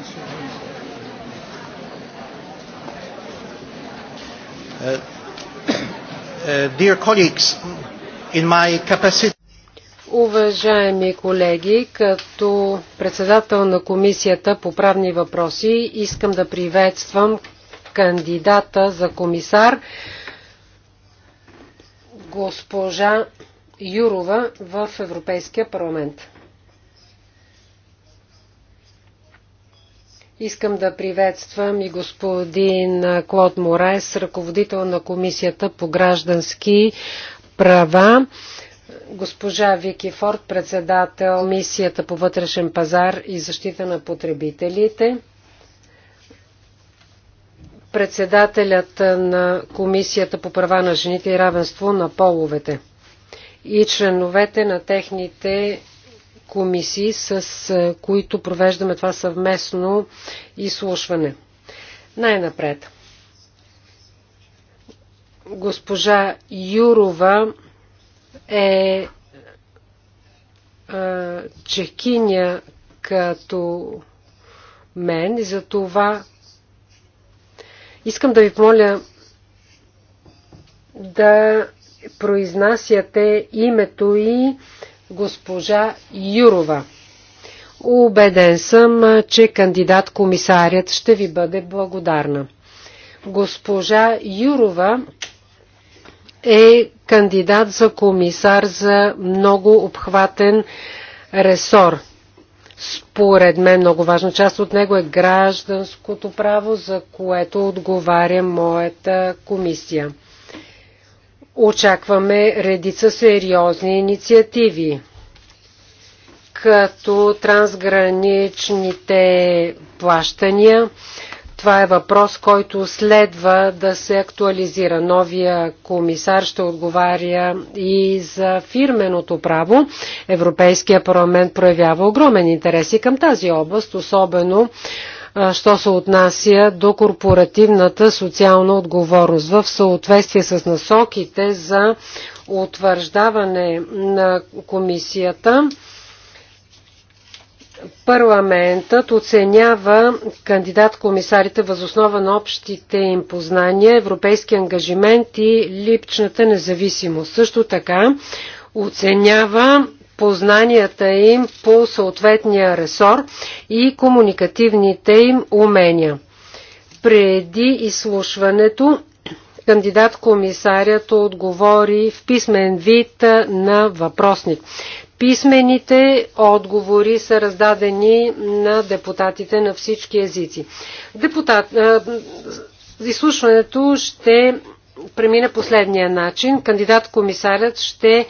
Uh, uh, Уважаеми колеги, като председател на Комисията по правни въпроси искам да приветствам кандидата за комисар госпожа Юрова в Европейския парламент. Искам да приветствам и господин Клод Морес, ръководител на Комисията по граждански права, госпожа Вики Форд, председател Мисията по вътрешен пазар и защита на потребителите, председателят на Комисията по права на жените и равенство на половете и членовете на техните комисии, с които провеждаме това съвместно изслушване. Най-напред. Госпожа Юрова е чекиня като мен и за това искам да ви помоля да произнасяте името и госпожа Юрова. Убеден съм, че кандидат комисарят ще ви бъде благодарна. Госпожа Юрова е кандидат за комисар за много обхватен ресор. Според мен много важна част от него е гражданското право, за което отговаря моята комисия. Очакваме редица сериозни инициативи, като трансграничните плащания. Това е въпрос, който следва да се актуализира. Новия комисар ще отговаря и за фирменото право. Европейския парламент проявява огромен интерес и към тази област, особено що се отнася до корпоративната социална отговорност. В съответствие с насоките за утвърждаване на комисията, парламентът оценява кандидат-комисарите възоснова на общите им познания, европейски ангажимент и липчната независимост. Също така оценява познанията им по съответния ресор и комуникативните им умения. Преди изслушването кандидат-комисарят отговори в писмен вид на въпросник. Писмените отговори са раздадени на депутатите на всички езици. Депутат, изслушването ще премина последния начин. Кандидат-комисарят ще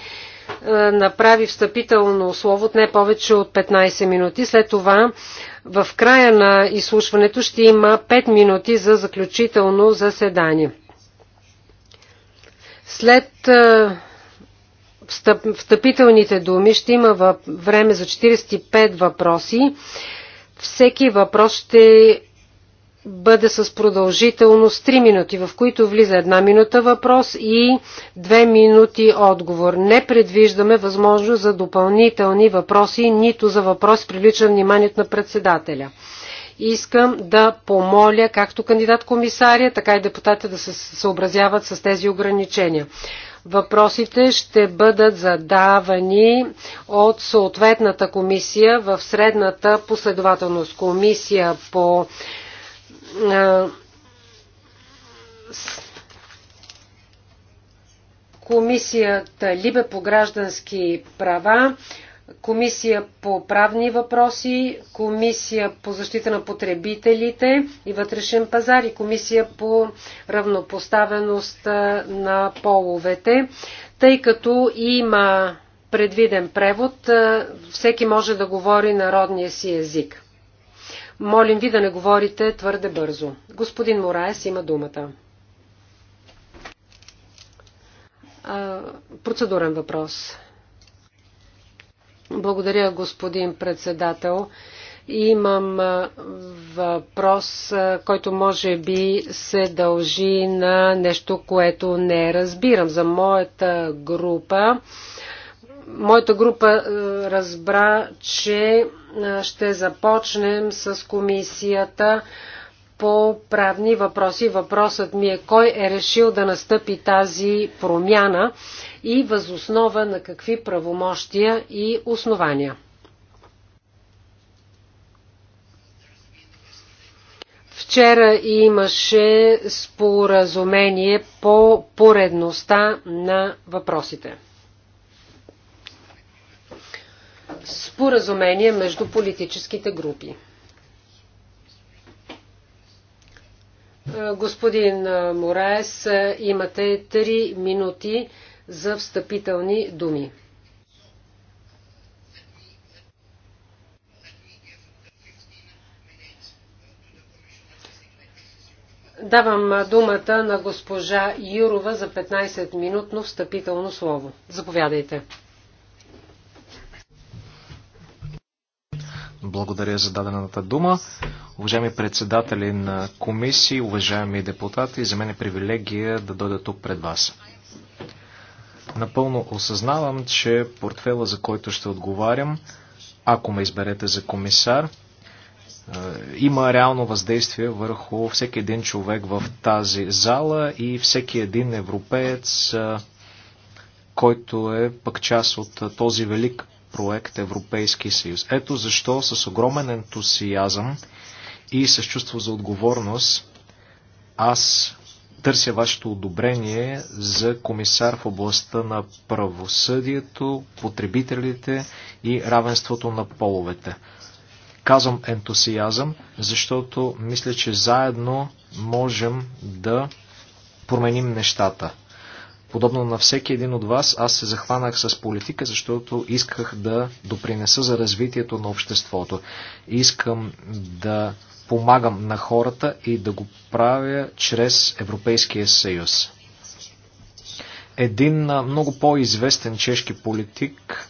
е, направи встъпително слово от не повече от 15 минути. След това в края на изслушването ще има 5 минути за заключително заседание. След е, встъпителните думи ще има време за 45 въпроси. Всеки въпрос ще бъде с продължителност 3 минути, в които влиза една минута въпрос и 2 минути отговор. Не предвиждаме възможност за допълнителни въпроси, нито за въпрос прилича вниманието на председателя. Искам да помоля както кандидат комисария, така и депутатите да се съобразяват с тези ограничения. Въпросите ще бъдат задавани от съответната комисия в средната последователност. Комисия по Комисията Либе по граждански права, Комисия по правни въпроси, Комисия по защита на потребителите и вътрешен пазар и Комисия по равнопоставеност на половете. Тъй като има предвиден превод, всеки може да говори народния си език. Молим ви да не говорите твърде бързо. Господин Мораес има думата. А, процедурен въпрос. Благодаря, господин председател. Имам въпрос, който може би се дължи на нещо, което не разбирам. За моята група моята група е, разбра, че е, ще започнем с комисията по правни въпроси. Въпросът ми е кой е решил да настъпи тази промяна и възоснова на какви правомощия и основания. Вчера имаше споразумение по поредността на въпросите. споразумение между политическите групи. Е, господин е, Мораес, е, имате 3 минути за встъпителни думи. Давам думата на госпожа Юрова за 15-минутно встъпително слово. Заповядайте. Благодаря за дадената дума. Уважаеми председатели на комисии, уважаеми депутати, за мен е привилегия да дойда тук пред вас. Напълно осъзнавам, че портфела, за който ще отговарям, ако ме изберете за комисар, е, има реално въздействие върху всеки един човек в тази зала и всеки един европеец, е, който е пък част от е, този велик проект Европейски съюз. Ето защо с огромен ентусиазъм и с чувство за отговорност аз търся вашето одобрение за комисар в областта на правосъдието, потребителите и равенството на половете. Казвам ентусиазъм, защото мисля, че заедно можем да променим нещата. Подобно на всеки един от вас, аз се захванах с политика, защото исках да допринеса за развитието на обществото. Искам да помагам на хората и да го правя чрез Европейския съюз. Един много по-известен чешки политик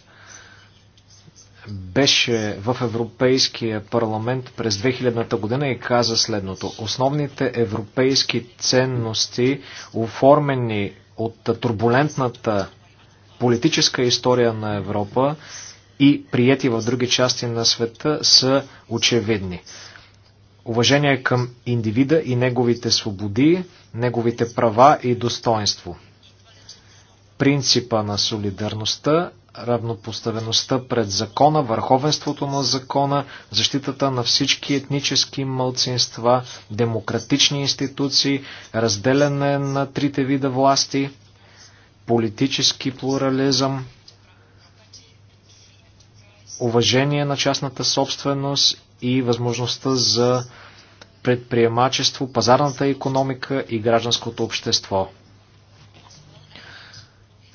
беше в Европейския парламент през 2000-та година и каза следното. Основните европейски ценности, оформени от турбулентната политическа история на Европа и прияти в други части на света са очевидни. Уважение към индивида и неговите свободи, неговите права и достоинство. Принципа на солидарността равнопоставеността пред закона, върховенството на закона, защитата на всички етнически мълцинства, демократични институции, разделяне на трите вида власти, политически плурализъм, уважение на частната собственост и възможността за предприемачество, пазарната економика и гражданското общество.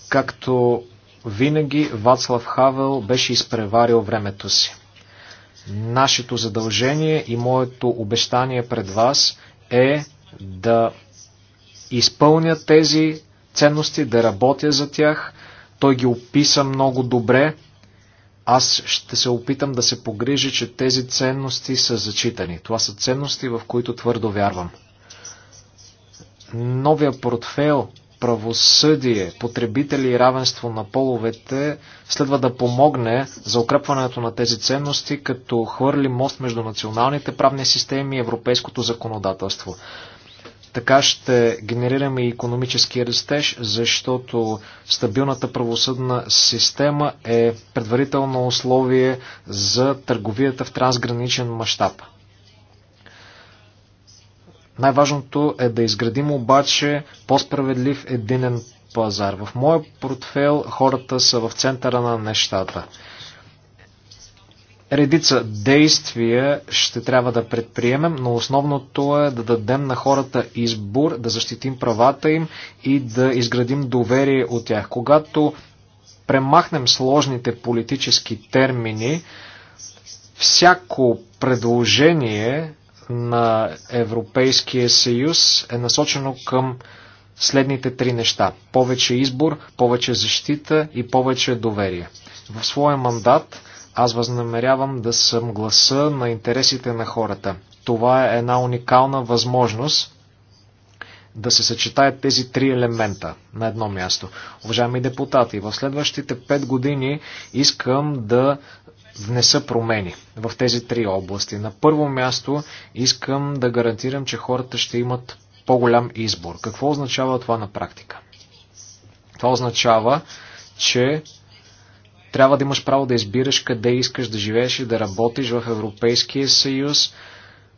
Както винаги Вацлав Хавел беше изпреварил времето си. Нашето задължение и моето обещание пред вас е да изпълня тези ценности, да работя за тях. Той ги описа много добре. Аз ще се опитам да се погрижа, че тези ценности са зачитани. Това са ценности, в които твърдо вярвам. Новия портфел правосъдие, потребители и равенство на половете следва да помогне за укрепването на тези ценности, като хвърли мост между националните правни системи и европейското законодателство. Така ще генерираме и економически растеж, защото стабилната правосъдна система е предварително условие за търговията в трансграничен мащаб. Най-важното е да изградим обаче по-справедлив единен пазар. В моя портфел хората са в центъра на нещата. Редица действия ще трябва да предприемем, но основното е да дадем на хората избор, да защитим правата им и да изградим доверие от тях. Когато премахнем сложните политически термини, всяко предложение на Европейския съюз е насочено към следните три неща. Повече избор, повече защита и повече доверие. В своя мандат аз възнамерявам да съм гласа на интересите на хората. Това е една уникална възможност да се съчетаят тези три елемента на едно място. Уважаеми депутати, в следващите пет години искам да внеса промени в тези три области. На първо място искам да гарантирам, че хората ще имат по-голям избор. Какво означава това на практика? Това означава, че трябва да имаш право да избираш къде искаш да живееш и да работиш в Европейския съюз,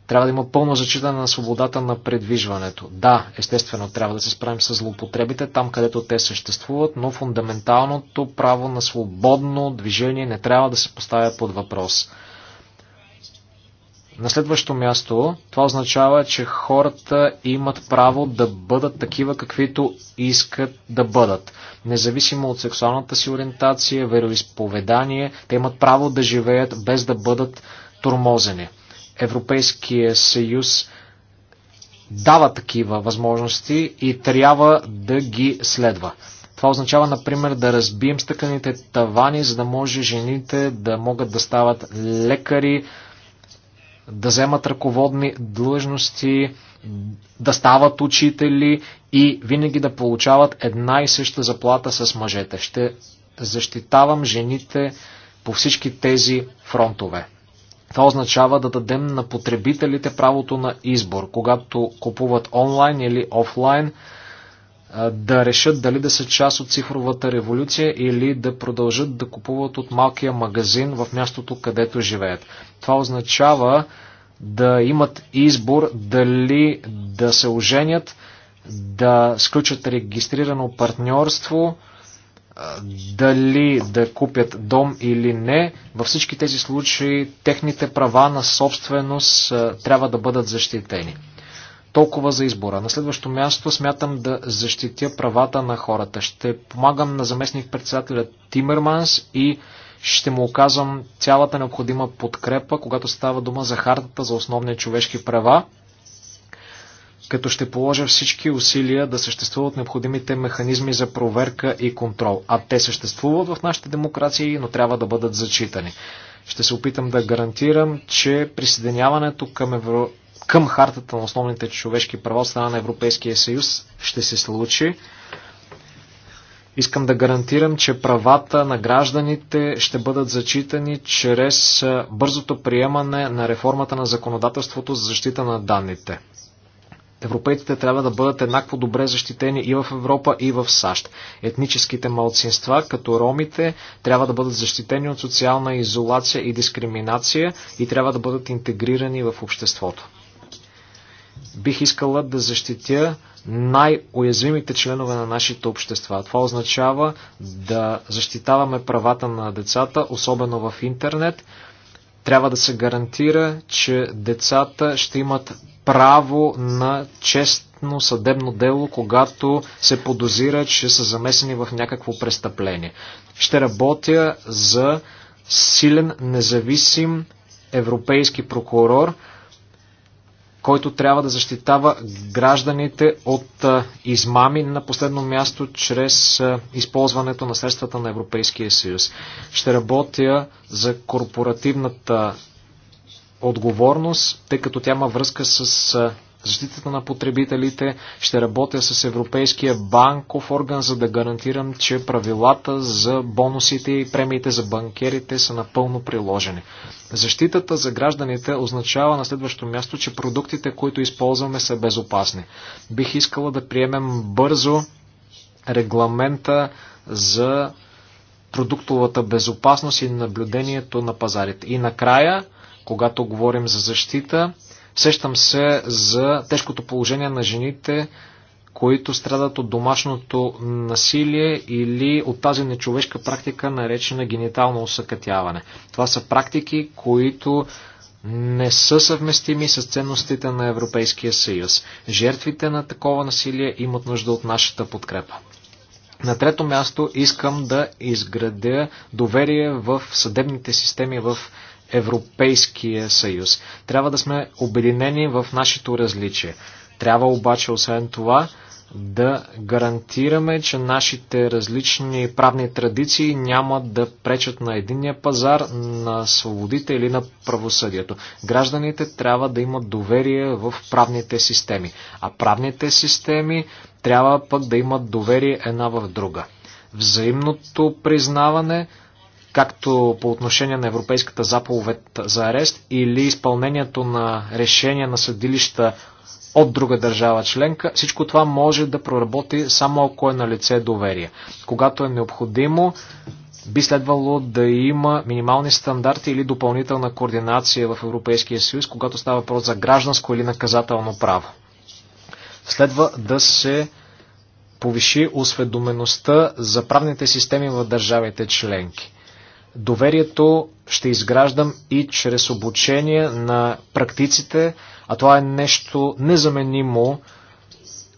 трябва да има пълно зачитане на свободата на предвижването. Да, естествено, трябва да се справим с злоупотребите там, където те съществуват, но фундаменталното право на свободно движение не трябва да се поставя под въпрос. На следващо място, това означава, че хората имат право да бъдат такива, каквито искат да бъдат. Независимо от сексуалната си ориентация, вероисповедание, те имат право да живеят без да бъдат тормозени. Европейския съюз дава такива възможности и трябва да ги следва. Това означава, например, да разбием стъканите тавани, за да може жените да могат да стават лекари, да вземат ръководни длъжности, да стават учители и винаги да получават една и съща заплата с мъжете. Ще защитавам жените по всички тези фронтове. Това означава да дадем на потребителите правото на избор, когато купуват онлайн или офлайн, да решат дали да са част от цифровата революция или да продължат да купуват от малкия магазин в мястото, където живеят. Това означава да имат избор дали да се оженят, да сключат регистрирано партньорство, дали да купят дом или не, във всички тези случаи техните права на собственост трябва да бъдат защитени. Толкова за избора. На следващо място смятам да защитя правата на хората. Ще помагам на заместник председателя Тимерманс и ще му оказвам цялата необходима подкрепа, когато става дума за хартата за основни човешки права като ще положа всички усилия да съществуват необходимите механизми за проверка и контрол. А те съществуват в нашите демокрации, но трябва да бъдат зачитани. Ще се опитам да гарантирам, че присъединяването към, Евро... към хартата на основните човешки права от страна на Европейския съюз ще се случи. Искам да гарантирам, че правата на гражданите ще бъдат зачитани чрез бързото приемане на реформата на законодателството за защита на данните. Европейците трябва да бъдат еднакво добре защитени и в Европа, и в САЩ. Етническите малцинства, като ромите, трябва да бъдат защитени от социална изолация и дискриминация и трябва да бъдат интегрирани в обществото. Бих искала да защитя най-уязвимите членове на нашите общества. Това означава да защитаваме правата на децата, особено в интернет. Трябва да се гарантира, че децата ще имат право на честно съдебно дело, когато се подозира, че са замесени в някакво престъпление. Ще работя за силен, независим европейски прокурор, който трябва да защитава гражданите от измами на последно място чрез използването на средствата на Европейския съюз. Ще работя за корпоративната отговорност, тъй като тя има връзка с защитата на потребителите. Ще работя с Европейския банков орган, за да гарантирам, че правилата за бонусите и премиите за банкерите са напълно приложени. Защитата за гражданите означава на следващо място, че продуктите, които използваме, са безопасни. Бих искала да приемем бързо регламента за продуктовата безопасност и наблюдението на пазарите. И накрая, когато говорим за защита. Сещам се за тежкото положение на жените, които страдат от домашното насилие или от тази нечовешка практика, наречена генитално усъкътяване. Това са практики, които не са съвместими с ценностите на Европейския съюз. Жертвите на такова насилие имат нужда от нашата подкрепа. На трето място искам да изградя доверие в съдебните системи в Европейския съюз. Трябва да сме обединени в нашето различие. Трябва обаче, освен това, да гарантираме, че нашите различни правни традиции няма да пречат на единния пазар, на свободите или на правосъдието. Гражданите трябва да имат доверие в правните системи, а правните системи трябва пък да имат доверие една в друга. Взаимното признаване както по отношение на Европейската заповед за арест или изпълнението на решения на съдилища от друга държава членка, всичко това може да проработи само ако е на лице доверие. Когато е необходимо, би следвало да има минимални стандарти или допълнителна координация в Европейския съюз, когато става въпрос за гражданско или наказателно право. Следва да се повиши осведомеността за правните системи в държавите членки. Доверието ще изграждам и чрез обучение на практиците, а това е нещо незаменимо,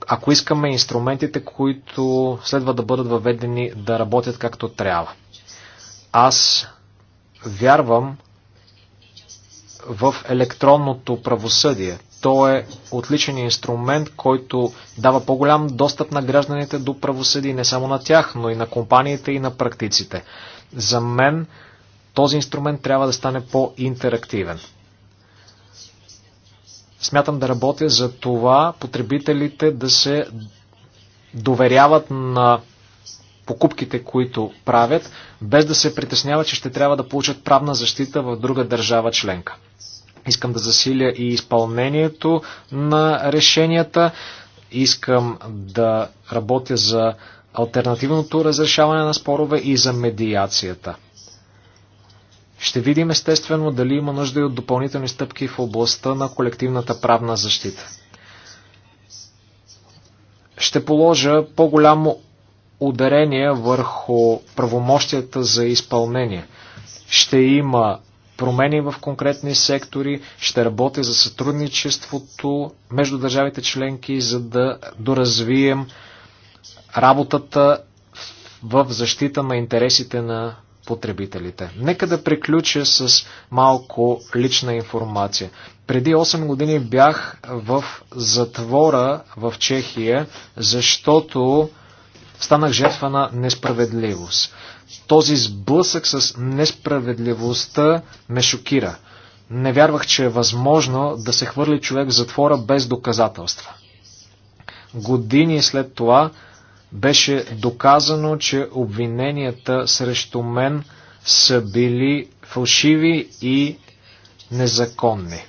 ако искаме инструментите, които следва да бъдат въведени да работят както трябва. Аз вярвам в електронното правосъдие. То е отличен инструмент, който дава по-голям достъп на гражданите до правосъдие, не само на тях, но и на компаниите и на практиците. За мен този инструмент трябва да стане по-интерактивен. Смятам да работя за това потребителите да се доверяват на покупките, които правят, без да се притесняват, че ще трябва да получат правна защита в друга държава членка. Искам да засиля и изпълнението на решенията, искам да работя за альтернативното разрешаване на спорове и за медиацията. Ще видим естествено дали има нужда и от допълнителни стъпки в областта на колективната правна защита. Ще положа по-голямо ударение върху правомощията за изпълнение. Ще има промени в конкретни сектори, ще работя за сътрудничеството между държавите членки, за да доразвием работата в защита на интересите на потребителите. Нека да приключа с малко лична информация. Преди 8 години бях в затвора в Чехия, защото станах жертва на несправедливост. Този сблъсък с несправедливостта ме шокира. Не вярвах, че е възможно да се хвърли човек в затвора без доказателства. Години след това беше доказано, че обвиненията срещу мен са били фалшиви и незаконни.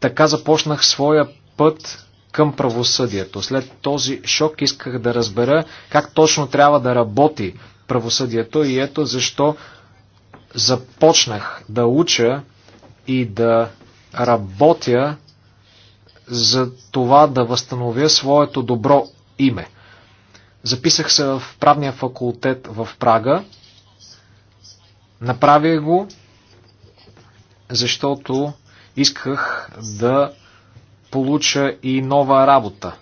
Така започнах своя път към правосъдието. След този шок исках да разбера как точно трябва да работи правосъдието и ето защо започнах да уча и да работя за това да възстановя своето добро име Записах се в правния факултет в Прага. Направих го, защото исках да получа и нова работа.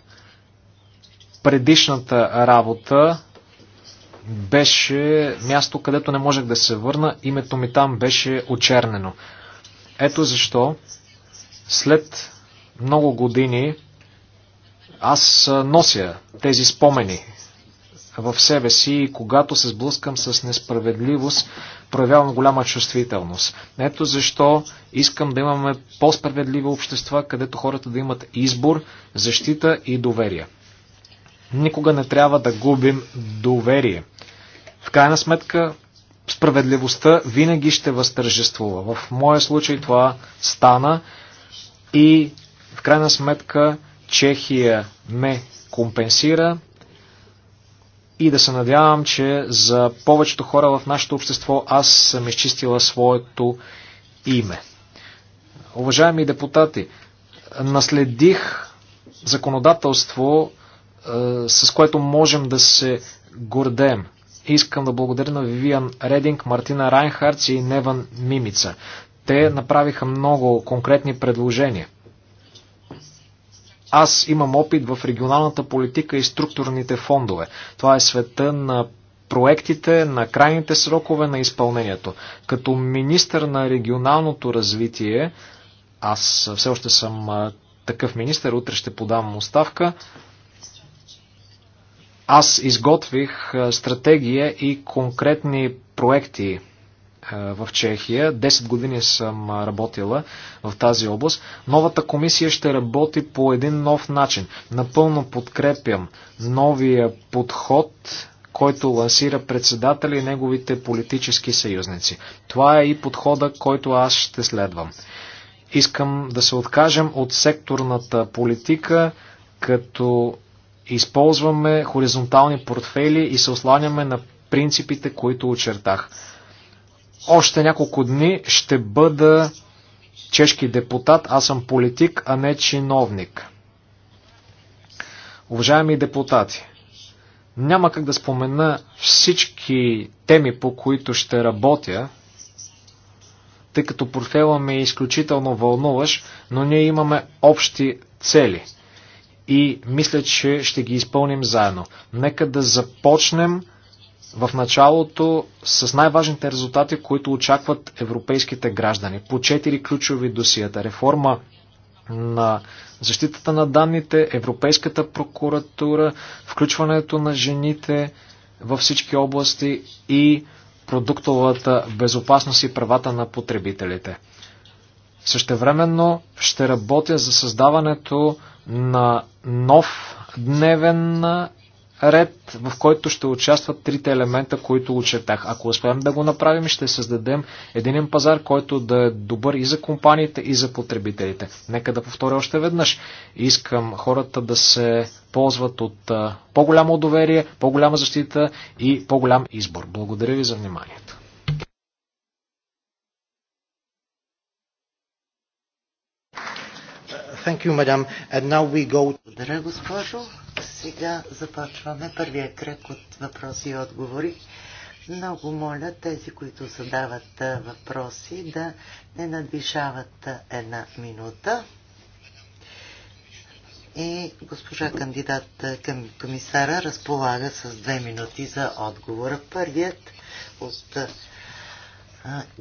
Предишната работа беше място, където не можех да се върна. Името ми там беше очернено. Ето защо след много години аз нося тези спомени в себе си и когато се сблъскам с несправедливост, проявявам голяма чувствителност. Ето защо искам да имаме по-справедливи общества, където хората да имат избор, защита и доверие. Никога не трябва да губим доверие. В крайна сметка, справедливостта винаги ще възтържествува. В моя случай това стана и в крайна сметка Чехия ме компенсира, и да се надявам, че за повечето хора в нашето общество аз съм изчистила своето име. Уважаеми депутати, наследих законодателство, е, с което можем да се гордеем. Искам да благодаря на Вивиан Рединг, Мартина Райнхарц и Неван Мимица. Те направиха много конкретни предложения. Аз имам опит в регионалната политика и структурните фондове. Това е света на проектите, на крайните срокове на изпълнението. Като министър на регионалното развитие, аз все още съм такъв министър, утре ще подам оставка, аз изготвих стратегия и конкретни проекти е, в Чехия. Десет години съм е, работила в тази област. Новата комисия ще работи по един нов начин. Напълно подкрепям новия подход, който лансира председателя и неговите политически съюзници. Това е и подхода, който аз ще следвам. Искам да се откажем от секторната политика, като използваме хоризонтални портфели и се осланяме на принципите, които очертах. Още няколко дни ще бъда чешки депутат, аз съм политик, а не чиновник. Уважаеми депутати, няма как да спомена всички теми, по които ще работя, тъй като портфела ми е изключително вълнуваш, но ние имаме общи цели. И мисля, че ще ги изпълним заедно. Нека да започнем в началото с най-важните резултати, които очакват европейските граждани. По четири ключови досията. Реформа на защитата на данните, Европейската прокуратура, включването на жените във всички области и продуктовата безопасност и правата на потребителите. Същевременно ще работя за създаването на нов дневен ред, в който ще участват трите елемента, които очетах. Ако успеем да го направим, ще създадем един пазар, който да е добър и за компаниите, и за потребителите. Нека да повторя още веднъж. Искам хората да се ползват от по-голямо доверие, по-голяма защита и по-голям избор. Благодаря ви за вниманието. Thank you, madam. And now we go... Благодаря, госпожо. Сега започваме първия кръг от въпроси и отговори. Много моля тези, които задават въпроси, да не надвишават една минута. И госпожа кандидат към комисара разполага с две минути за отговора. Първият от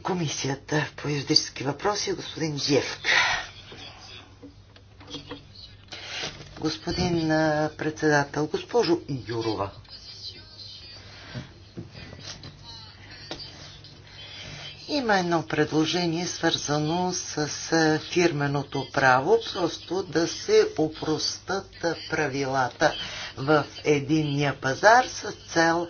комисията по юридически въпроси е господин Джевка. Господин председател, госпожо Юрова. Има едно предложение, свързано с фирменото право, просто да се опростат правилата в единния пазар с цел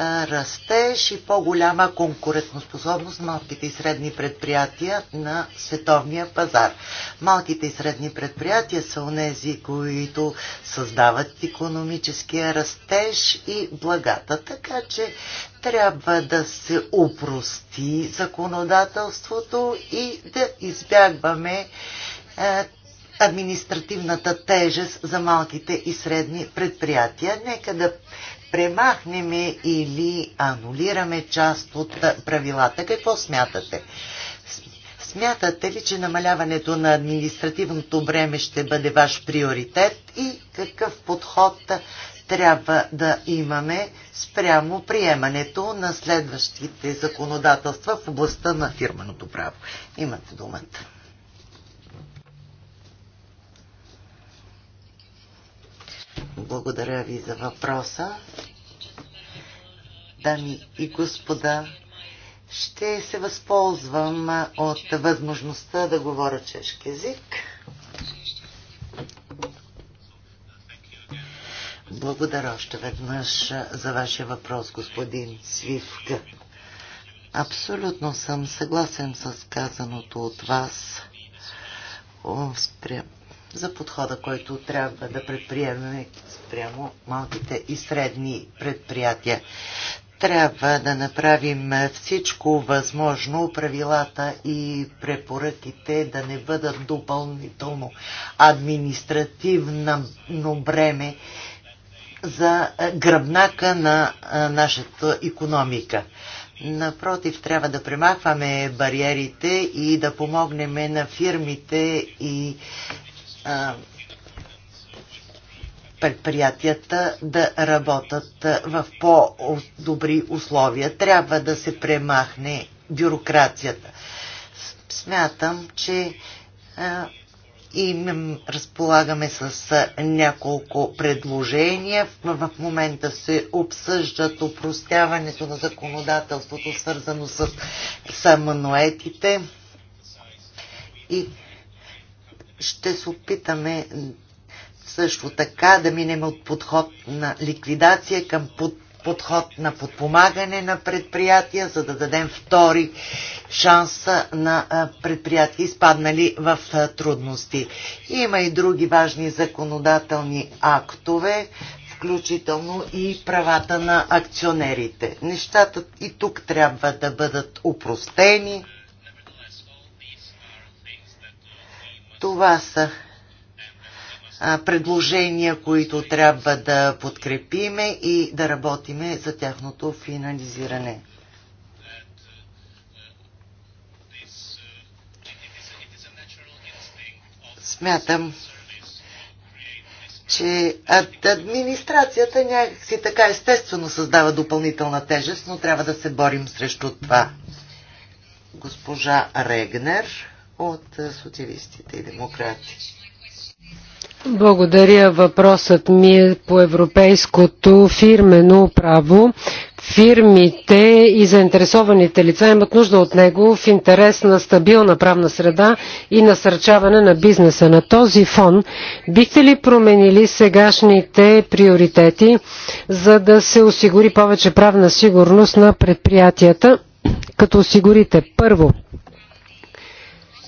растеж и по-голяма конкурентоспособност малките и средни предприятия на световния пазар. Малките и средни предприятия са онези, които създават економическия растеж и благата, така че трябва да се упрости законодателството и да избягваме административната тежест за малките и средни предприятия. Нека да Премахнем или анулираме част от правилата. Какво смятате? Смятате ли, че намаляването на административното бреме ще бъде ваш приоритет и какъв подход трябва да имаме спрямо приемането на следващите законодателства в областта на фирменото право? Имате думата. Благодаря ви за въпроса. Дами и господа, ще се възползвам от възможността да говоря чешки език. Благодаря още веднъж за вашия въпрос, господин Свивка. Абсолютно съм съгласен с казаното от вас за подхода, който трябва да предприемем спрямо малките и средни предприятия. Трябва да направим всичко възможно, правилата и препоръките да не бъдат допълнително административно бреме за гръбнака на нашата економика. Напротив, трябва да премахваме бариерите и да помогнем на фирмите и предприятията да работят в по-добри условия. Трябва да се премахне бюрокрацията. Смятам, че и разполагаме с няколко предложения. В момента се обсъждат упростяването на законодателството, свързано с самонуетите и ще се опитаме също така да минем от подход на ликвидация към под, подход на подпомагане на предприятия, за да дадем втори шанс на предприятия, изпаднали в трудности. Има и други важни законодателни актове, включително и правата на акционерите. Нещата и тук трябва да бъдат упростени Това са предложения, които трябва да подкрепиме и да работиме за тяхното финализиране. Смятам, че администрацията някакси така естествено създава допълнителна тежест, но трябва да се борим срещу това. Госпожа Регнер от социалистите и демократи. Благодаря. Въпросът ми е по европейското фирмено право. Фирмите и заинтересованите лица имат нужда от него в интерес на стабилна правна среда и насърчаване на бизнеса. На този фон бихте ли променили сегашните приоритети, за да се осигури повече правна сигурност на предприятията, като осигурите първо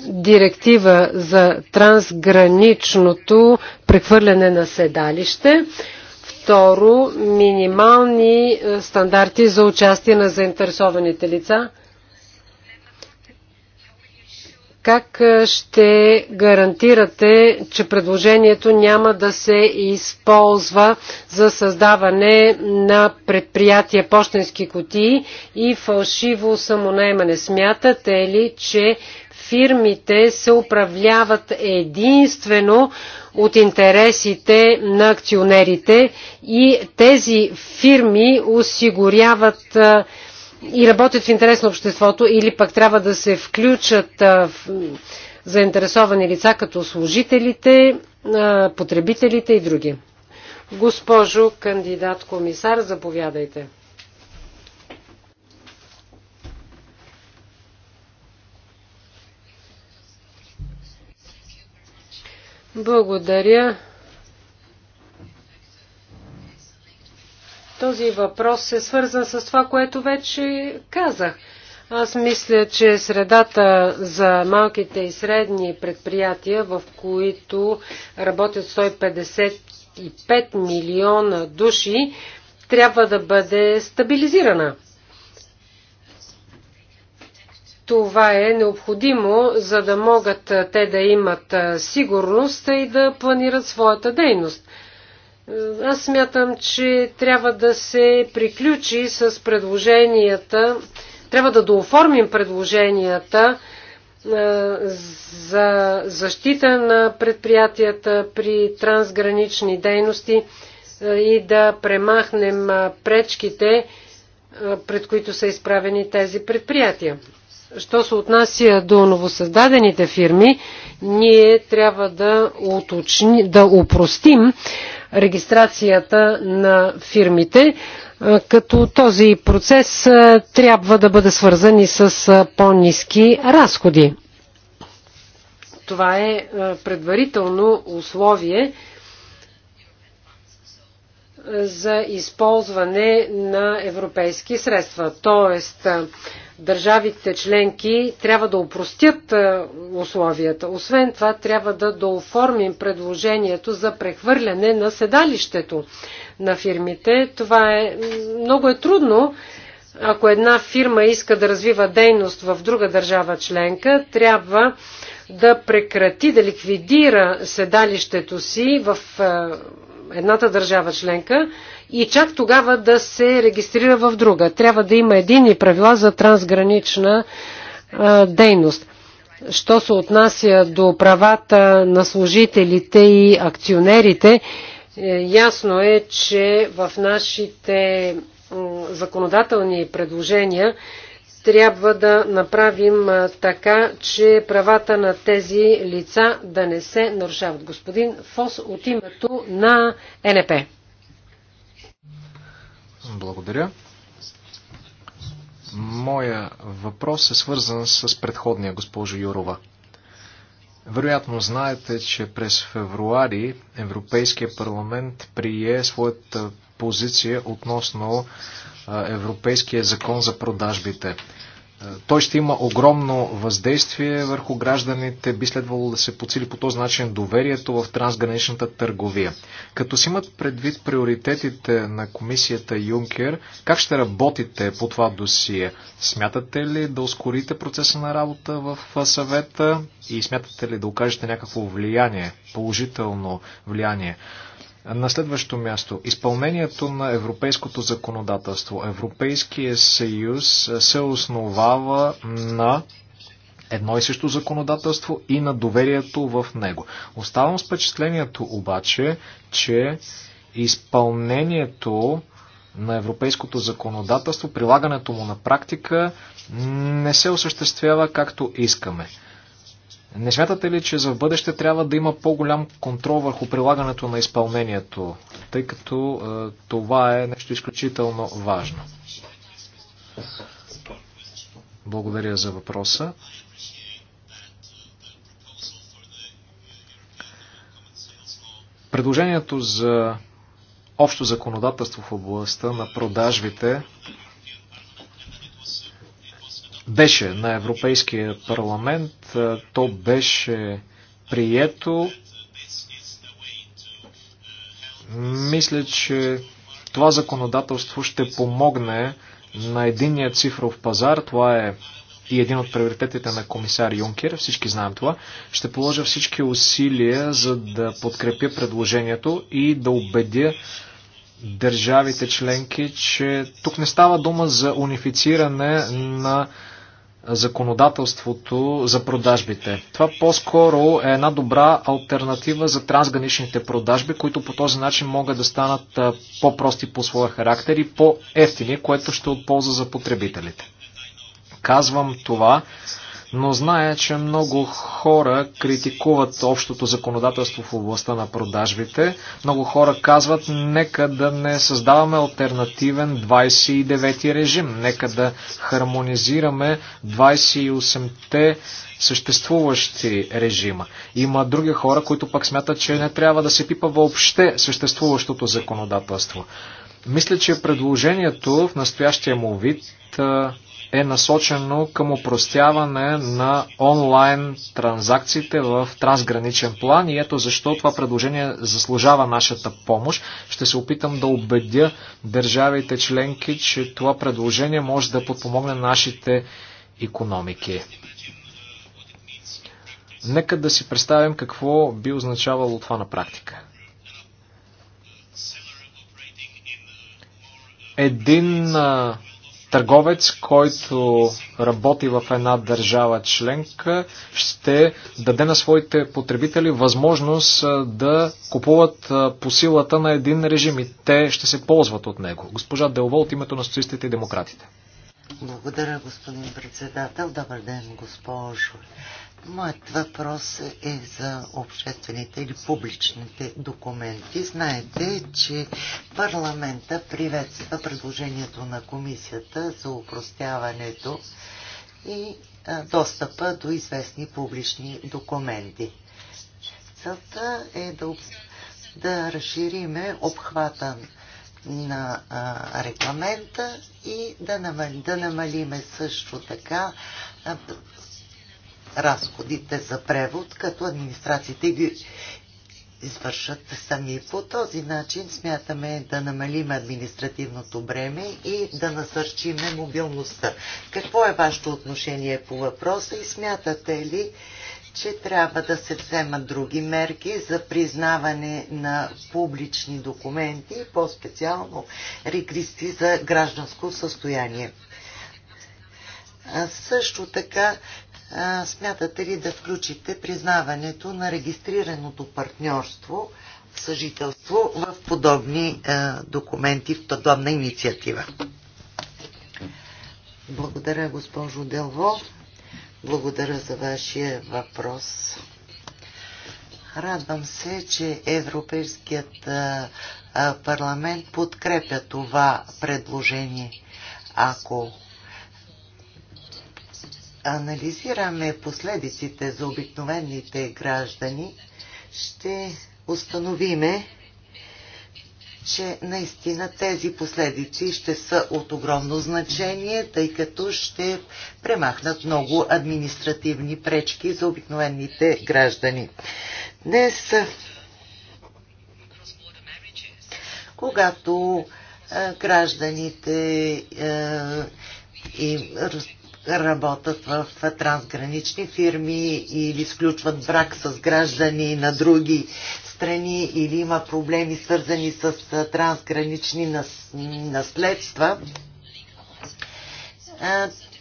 директива за трансграничното прехвърляне на седалище. Второ, минимални е, стандарти за участие на заинтересованите лица. Как е, ще гарантирате, че предложението няма да се използва за създаване на предприятия почтенски кутии и фалшиво самонаемане? Смятате ли, че фирмите се управляват единствено от интересите на акционерите и тези фирми осигуряват и работят в интерес на обществото или пък трябва да се включат в заинтересовани лица като служителите, потребителите и други. Госпожо кандидат комисар, заповядайте. Благодаря. Този въпрос е свързан с това, което вече казах. Аз мисля, че средата за малките и средни предприятия, в които работят 155 милиона души, трябва да бъде стабилизирана. Това е необходимо, за да могат те да имат сигурност и да планират своята дейност. Аз смятам, че трябва да се приключи с предложенията, трябва да дооформим предложенията за защита на предприятията при трансгранични дейности и да премахнем пречките, пред които са изправени тези предприятия. Що се отнася до новосъздадените фирми, ние трябва да, уточни, да упростим регистрацията на фирмите, като този процес трябва да бъде свързан и с по-низки разходи. Това е предварително условие за използване на европейски средства. Тоест, държавите членки трябва да упростят е, условията. Освен това, трябва да дооформим предложението за прехвърляне на седалището на фирмите. Това е много е трудно. Ако една фирма иска да развива дейност в друга държава членка, трябва да прекрати, да ликвидира седалището си в е, едната държава членка и чак тогава да се регистрира в друга. Трябва да има едини правила за трансгранична а, дейност. Що се отнася до правата на служителите и акционерите, е, ясно е, че в нашите законодателни предложения трябва да направим така, че правата на тези лица да не се нарушават. Господин Фос от името на НП. Благодаря. Моя въпрос е свързан с предходния госпожо Юрова. Вероятно знаете, че през февруари Европейския парламент прие своята позиция относно Европейския закон за продажбите. Е, той ще има огромно въздействие върху гражданите. Би следвало да се подсили по този начин доверието в трансграничната търговия. Като си имат предвид приоритетите на комисията Юнкер, как ще работите по това досие? Смятате ли да ускорите процеса на работа в съвета и смятате ли да окажете някакво влияние, положително влияние на следващо място, изпълнението на европейското законодателство. Европейския съюз се основава на едно и също законодателство и на доверието в него. Оставам с впечатлението обаче, че изпълнението на европейското законодателство, прилагането му на практика не се осъществява както искаме. Не смятате ли, че за в бъдеще трябва да има по-голям контрол върху прилагането на изпълнението, тъй като е, това е нещо изключително важно? Благодаря за въпроса. Предложението за общо законодателство в областта на продажбите беше на Европейския парламент. То беше прието. Мисля, че това законодателство ще помогне на единния цифров пазар. Това е и един от приоритетите на комисар Юнкер, всички знаем това, ще положа всички усилия, за да подкрепя предложението и да убедя държавите членки, че тук не става дума за унифициране на законодателството за продажбите. Това по-скоро е една добра альтернатива за трансграничните продажби, които по този начин могат да станат по-прости по своя характер и по-ефтини, което ще отполза за потребителите. Казвам това, но зная, че много хора критикуват общото законодателство в областта на продажбите. Много хора казват, нека да не създаваме альтернативен 29-ти режим, нека да хармонизираме 28-те съществуващи режима. Има други хора, които пък смятат, че не трябва да се пипа въобще съществуващото законодателство. Мисля, че предложението в настоящия му вид е насочено към упростяване на онлайн транзакциите в трансграничен план и ето защо това предложение заслужава нашата помощ. Ще се опитам да убедя държавите членки, че това предложение може да подпомогне нашите економики. Нека да си представим какво би означавало това на практика. Един търговец, който работи в една държава членка, ще даде на своите потребители възможност да купуват по силата на един режим и те ще се ползват от него. Госпожа Делво от името на социалистите и демократите. Благодаря, господин председател. Добър ден, госпожо Моят въпрос е за обществените или публичните документи. Знаете, че парламента приветства предложението на комисията за упростяването и достъпа до известни публични документи. Целта е да, да разшириме обхвата на а, регламента и да, намали, да намалиме също така разходите за превод, като администрациите ги извършат сами. По този начин смятаме да намалим административното бреме и да насърчиме мобилността. Какво е вашето отношение по въпроса и смятате ли, че трябва да се вземат други мерки за признаване на публични документи и по-специално регристи за гражданско състояние? А също така смятате ли да включите признаването на регистрираното партньорство в съжителство в подобни документи, в подобна инициатива? Благодаря, госпожо Делво. Благодаря за вашия въпрос. Радвам се, че Европейският парламент подкрепя това предложение. Ако анализираме последиците за обикновените граждани, ще установиме, че наистина тези последици ще са от огромно значение, тъй като ще премахнат много административни пречки за обикновените граждани. Днес, когато гражданите и работят в трансгранични фирми или сключват брак с граждани на други страни или има проблеми свързани с трансгранични наследства.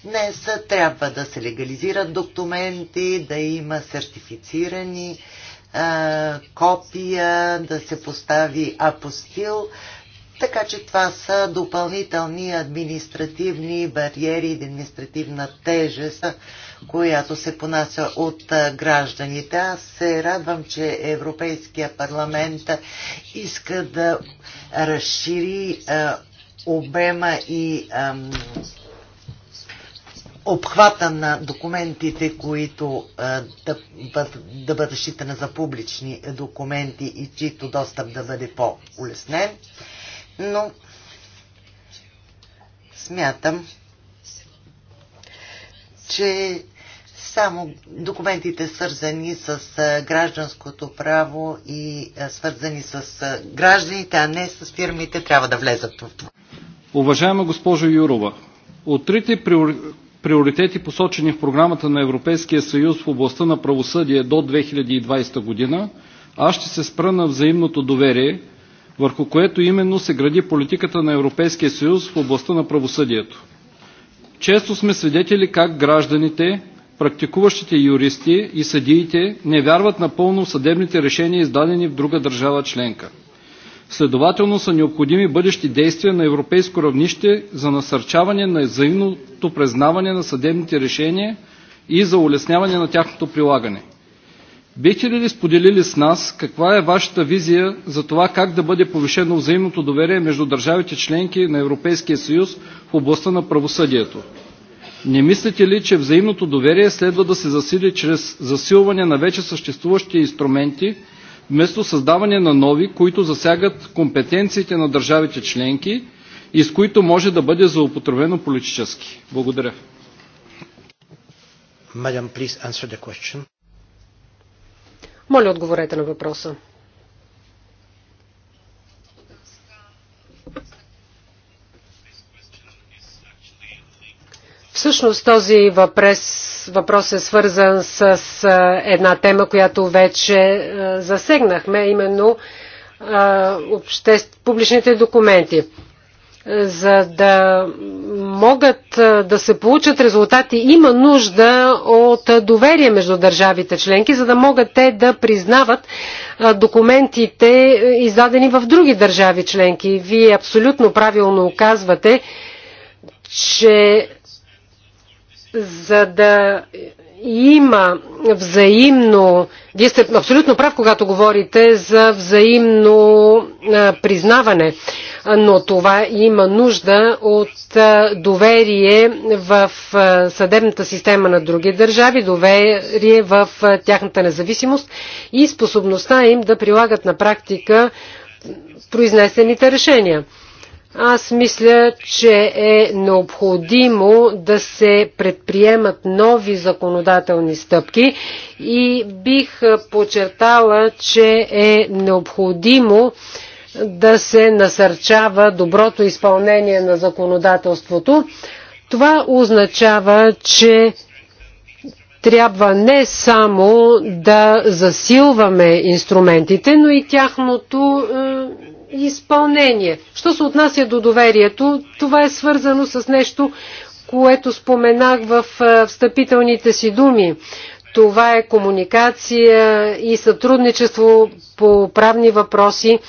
Днес трябва да се легализират документи, да има сертифицирани копия, да се постави апостил, така че това са допълнителни административни бариери, административна тежест, която се понася от гражданите. Аз се радвам, че Европейския парламент иска да разшири обема и обхвата на документите, които да, да бъдат считани за публични документи и чието достъп да бъде по-улеснен но смятам, че само документите свързани с гражданското право и свързани с гражданите, а не с фирмите, трябва да влезат в това. Уважаема госпожо Юрова, от трите приоритети посочени в програмата на Европейския съюз в областта на правосъдие до 2020 година, аз ще се спра на взаимното доверие – върху което именно се гради политиката на Европейския съюз в областта на правосъдието. Често сме свидетели как гражданите, практикуващите юристи и съдиите не вярват напълно в съдебните решения, издадени в друга държава членка. Следователно са необходими бъдещи действия на европейско равнище за насърчаване на взаимното признаване на съдебните решения и за улесняване на тяхното прилагане – Бихте ли споделили с нас каква е вашата визия за това как да бъде повишено взаимното доверие между държавите членки на Европейския съюз в областта на правосъдието? Не мислите ли, че взаимното доверие следва да се засили чрез засилване на вече съществуващи инструменти, вместо създаване на нови, които засягат компетенциите на държавите членки и с които може да бъде заупотребено политически? Благодаря. Madam, please answer the question. Моля, отговорете на въпроса. Всъщност този въпрос, въпрос е свързан с една тема, която вече засегнахме, именно публичните документи за да могат да се получат резултати, има нужда от доверие между държавите членки, за да могат те да признават документите, издадени в други държави членки. Вие абсолютно правилно оказвате, че за да има взаимно, вие сте абсолютно прав, когато говорите за взаимно признаване, но това има нужда от доверие в съдебната система на други държави, доверие в тяхната независимост и способността им да прилагат на практика произнесените решения. Аз мисля, че е необходимо да се предприемат нови законодателни стъпки и бих подчертала, че е необходимо да се насърчава доброто изпълнение на законодателството. Това означава, че трябва не само да засилваме инструментите, но и тяхното е, изпълнение. Що се отнася до доверието, това е свързано с нещо, което споменах в встъпителните си думи. Това е комуникация и сътрудничество по правни въпроси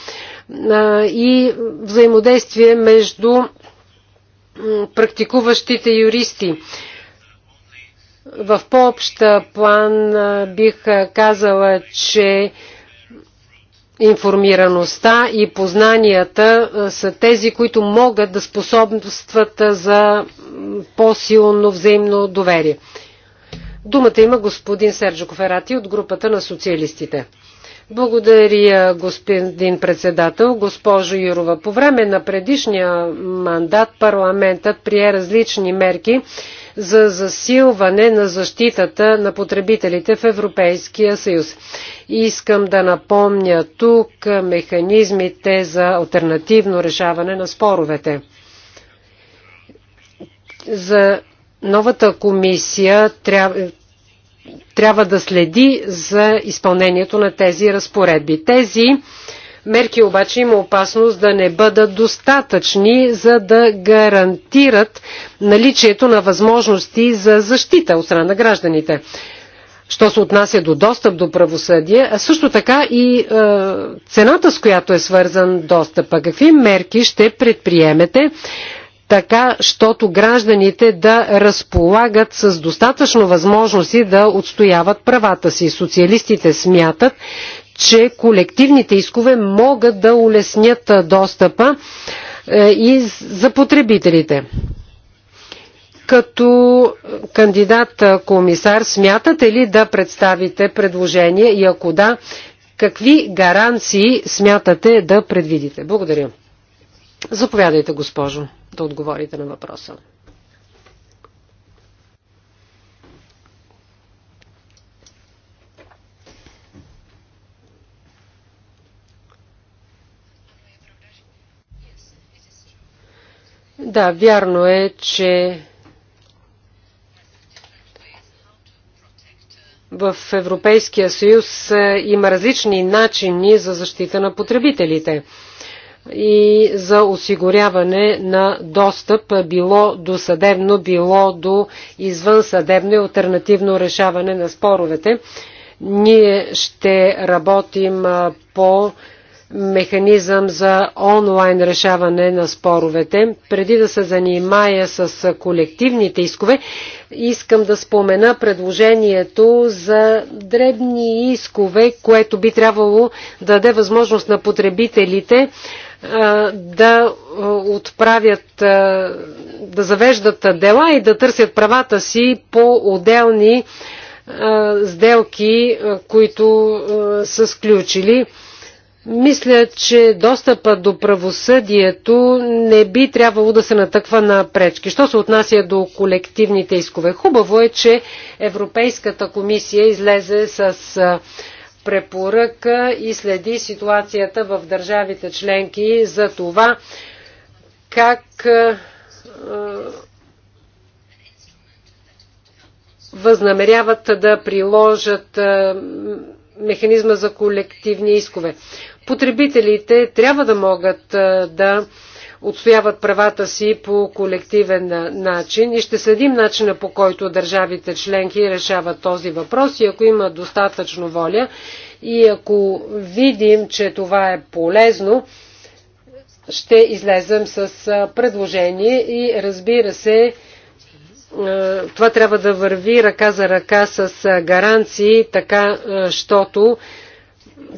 и взаимодействие между практикуващите юристи. В по-обща план бих казала, че информираността и познанията са тези, които могат да способстват за по-силно взаимно доверие. Думата има господин Серджо Коферати от групата на социалистите. Благодаря, господин председател. Госпожо Юрова, по време на предишния мандат парламентът прие различни мерки, за засилване на защитата на потребителите в Европейския съюз. Искам да напомня тук механизмите за альтернативно решаване на споровете. За новата комисия трябва, трябва да следи за изпълнението на тези разпоредби. Тези мерки обаче има опасност да не бъдат достатъчни, за да гарантират наличието на възможности за защита от страна на гражданите. Що се отнася до достъп до правосъдие, а също така и е, цената, с която е свързан достъпа. Какви мерки ще предприемете, така, щото гражданите да разполагат с достатъчно възможности да отстояват правата си. Социалистите смятат, че колективните искове могат да улеснят достъпа и за потребителите. Като кандидат комисар, смятате ли да представите предложение и ако да, какви гаранции смятате да предвидите? Благодаря. Заповядайте, госпожо, да отговорите на въпроса. Да, вярно е, че в Европейския съюз е, има различни начини за защита на потребителите и за осигуряване на достъп било до съдебно, било до извънсъдебно и альтернативно решаване на споровете. Ние ще работим по механизъм за онлайн решаване на споровете. Преди да се занимая с колективните искове, искам да спомена предложението за дребни искове, което би трябвало да даде възможност на потребителите да отправят, да завеждат дела и да търсят правата си по отделни сделки, които са сключили. Мисля, че достъпа до правосъдието не би трябвало да се натъква на пречки. Що се отнася до колективните искове? Хубаво е, че Европейската комисия излезе с препоръка и следи ситуацията в държавите членки за това как възнамеряват да приложат механизма за колективни искове. Потребителите трябва да могат да отстояват правата си по колективен начин и ще следим начина по който държавите членки решават този въпрос и ако има достатъчно воля и ако видим, че това е полезно, ще излезем с предложение и разбира се, това трябва да върви ръка за ръка с гаранции, така, щото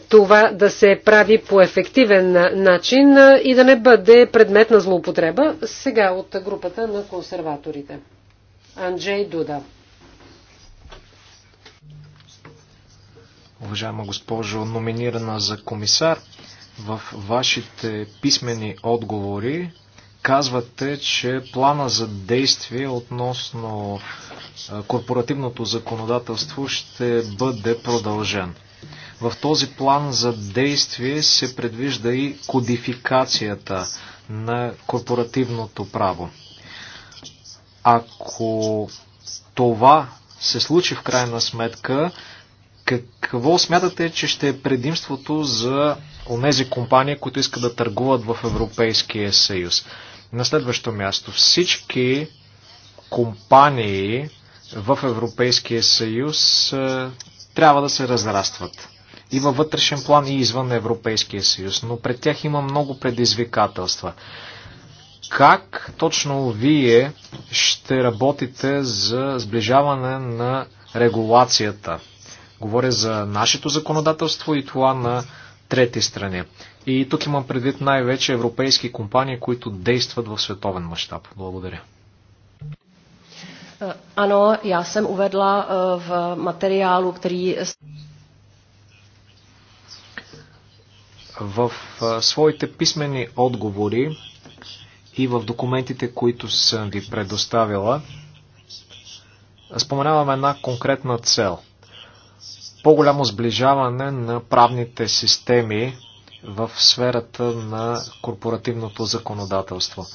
това да се прави по ефективен начин и да не бъде предмет на злоупотреба. Сега от групата на консерваторите. Анджей Дуда. Уважаема госпожо, номинирана за комисар, в вашите писмени отговори казвате, че плана за действие относно корпоративното законодателство ще бъде продължен. В този план за действие се предвижда и кодификацията на корпоративното право. Ако това се случи в крайна сметка, какво смятате, че ще е предимството за онези компании, които искат да търгуват в Европейския съюз? На следващо място, всички компании в Европейския съюз е, трябва да се разрастват и във вътрешен план и извън Европейския съюз, но пред тях има много предизвикателства. Как точно вие ще работите за сближаване на регулацията? Говоря за нашето законодателство и това на трети страни. И тук имам предвид най-вече европейски компании, които действат в световен мащаб. Благодаря. Ano, е, já jsem uvedla е, v materiálu, který... В своите писмени отговори и в документите, които съм ви предоставила, споменавам една конкретна цел. По-голямо сближаване на правните системи в сферата на корпоративното законодателство.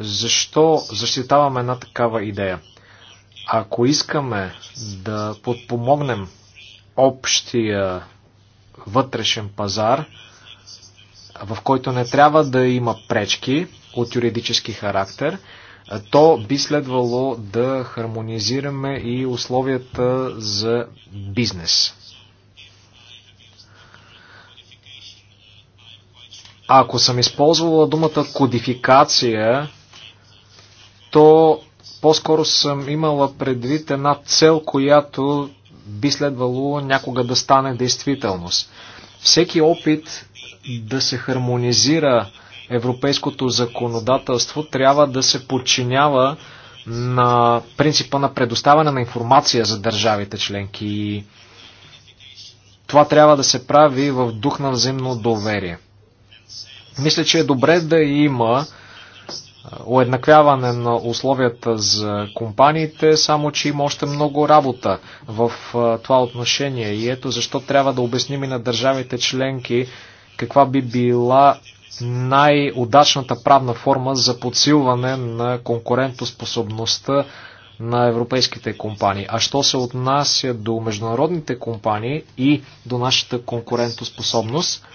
Защо защитаваме една такава идея? Ако искаме да подпомогнем общия вътрешен пазар, в който не трябва да има пречки от юридически характер, то би следвало да хармонизираме и условията за бизнес. А ако съм използвала думата кодификация, то по-скоро съм имала предвид една цел, която би следвало някога да стане действителност. Всеки опит да се хармонизира европейското законодателство трябва да се подчинява на принципа на предоставяне на информация за държавите членки. И това трябва да се прави в дух на взаимно доверие. Мисля, че е добре да има е, уеднаквяване на условията за компаниите, само че има още много работа в това отношение. И ето защо трябва да обясним и на държавите членки каква би била най-удачната правна форма за подсилване на конкурентоспособността на европейските компании. А що се отнася до международните компании и до нашата конкурентоспособност,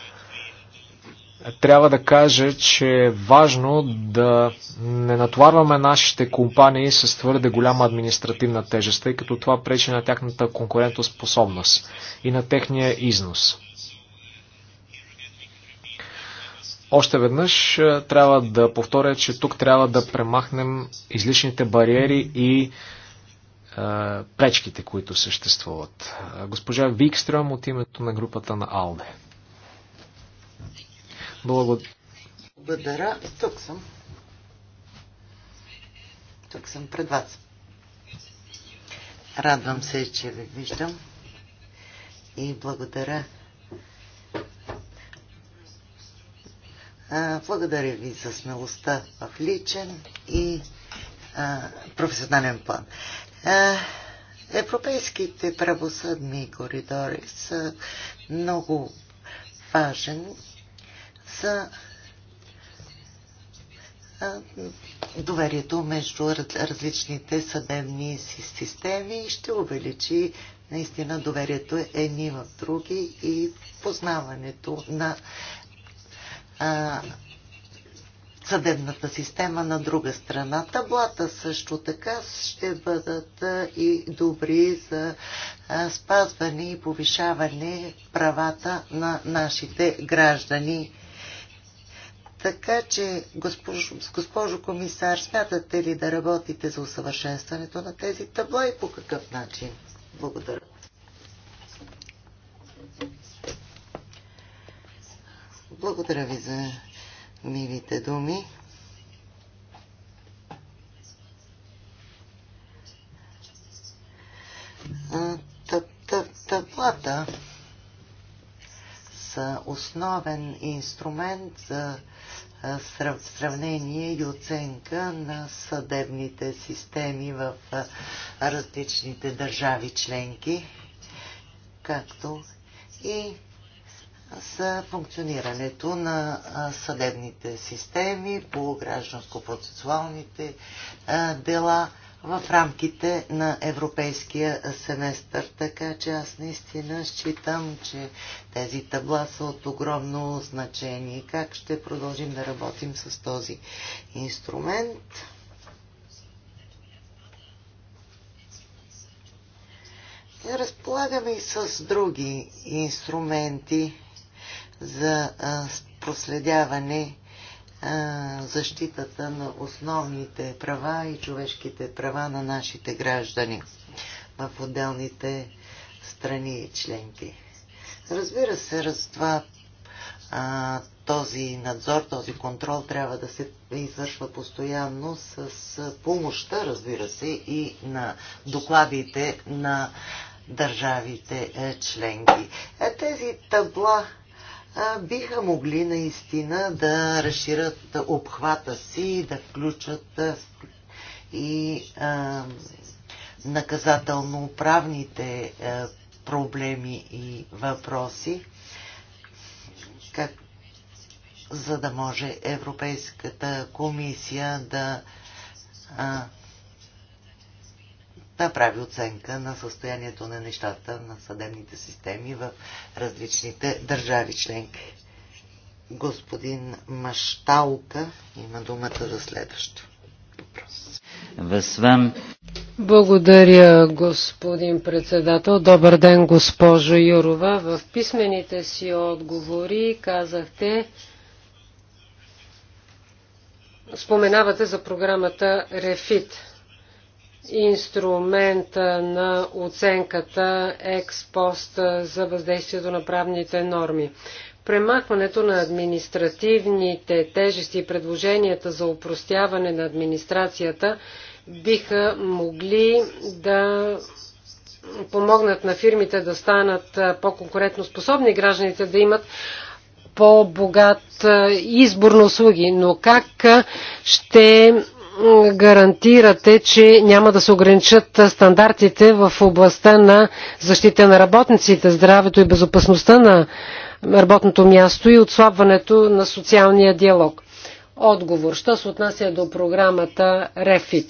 трябва да кажа, че е важно да не натоварваме нашите компании с твърде голяма административна тежест, тъй като това пречи на тяхната конкурентоспособност и на техния износ. Още веднъж е, трябва да повторя, че тук трябва да премахнем излишните бариери и е, пречките, които съществуват. Е, госпожа Викстрам от името на групата на Алде. Благодаря. Тук съм. Тук съм пред вас. Радвам се, че ви виждам. И благодаря. Благодаря ви за смелостта в личен и професионален план. Европейските правосъдни коридори са много важен са доверието между различните съдебни системи и ще увеличи наистина доверието едни в други и познаването на съдебната система на друга страна. Таблата също така ще бъдат и добри за спазване и повишаване правата на нашите граждани така че, госпожо, госпожо комисар, смятате ли да работите за усъвършенстването на тези табла и по какъв начин? Благодаря. Благодаря ви за милите думи. Таблата са основен инструмент за сравнение и оценка на съдебните системи в различните държави членки, както и за функционирането на съдебните системи по гражданско-процесуалните дела – в рамките на европейския семестър. Така че аз наистина считам, че тези табла са от огромно значение. Как ще продължим да работим с този инструмент? Разполагаме и с други инструменти за проследяване защитата на основните права и човешките права на нашите граждани в отделните страни и членки. Разбира се, раз това а, този надзор, този контрол трябва да се извършва постоянно с помощта, разбира се, и на докладите на държавите е, членки. Е, тези табла биха могли наистина да разширят обхвата си, да включат и наказателно управните проблеми и въпроси, как, за да може Европейската комисия да а, да прави оценка на състоянието на нещата на съдебните системи в различните държави членки. Господин Машталка има думата за следващо. Въпрос. Възвам. Благодаря, господин председател. Добър ден, госпожо Юрова. В писмените си отговори казахте, споменавате за програмата РЕФИТ инструмента на оценката експост за въздействието на правните норми. Премахването на административните тежести и предложенията за упростяване на администрацията биха могли да помогнат на фирмите да станат по-конкурентно способни, гражданите да имат по-богат избор на услуги. Но как ще гарантирате, че няма да се ограничат стандартите в областта на защита на работниците, здравето и безопасността на работното място и отслабването на социалния диалог? Отговор. Що се отнася до програмата REFIT?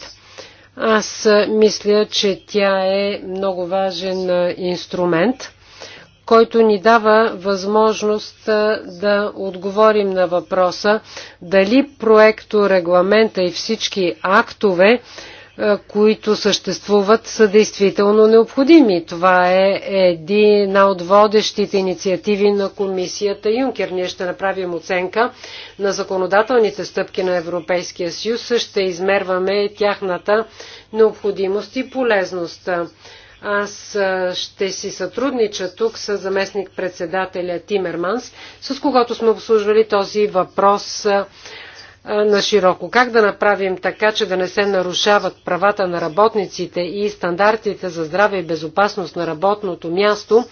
Аз мисля, че тя е много важен инструмент – който ни дава възможност да отговорим на въпроса дали проекто регламента и всички актове, които съществуват, са действително необходими. Това е една от водещите инициативи на комисията Юнкер. Ние ще направим оценка на законодателните стъпки на Европейския съюз, ще измерваме тяхната необходимост и полезност. Аз ще си сътруднича тук с заместник председателя Тимерманс, с когато сме обслужвали този въпрос на широко. Как да направим така, че да не се нарушават правата на работниците и стандартите за здраве и безопасност на работното място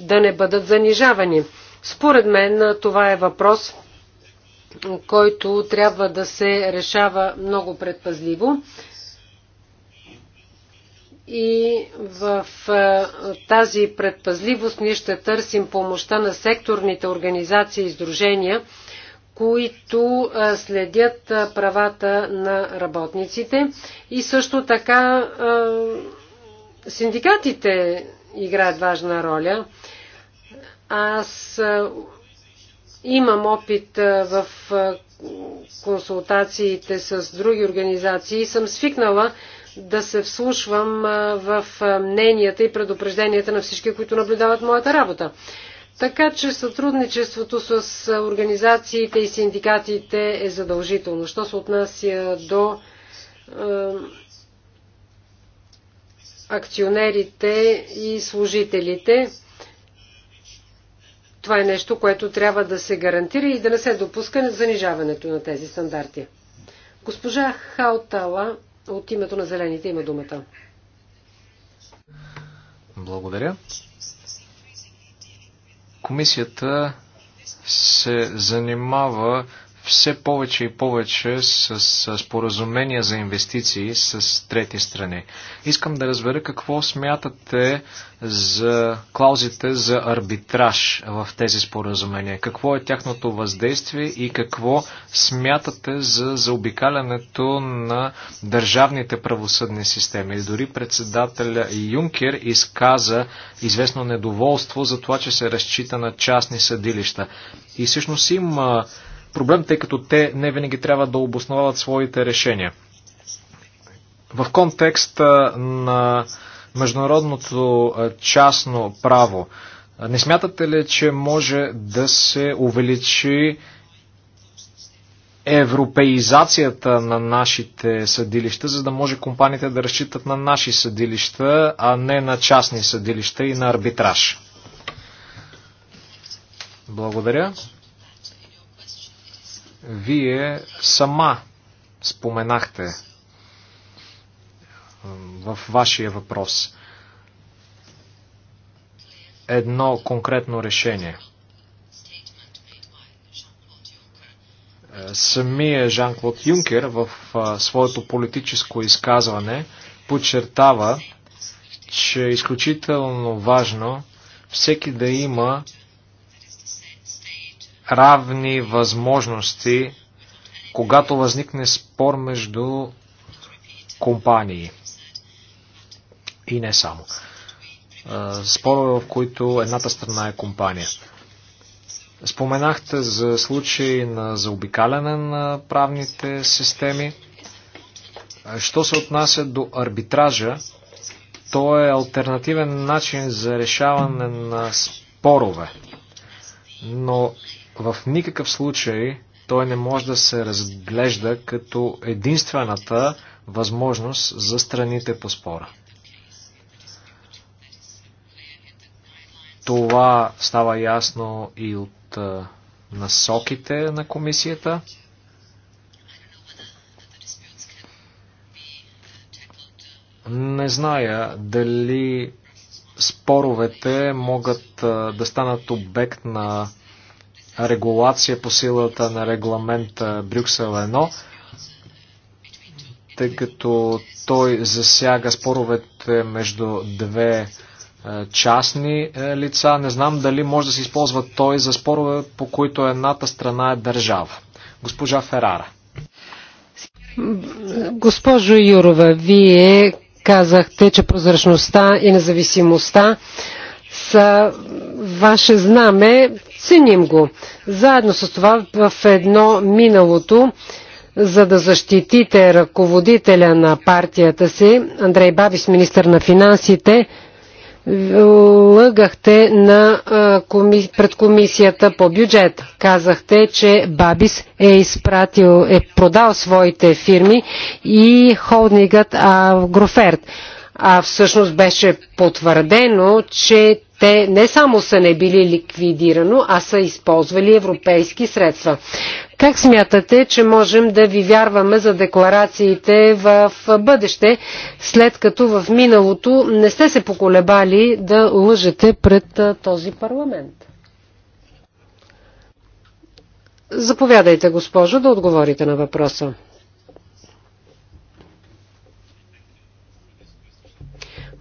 да не бъдат занижавани? Според мен това е въпрос, който трябва да се решава много предпазливо. И в тази предпазливост ние ще търсим помощта на секторните организации и издружения, които следят правата на работниците и също така синдикатите играят важна роля. Аз имам опит в консултациите с други организации и съм свикнала да се вслушвам в мненията и предупрежденията на всички, които наблюдават моята работа. Така че сътрудничеството с организациите и синдикатите е задължително. Що се отнася до акционерите и служителите, това е нещо, което трябва да се гарантира и да не се допуска занижаването на тези стандарти. Госпожа Хаутала от името на зелените има думата. Благодаря. Комисията се занимава все повече и повече с, с споразумения за инвестиции с трети страни. Искам да разбера какво смятате за клаузите за арбитраж в тези споразумения. Какво е тяхното въздействие и какво смятате за заобикалянето на държавните правосъдни системи. И дори председателя Юнкер изказа известно недоволство за това, че се разчита на частни съдилища. И всъщност има проблем, тъй като те не винаги трябва да обосновават своите решения. В контекста на международното частно право, не смятате ли, че може да се увеличи европеизацията на нашите съдилища, за да може компаниите да разчитат на наши съдилища, а не на частни съдилища и на арбитраж? Благодаря. Вие сама споменахте е, в вашия въпрос едно конкретно решение. Е, самия Жан-Клод Юнкер в своето политическо изказване подчертава, че е изключително важно всеки да има равни възможности, когато възникне спор между компании. И не само. Спорове, в които едната страна е компания. Споменахте за случаи на заобикаляне на правните системи. Що се отнася до арбитража, то е альтернативен начин за решаване на спорове. Но в никакъв случай той не може да се разглежда като единствената възможност за страните по спора. Това става ясно и от насоките на комисията. Не зная дали споровете могат да станат обект на регулация по силата на регламент Брюксел 1, тъй като той засяга споровете между две е, частни е, лица. Не знам дали може да се използва той за спорове, по които едната страна е държава. Госпожа Ферара. Госпожо Юрова, вие казахте, че прозрачността и независимостта са ваше знаме. Ценим го. Заедно с това в едно миналото, за да защитите ръководителя на партията си, Андрей Бабис, министър на финансите, лъгахте на, коми, пред комисията по бюджет. Казахте, че Бабис е изпратил, е продал своите фирми и холдингът Агроферт а всъщност беше потвърдено, че те не само са не били ликвидирано, а са използвали европейски средства. Как смятате, че можем да ви вярваме за декларациите в бъдеще, след като в миналото не сте се поколебали да лъжете пред този парламент? Заповядайте, госпожо, да отговорите на въпроса.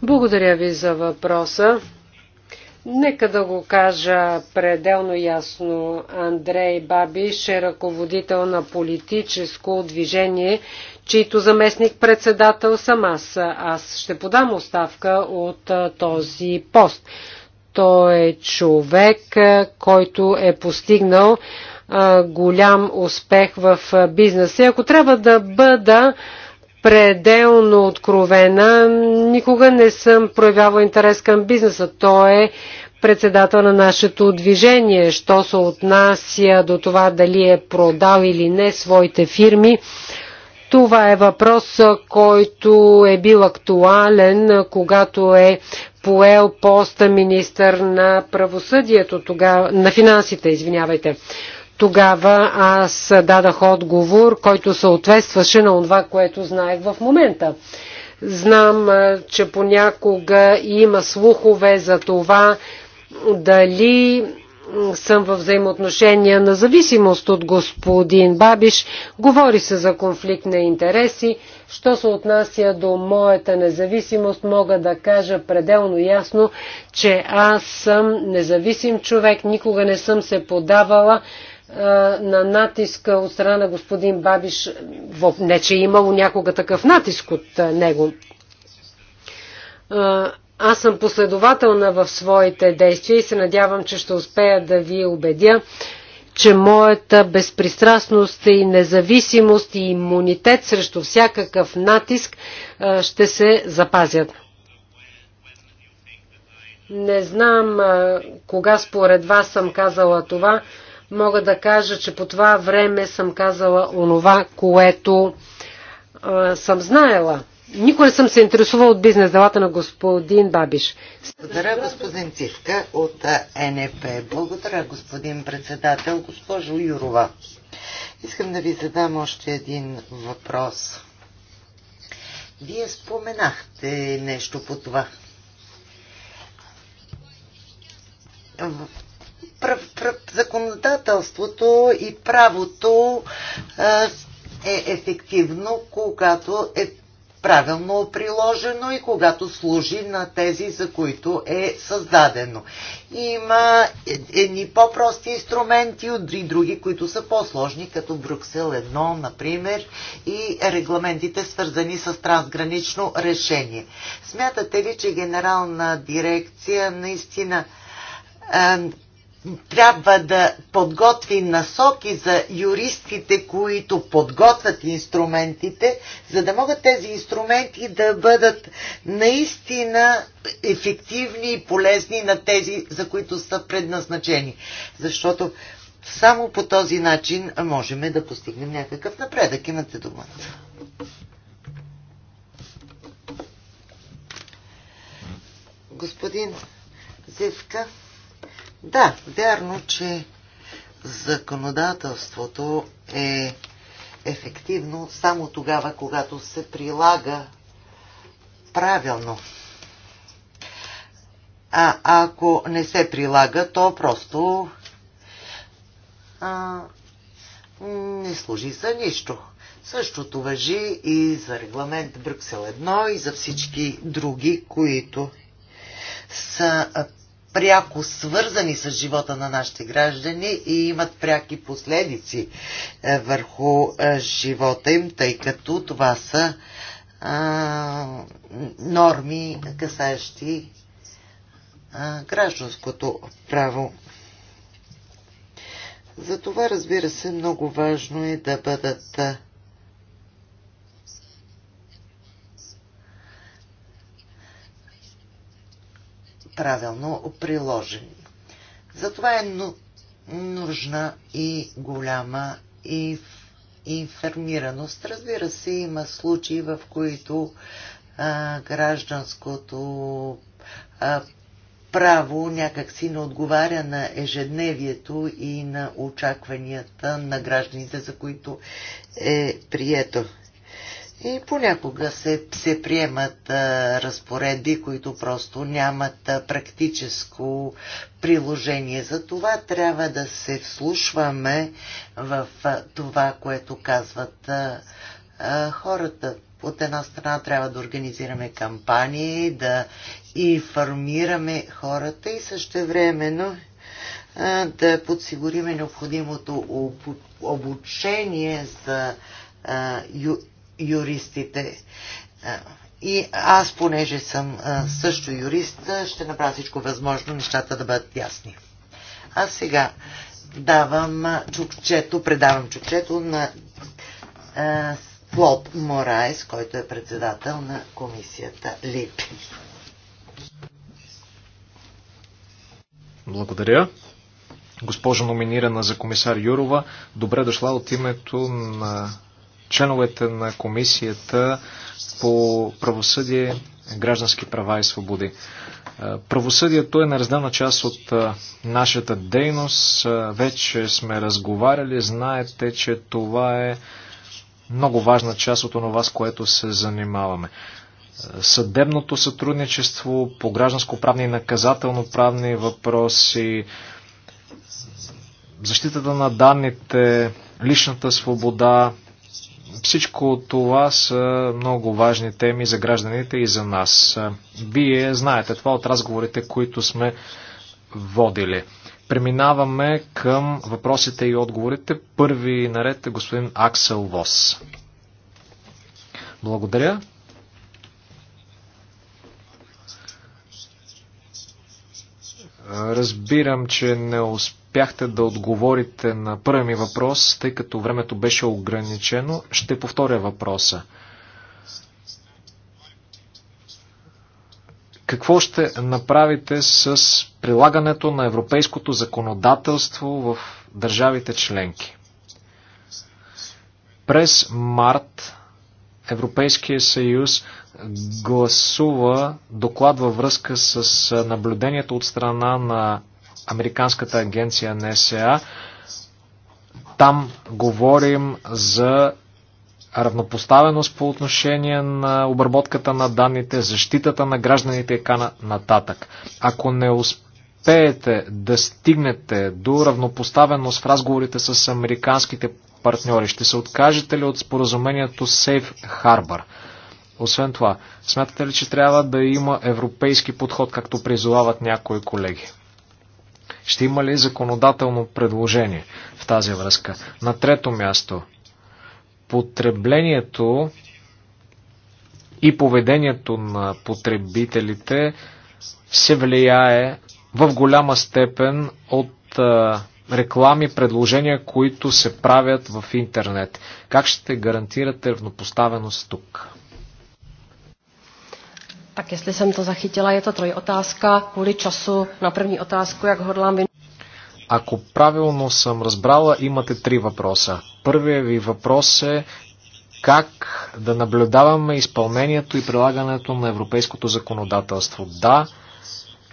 Благодаря ви за въпроса. Нека да го кажа пределно ясно. Андрей Бабиш е ръководител на политическо движение, чийто заместник председател съм аз. Аз ще подам оставка от този пост. Той е човек, който е постигнал голям успех в бизнеса. Ако трябва да бъда пределно откровена. Никога не съм проявявал интерес към бизнеса. Той е председател на нашето движение. Що се отнася до това дали е продал или не своите фирми, това е въпрос, който е бил актуален, когато е поел поста министър на правосъдието, тогава, на финансите, извинявайте. Тогава аз дадах отговор, който съответстваше на това, което знаех в момента. Знам, че понякога има слухове за това дали съм във взаимоотношения на зависимост от господин Бабиш. Говори се за конфликт на интереси. Що се отнася до моята независимост, мога да кажа пределно ясно, че аз съм независим човек. Никога не съм се подавала на натиска от страна на господин Бабиш, не че е имало някога такъв натиск от него. Аз съм последователна в своите действия и се надявам, че ще успея да ви убедя, че моята безпристрастност и независимост и имунитет срещу всякакъв натиск ще се запазят. Не знам кога според вас съм казала това, мога да кажа, че по това време съм казала онова, което а, съм знаела. Никой не съм се интересувала от бизнес делата на господин Бабиш. Благодаря, господин Цивка от НП. Благодаря, господин председател, госпожо Юрова. Искам да ви задам още един въпрос. Вие споменахте нещо по това законодателството и правото е ефективно, когато е правилно приложено и когато служи на тези, за които е създадено. Има е, едни по-прости инструменти от и други, които са по-сложни, като Брюксел 1, например, и регламентите свързани с трансгранично решение. Смятате ли, че генерална дирекция наистина трябва да подготви насоки за юристите, които подготвят инструментите, за да могат тези инструменти да бъдат наистина ефективни и полезни на тези, за които са предназначени. Защото само по този начин можем да постигнем някакъв напредък. Имате думата. Господин Зевка. Да, вярно, че законодателството е ефективно само тогава, когато се прилага правилно. А ако не се прилага, то просто а, не служи за нищо. Същото въжи и за регламент Брюксел 1 и за всички други, които са пряко свързани с живота на нашите граждани и имат пряки последици е, върху е, живота им, тъй като това са а, норми, касаещи а, гражданското право. Затова, разбира се, много важно е да бъдат е, правилно приложени. Затова е нужна и голяма и информираност. Разбира се, има случаи, в които а, гражданското а, право някакси не отговаря на ежедневието и на очакванията на гражданите, за които е прието. И понякога се, се приемат а, разпоредби, които просто нямат а, практическо приложение. За това трябва да се вслушваме в а, това, което казват а, а, хората. От една страна трябва да организираме кампании, да информираме хората и същевременно а, да подсигуриме необходимото обучение за юристите. И аз, понеже съм също юрист, ще направя всичко възможно нещата да бъдат ясни. А сега давам чукчето, предавам чукчето на Клод Морайс, който е председател на комисията ЛИПИ. Благодаря. Госпожо номинирана за комисар Юрова, добре дошла от името на членовете на комисията по правосъдие, граждански права и свободи. Правосъдието е неразделна част от нашата дейност. Вече сме разговаряли. Знаете, че това е много важна част от това, с което се занимаваме. Съдебното сътрудничество по гражданско-правни и наказателно-правни въпроси, защитата на данните, личната свобода, всичко това са много важни теми за гражданите и за нас. Вие знаете това от разговорите, които сме водили. Преминаваме към въпросите и отговорите. Първи наред е господин Аксел Вос. Благодаря. Разбирам, че не успя успяхте да отговорите на първия ми въпрос, тъй като времето беше ограничено. Ще повторя въпроса. Какво ще направите с прилагането на европейското законодателство в държавите членки? През март Европейския съюз гласува доклад във връзка с наблюдението от страна на Американската агенция на СА. Там говорим за равнопоставеност по отношение на обработката на данните, защитата на гражданите и кана нататък. Ако не успеете да стигнете до равнопоставеност в разговорите с американските партньори, ще се откажете ли от споразумението Safe Harbor? Освен това, смятате ли, че трябва да има европейски подход, както призовават някои колеги? Ще има ли законодателно предложение в тази връзка? На трето място, потреблението и поведението на потребителите се влияе в голяма степен от реклами, предложения, които се правят в интернет. Как ще гарантирате равнопоставеност тук? Tak jestli jsem to zachytila, je to troj otázka kvůli času na první otázku, jak hodlám vy... Ако правилно съм разбрала, имате три въпроса. Първият ви въпрос е как да наблюдаваме изпълнението и прилагането на европейското законодателство. Да,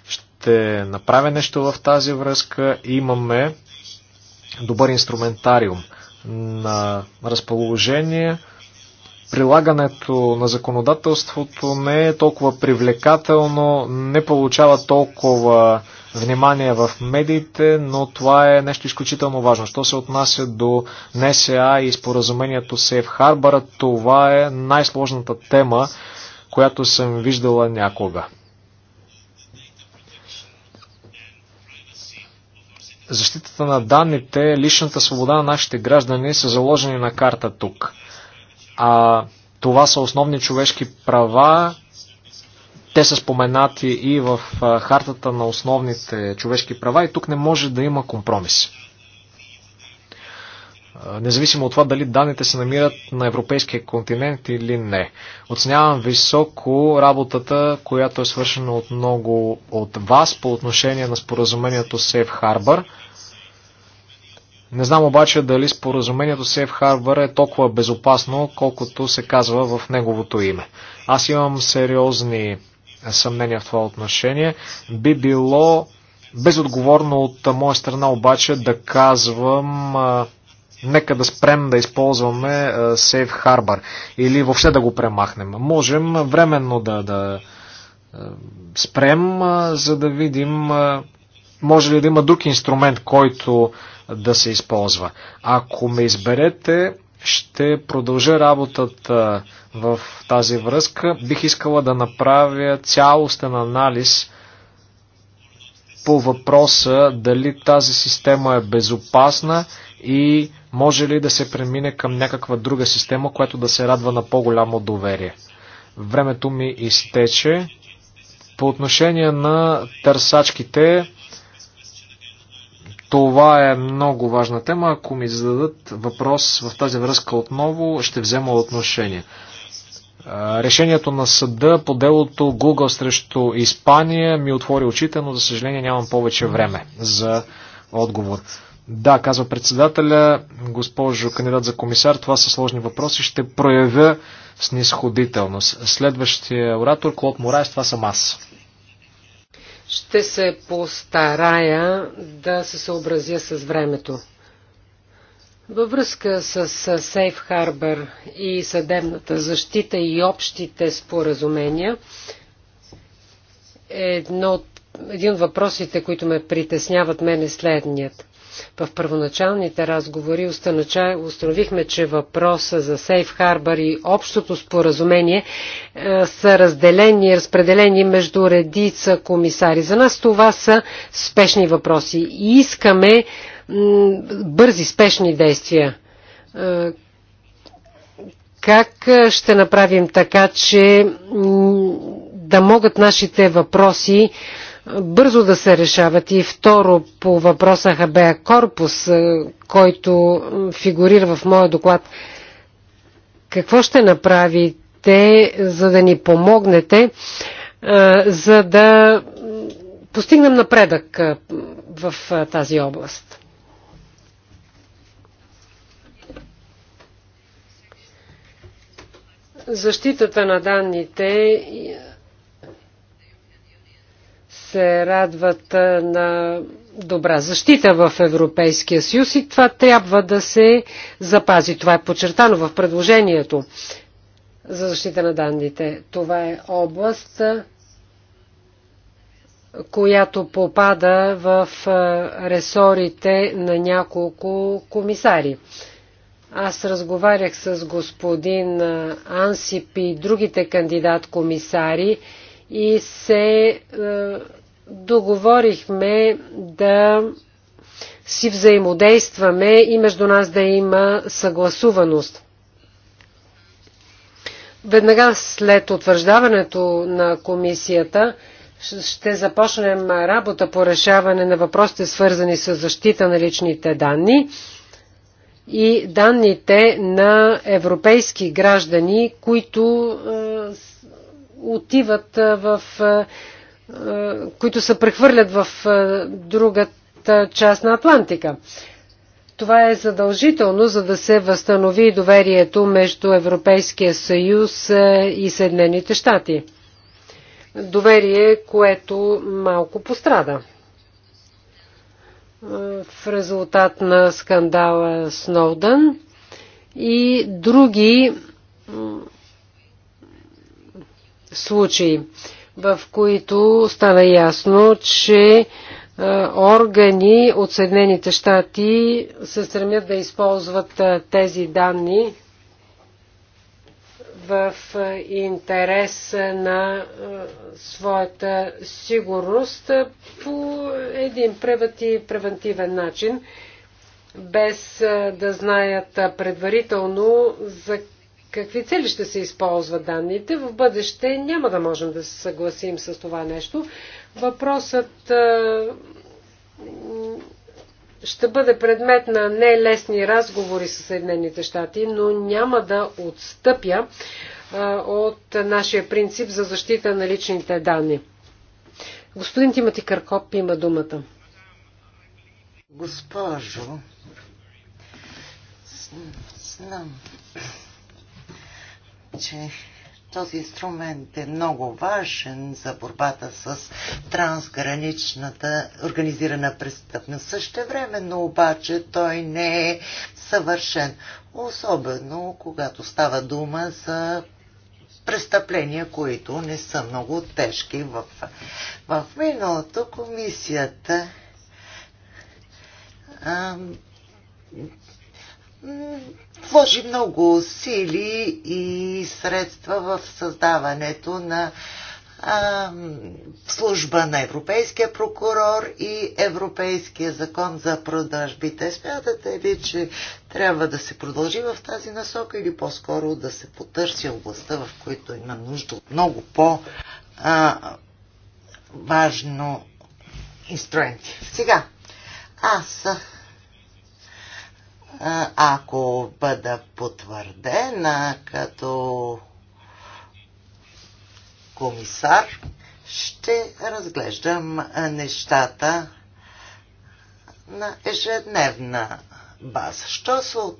ще направя нещо в тази връзка. Имаме добър инструментариум на разположение прилагането на законодателството не е толкова привлекателно, не получава толкова внимание в медиите, но това е нещо изключително важно. Що се отнася до НСА и споразумението Safe Harbor, това е най-сложната тема, която съм виждала някога. Защитата на данните, личната свобода на нашите граждани са заложени на карта тук – а това са основни човешки права. Те са споменати и в хартата на основните човешки права и тук не може да има компромис. Независимо от това дали данните се намират на европейския континент или не. Оценявам високо работата, която е свършена от много от вас по отношение на споразумението Safe Harbor – не знам обаче дали споразумението сейф Харбър е толкова безопасно, колкото се казва в неговото име. Аз имам сериозни съмнения в това отношение. Би било безотговорно от моя страна обаче да казвам нека да спрем да използваме сейф Safe Harbor или въобще да го премахнем. Можем временно да, да спрем, за да видим може ли да има друг инструмент, който да се използва. Ако ме изберете, ще продължа работата в тази връзка. Бих искала да направя цялостен анализ по въпроса дали тази система е безопасна и може ли да се премине към някаква друга система, която да се радва на по-голямо доверие. Времето ми изтече. По отношение на търсачките, това е много важна тема. Ако ми зададат въпрос в тази връзка отново, ще взема отношение. Решението на съда по делото Google срещу Испания ми отвори очите, но за съжаление нямам повече време за отговор. Да, казва председателя, госпожо кандидат за комисар, това са сложни въпроси, ще проявя снисходителност. Следващия оратор Клод Морайс, това съм аз. Ще се постарая да се съобразя с времето. Във връзка с Сейф Харбър и съдебната защита и общите споразумения, едно от, един от въпросите, които ме притесняват мен е следният. В първоначалните разговори установихме, че въпроса за Сейф Харбър и общото споразумение е, са разделени и разпределени между редица комисари. За нас това са спешни въпроси и искаме бързи, спешни действия е, как е, ще направим така, че да могат нашите въпроси бързо да се решават. И второ, по въпроса Хабея Корпус, е, който фигурира в моя доклад, какво ще направите, за да ни помогнете, е, за да постигнем напредък е, в тази област? Защитата на данните се радват на добра защита в Европейския съюз и това трябва да се запази. Това е подчертано в предложението за защита на данните. Това е област, която попада в ресорите на няколко комисари. Аз разговарях с господин Ансип и другите кандидат-комисари и се договорихме да си взаимодействаме и между нас да има съгласуваност. Веднага след утвърждаването на комисията ще започнем работа по решаване на въпросите свързани с защита на личните данни и данните на европейски граждани, които е, отиват е, в е, е, които се прехвърлят в е, другата част на Атлантика. Това е задължително, за да се възстанови доверието между Европейския съюз е, и Съединените щати. Доверие, което малко пострада в резултат на скандала Сноудън и други случаи в които стана ясно, че органи от Съединените щати се стремят да използват тези данни в интерес на своята сигурност по един превентивен начин, без да знаят предварително за какви цели ще се използват данните. В бъдеще няма да можем да се съгласим с това нещо. Въпросът ще бъде предмет на нелесни разговори с Съединените щати, но няма да отстъпя от нашия принцип за защита на личните данни. Господин Тимати Каркоп има думата. Госпожо, знам, че този инструмент е много важен за борбата с трансграничната организирана престъпност. но обаче той не е съвършен, особено когато става дума за престъпления, които не са много тежки. В, в миналото комисията а, вложи много сили и средства в създаването на а, служба на Европейския прокурор и Европейския закон за продажбите. Смятате ли, че трябва да се продължи в тази насока или по-скоро да се потърси областта, в която има нужда от много по-важно инструменти? Сега, аз ако бъда потвърдена като комисар, ще разглеждам нещата на ежедневна база. Що се, от...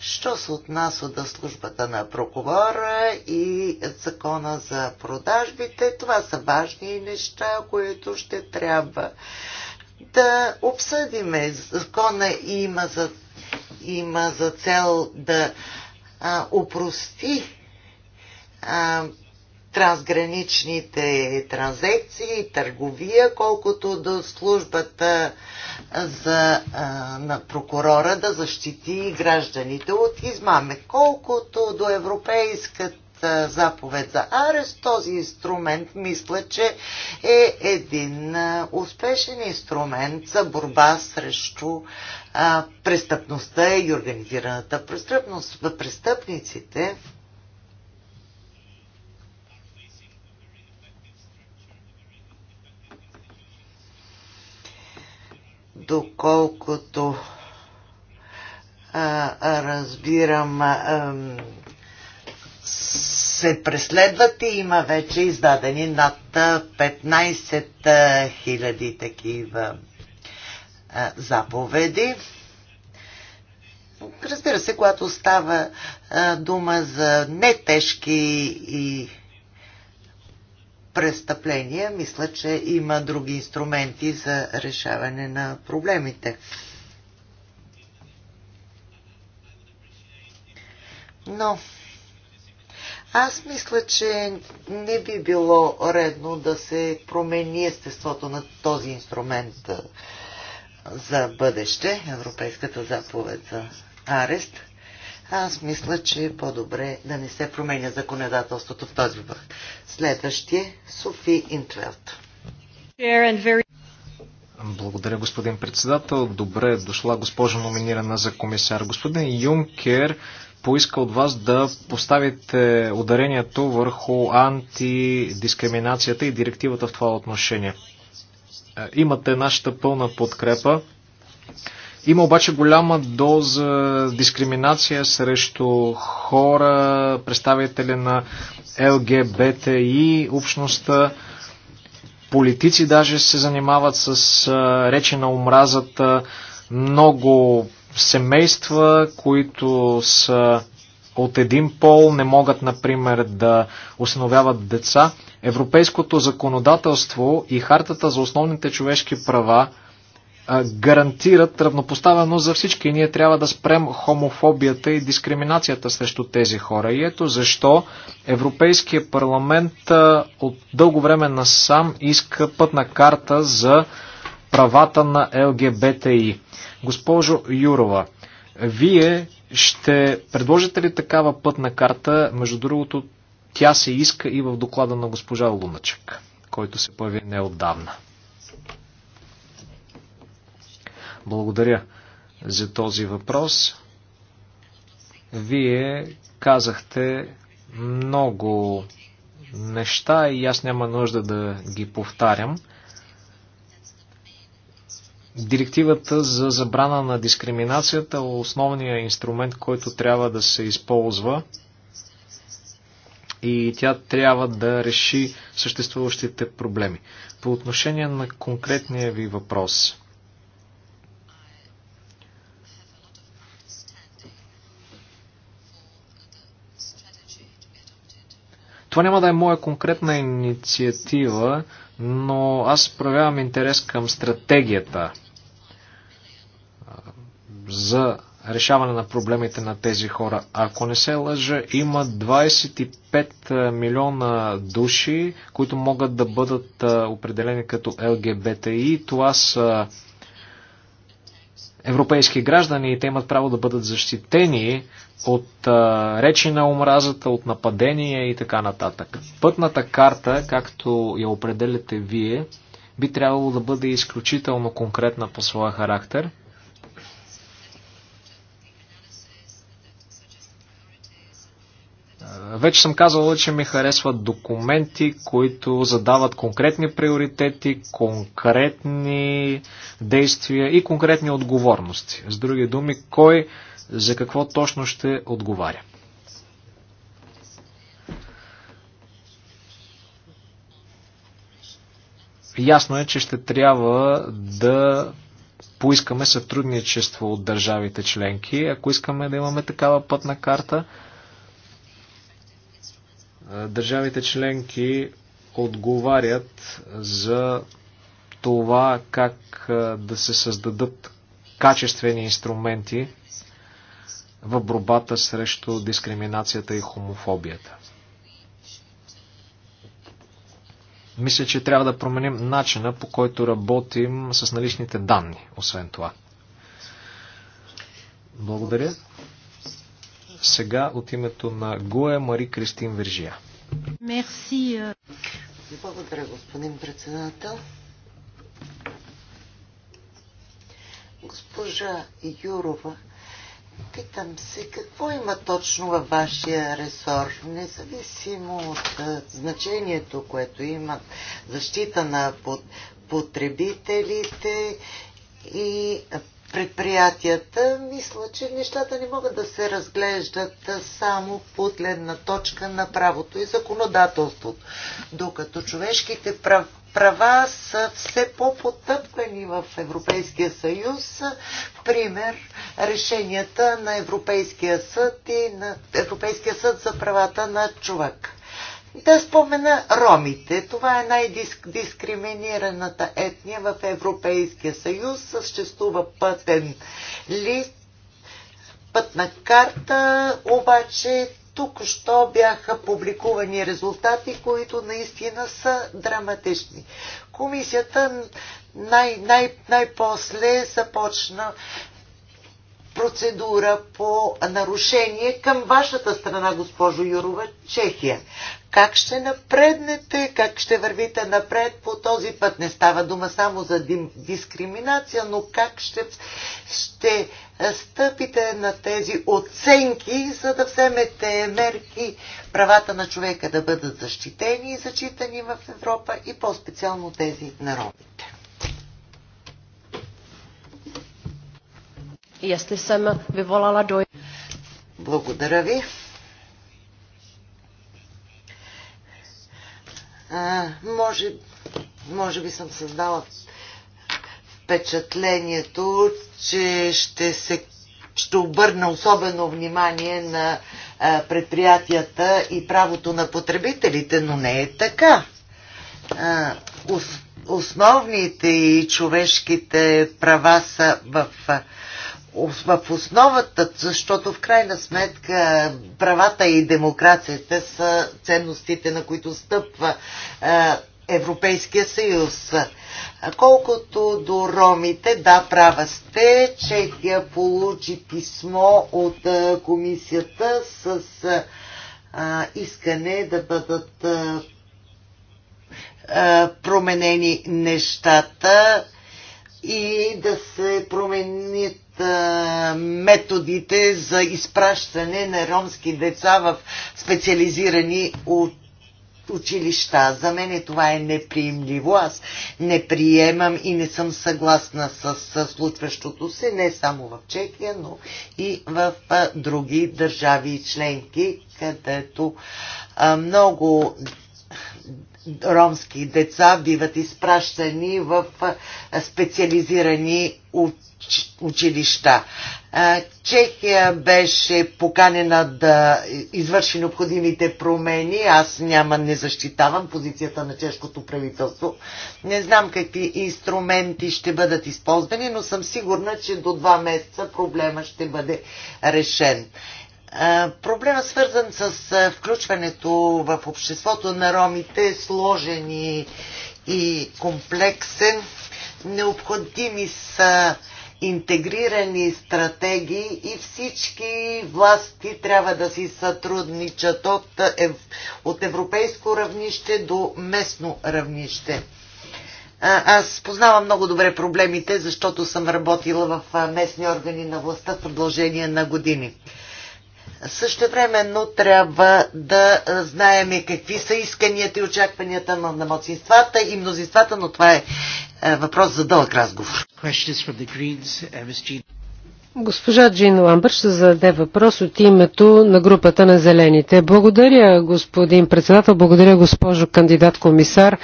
Що се отнася до службата на прокурора и закона за продажбите, това са важни неща, които ще трябва да обсъдиме. Закона има за има за цел да а, упрости а, трансграничните транзекции, търговия, колкото до службата за, а, на прокурора да защити гражданите от измаме. Колкото до европейската е, заповед за арест, този инструмент мисля, че е един е, успешен инструмент за борба срещу е, престъпността и организираната престъпност. Престъпниците доколкото а, разбирам а, се преследват и има вече издадени над 15 000 такива заповеди. Разбира се, когато става дума за нетежки и престъпления, мисля, че има други инструменти за решаване на проблемите. Но аз мисля, че не би било редно да се промени естеството на този инструмент за бъдеще, Европейската заповед за арест. Аз мисля, че е по-добре да не се променя законодателството в този бъд. Следващия е Софи Интвелт. Благодаря, господин председател. Добре е дошла госпожа номинирана за комисар. Господин Юнкер поиска от вас да поставите ударението върху антидискриминацията и директивата в това отношение. Е, имате нашата пълна подкрепа. Има обаче голяма доза дискриминация срещу хора, представители на ЛГБТИ общността. Политици даже се занимават с е, речи на омразата. Много Семейства, които са от един пол, не могат, например, да установяват деца. Европейското законодателство и хартата за основните човешки права гарантират равнопоставено за всички. Ние трябва да спрем хомофобията и дискриминацията срещу тези хора. И ето защо Европейския парламент от дълго време насам иска пътна карта за правата на ЛГБТИ. Госпожо Юрова, вие ще предложите ли такава пътна карта? Между другото, тя се иска и в доклада на госпожа Луначек, който се появи неотдавна. Благодаря за този въпрос. Вие казахте много неща и аз няма нужда да ги повтарям. Директивата за забрана на дискриминацията е основният инструмент, който трябва да се използва и тя трябва да реши съществуващите проблеми. По отношение на конкретния ви въпрос. Това няма да е моя конкретна инициатива, но аз проявявам интерес към стратегията за решаване на проблемите на тези хора. Ако не се лъжа, има 25 е, милиона души, които могат да бъдат е, определени като ЛГБТИ. Това са европейски граждани и те имат право да бъдат защитени от а, е, речи на омразата, от нападения и така нататък. Пътната карта, както я определяте вие, би трябвало да бъде изключително конкретна по своя характер – Вече съм казал, че ми харесват документи, които задават конкретни приоритети, конкретни действия и конкретни отговорности. С други думи, кой за какво точно ще отговаря. Ясно е, че ще трябва да поискаме сътрудничество от държавите членки, ако искаме да имаме такава пътна карта – държавите членки отговарят за това как да се създадат качествени инструменти в борбата срещу дискриминацията и хомофобията. Мисля, че трябва да променим начина по който работим с наличните данни, освен това. Благодаря. Сега от името на Гуе Мари Кристин Вержия. Мерси. Е. Благодаря, господин председател. Госпожа Юрова, питам се какво има точно във вашия ресор, независимо от е, значението, което има защита на потребителите и предприятията, мисля, че нещата не могат да се разглеждат само по гледна точка на правото и законодателството, докато човешките прав, права са все по-потъпкани в Европейския съюз. Пример, решенията на Европейския съд и на Европейския съд за правата на човек да спомена ромите. Това е най-дискриминираната етния в Европейския съюз. Съществува пътен лист, пътна карта, обаче тук що бяха публикувани резултати, които наистина са драматични. Комисията най- най- най-после започна процедура по нарушение към вашата страна, госпожо Юрова, Чехия. Как ще напреднете, как ще вървите напред по този път? Не става дума само за дискриминация, но как ще, ще стъпите на тези оценки, за да вземете мерки правата на човека да бъдат защитени и зачитани в Европа и по-специално тези народите. Благодаря ви. може, може би съм създала впечатлението, че ще се ще обърна особено внимание на а, предприятията и правото на потребителите, но не е така. А, основните и човешките права са в а, в основата, защото в крайна сметка правата и демокрацията са ценностите, на които стъпва е, Европейския съюз. Колкото до ромите, да, права сте, Чехия получи писмо от е, комисията с е, искане да бъдат променени нещата и да се променят методите за изпращане на ромски деца в специализирани училища. За мен е това е неприемливо. Аз не приемам и не съм съгласна с, с случващото се, не само в Чехия, но и в а, други държави и членки, където а, много ромски деца биват изпращани в специализирани уч, училища. Чехия беше поканена да извърши необходимите промени. Аз няма, не защитавам позицията на чешкото правителство. Не знам какви инструменти ще бъдат използвани, но съм сигурна, че до два месеца проблема ще бъде решен. Проблема свързан с включването в обществото на ромите е сложен и, комплексен. Необходими са интегрирани стратегии и всички власти трябва да си сътрудничат от, от европейско равнище до местно равнище. Аз познавам много добре проблемите, защото съм работила в местни органи на властта в продължение на години. Същевременно трябва да знаем какви са исканията и очакванията на, на младсинствата и мнозинствата, но това е, е въпрос за дълъг разговор. Госпожа Джин Ламбър ще зададе въпрос от името на групата на Зелените. Благодаря, господин председател, благодаря, госпожо кандидат комисар,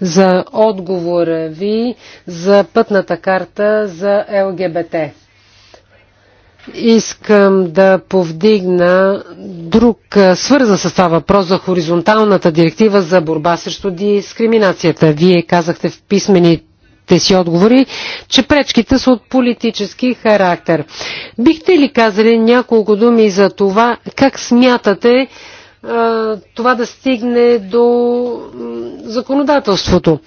за отговора ви за пътната карта за ЛГБТ. Искам да повдигна друг, свързан с това въпрос за хоризонталната директива за борба срещу дискриминацията. Вие казахте в писмените те си отговори, че пречките са от политически характер. Бихте ли казали няколко думи за това, как смятате а, това да стигне до законодателството?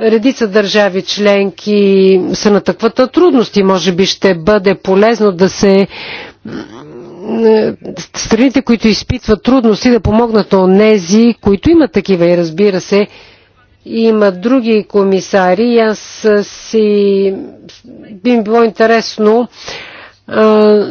Редица държави членки се натъкват на трудности. Може би ще бъде полезно да се страните, които изпитват трудности, да помогнат на тези, които имат такива и разбира се, има други комисари. Аз си би ми било интересно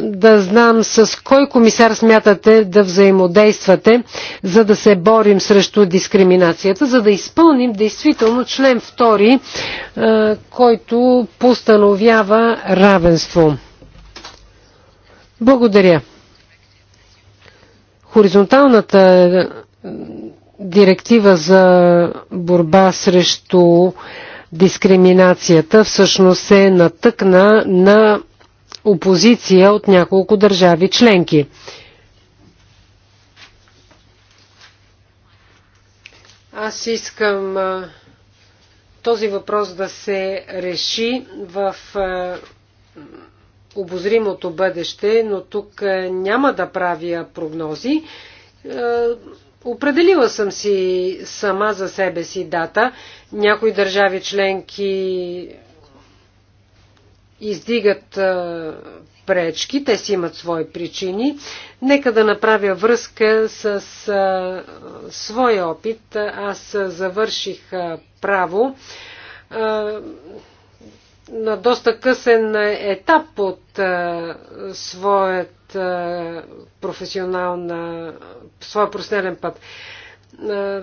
да знам с кой комисар смятате да взаимодействате, за да се борим срещу дискриминацията, за да изпълним действително член 2, който постановява равенство. Благодаря. Хоризонталната директива за борба срещу дискриминацията всъщност се натъкна на опозиция от няколко държави членки. Аз искам този въпрос да се реши в обозримото бъдеще, но тук няма да правя прогнози. Определила съм си сама за себе си дата. Някои държави членки издигат пречки, те си имат свои причини. Нека да направя връзка с а, своя опит. Аз завърших а, право а, на доста късен етап от а, своят а, професионална, своя професионален път. А,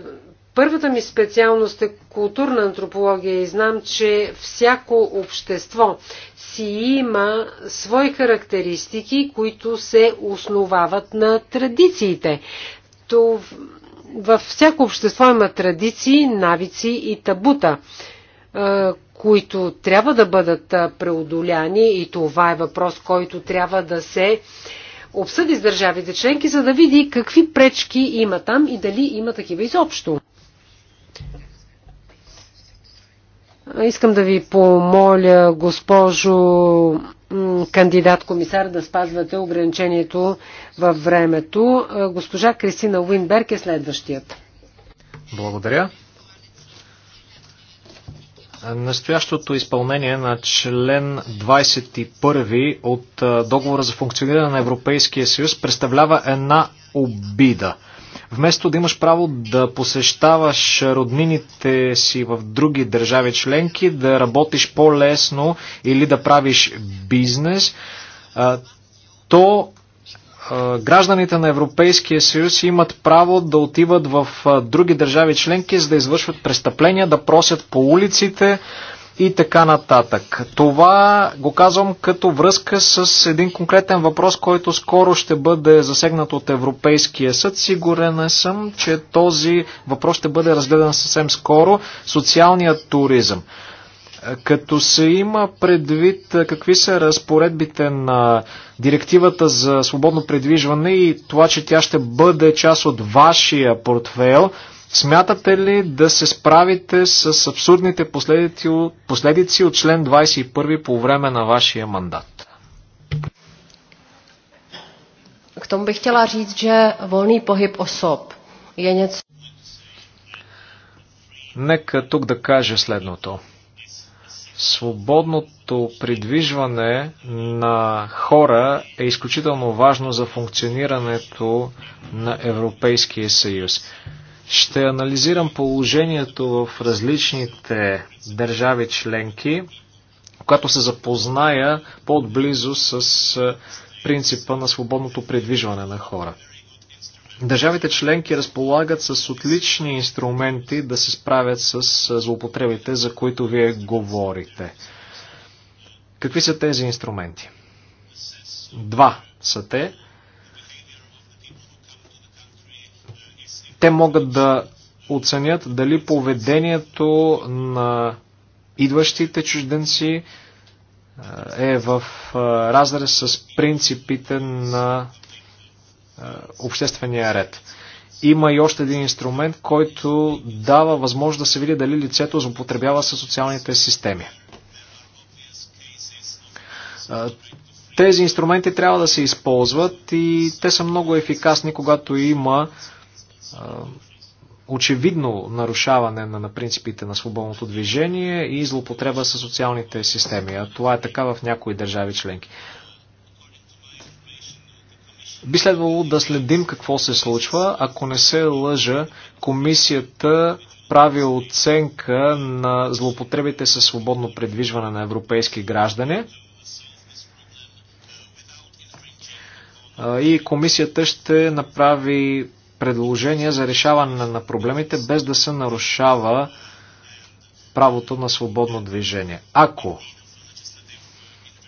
Първата ми специалност е културна антропология и знам, че всяко общество си има свои характеристики, които се основават на традициите. То във всяко общество има традиции, навици и табута, които трябва да бъдат преодоляни и това е въпрос, който трябва да се обсъди с държавите членки, за да види какви пречки има там и дали има такива изобщо. Искам да ви помоля, госпожо кандидат комисар, да спазвате ограничението във времето. Госпожа Кристина Уинберг е следващият. Благодаря. Настоящото изпълнение на член 21 от договора за функциониране на Европейския съюз представлява една обида – Вместо да имаш право да посещаваш роднините си в други държави членки, да работиш по-лесно или да правиш бизнес, то гражданите на Европейския съюз имат право да отиват в други държави членки, за да извършват престъпления, да просят по улиците, и така нататък. Това го казвам като връзка с един конкретен въпрос, който скоро ще бъде засегнат от Европейския съд. Сигурен съм, че този въпрос ще бъде разгледан съвсем скоро. Социалният туризъм. Като се има предвид какви са разпоредбите на директивата за свободно предвижване и това, че тя ще бъде част от вашия портфел, Смятате ли да се справите с абсурдните последици, последици от член 21 по време на вашия мандат? K tomu bych chtěla říct, že volný pohyb osob je něco. Нека тук да кажа следното. Свободното придвижване на хора е изключително важно за функционирането на Европейския съюз. Ще анализирам положението в различните държави членки, когато се запозная по-отблизо с принципа на свободното придвижване на хора. Държавите членки разполагат с отлични инструменти да се справят с злоупотребите, за които вие говорите. Какви са тези инструменти? Два са те. Те могат да оценят дали поведението на идващите чужденци е, е в е, разрез с принципите на е, обществения ред. Има и още един инструмент, който дава възможност да се види дали лицето злоупотребява със социалните системи. Тези инструменти трябва да се използват и те са много ефикасни, когато има очевидно нарушаване на, на принципите на свободното движение и злоупотреба с социалните системи. А това е така в някои държави членки. Би следвало да следим какво се случва. Ако не се лъжа, комисията прави оценка на злоупотребите със свободно предвижване на европейски граждани. И комисията ще направи предложения за решаване на проблемите, без да се нарушава правото на свободно движение. Ако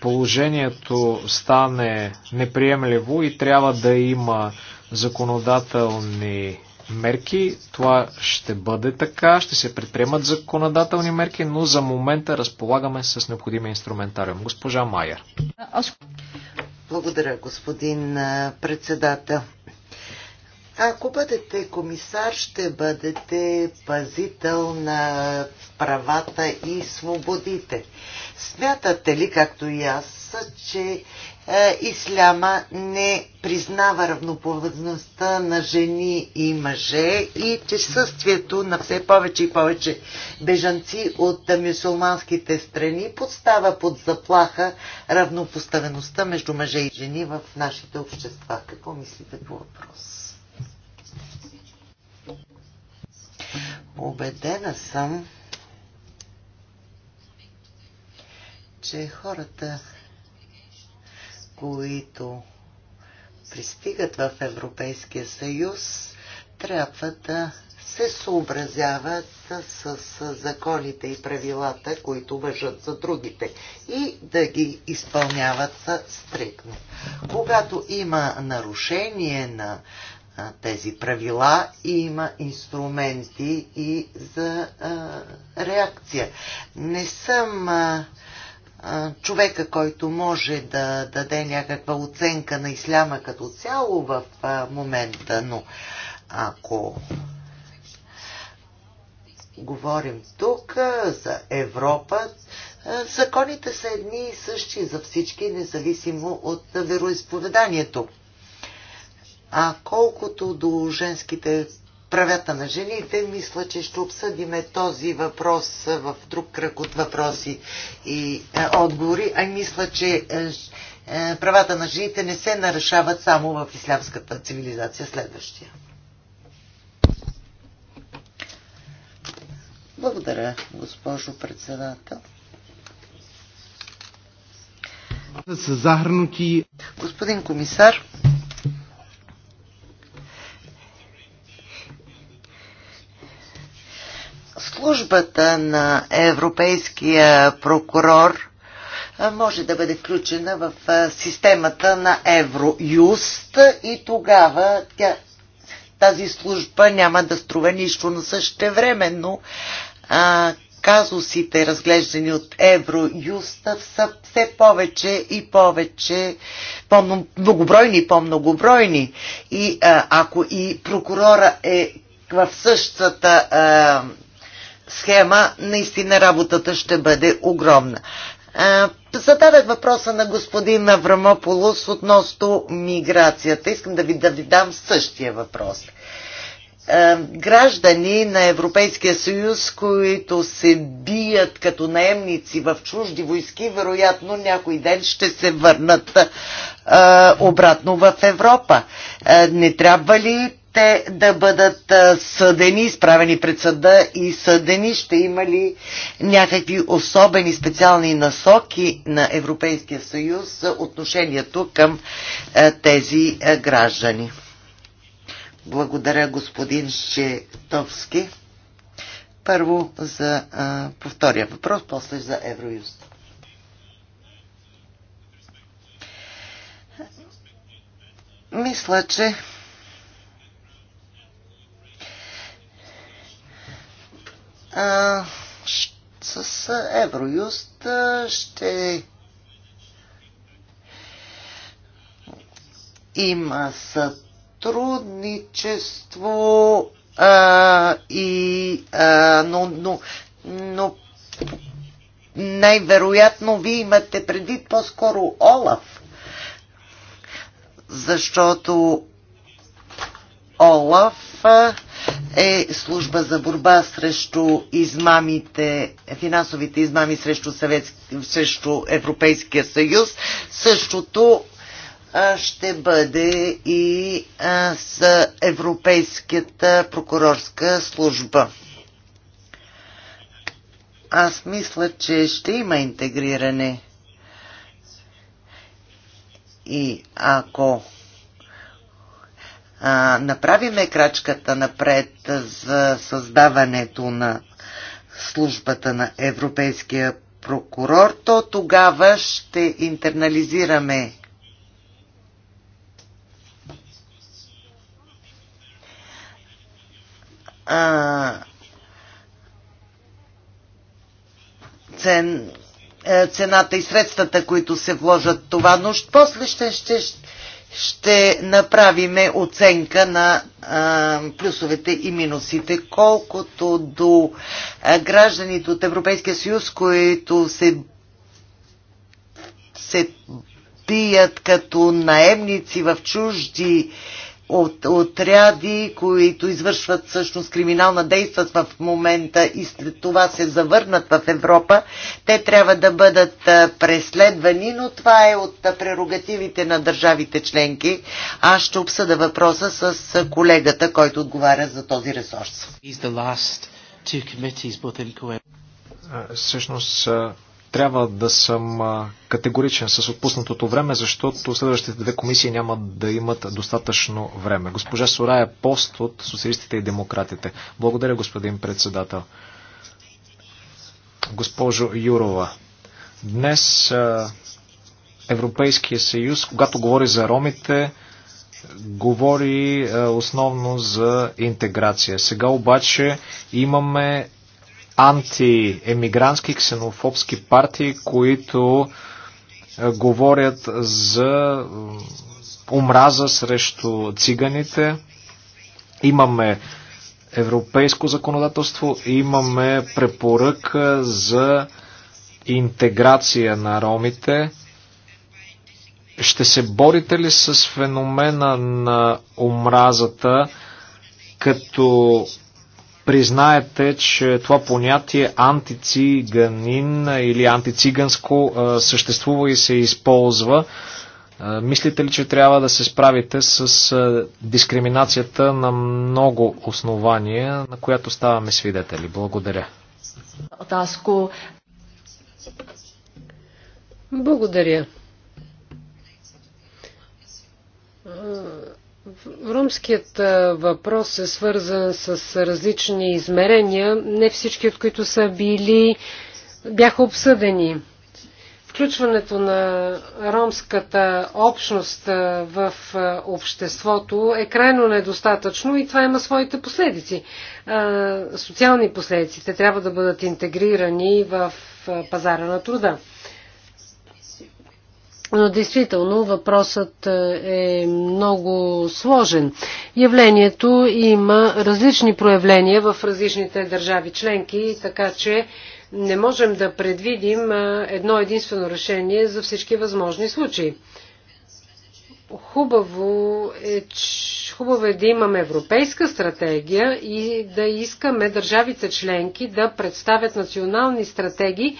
положението стане неприемливо и трябва да има законодателни мерки, това ще бъде така, ще се предприемат законодателни мерки, но за момента разполагаме с необходимия инструментариум. Госпожа Майер. Благодаря, господин председател. Ако бъдете комисар, ще бъдете пазител на правата и свободите. Смятате ли, както и аз, че е, исляма не признава равноповъзността на жени и мъже и че съствието на все повече и повече бежанци от мюсулманските страни подстава под заплаха равнопоставеността между мъже и жени в нашите общества? Какво мислите по въпроса? Обедена съм, че хората, които пристигат в Европейския съюз, трябва да се съобразяват с законите и правилата, които въжат за другите и да ги изпълняват стрикно. Когато има нарушение на тези правила и има инструменти и за а, реакция. Не съм а, а, човека, който може да даде някаква оценка на исляма като цяло в а, момента, но ако говорим тук а, за Европа, Законите са едни и същи за всички, независимо от вероисповеданието. А колкото до женските правята на жените, мисля, че ще обсъдиме този въпрос в друг кръг от въпроси и е, отговори. А мисля, че е, е, правата на жените не се нарушават само в ислямската цивилизация. Следващия. Благодаря, госпожо председател. Господин комисар, службата на европейския прокурор може да бъде включена в системата на Евроюст и тогава тя, тази служба няма да струва нищо, но същевременно а, казусите, разглеждани от Евроюст, са все повече и повече по-многобройни и по-многобройни. И а, ако и прокурора е в същата а, схема, наистина работата ще бъде огромна. Зададах въпроса на господин Аврамополос относно миграцията. Искам да ви, да ви дам същия въпрос. Граждани на Европейския съюз, които се бият като наемници в чужди войски, вероятно някой ден ще се върнат обратно в Европа. не трябва ли те да бъдат съдени, изправени пред съда и съдени? Ще има ли някакви особени специални насоки на Европейския съюз за отношението към тези граждани? Благодаря, господин Шетовски. Първо за а, повтория въпрос, после за Евроюст. Мисля, че а, с Евроюст ще има сътрудничество а, и а, но, но, но най-вероятно ви имате предвид по-скоро Олаф, защото Олаф а, е служба за борба срещу измамите, финансовите измами срещу, Съветски, срещу Европейския съюз. Същото ще бъде и с Европейската прокурорска служба. Аз мисля, че ще има интегриране. И ако а, направиме крачката напред за създаването на службата на Европейския прокурор, то тогава ще интернализираме а, цен, цената и средствата, които се вложат това, но после ще, ще, ще ще направиме оценка на а, плюсовете и минусите. Колкото до а, гражданите от Европейския съюз, които се, се бият като наемници в чужди от отряди, които извършват всъщност криминална действат в момента и след това се завърнат в Европа, те трябва да бъдат преследвани, но това е от прерогативите на държавите членки. Аз ще обсъда въпроса с колегата, който отговаря за този ресурс. Всъщност трябва да съм категоричен с отпуснатото време, защото следващите две комисии няма да имат достатъчно време. Госпожа Сорая Пост от Социалистите и Демократите. Благодаря, господин председател. Госпожо Юрова, днес Европейския съюз, когато говори за ромите, говори основно за интеграция. Сега обаче имаме антиемигрантски ксенофобски партии, които е, говорят за омраза срещу циганите. Имаме европейско законодателство, имаме препоръка за интеграция на ромите. Ще се борите ли с феномена на омразата, като признаете, че това понятие антициганин или антициганско съществува и се използва. Мислите ли, че трябва да се справите с дискриминацията на много основания, на която ставаме свидетели? Благодаря. Благодаря. Румският въпрос е свързан с различни измерения, не всички от които са били, бяха обсъдени. Включването на ромската общност в обществото е крайно недостатъчно и това има своите последици. Социални последици. Те трябва да бъдат интегрирани в пазара на труда. Но действително въпросът е, е много сложен. Явлението има различни проявления в различните държави членки, така че не можем да предвидим е, едно единствено решение за всички възможни случаи. Хубаво е, хубаво е да имаме европейска стратегия и да искаме държавите членки да представят национални стратегии,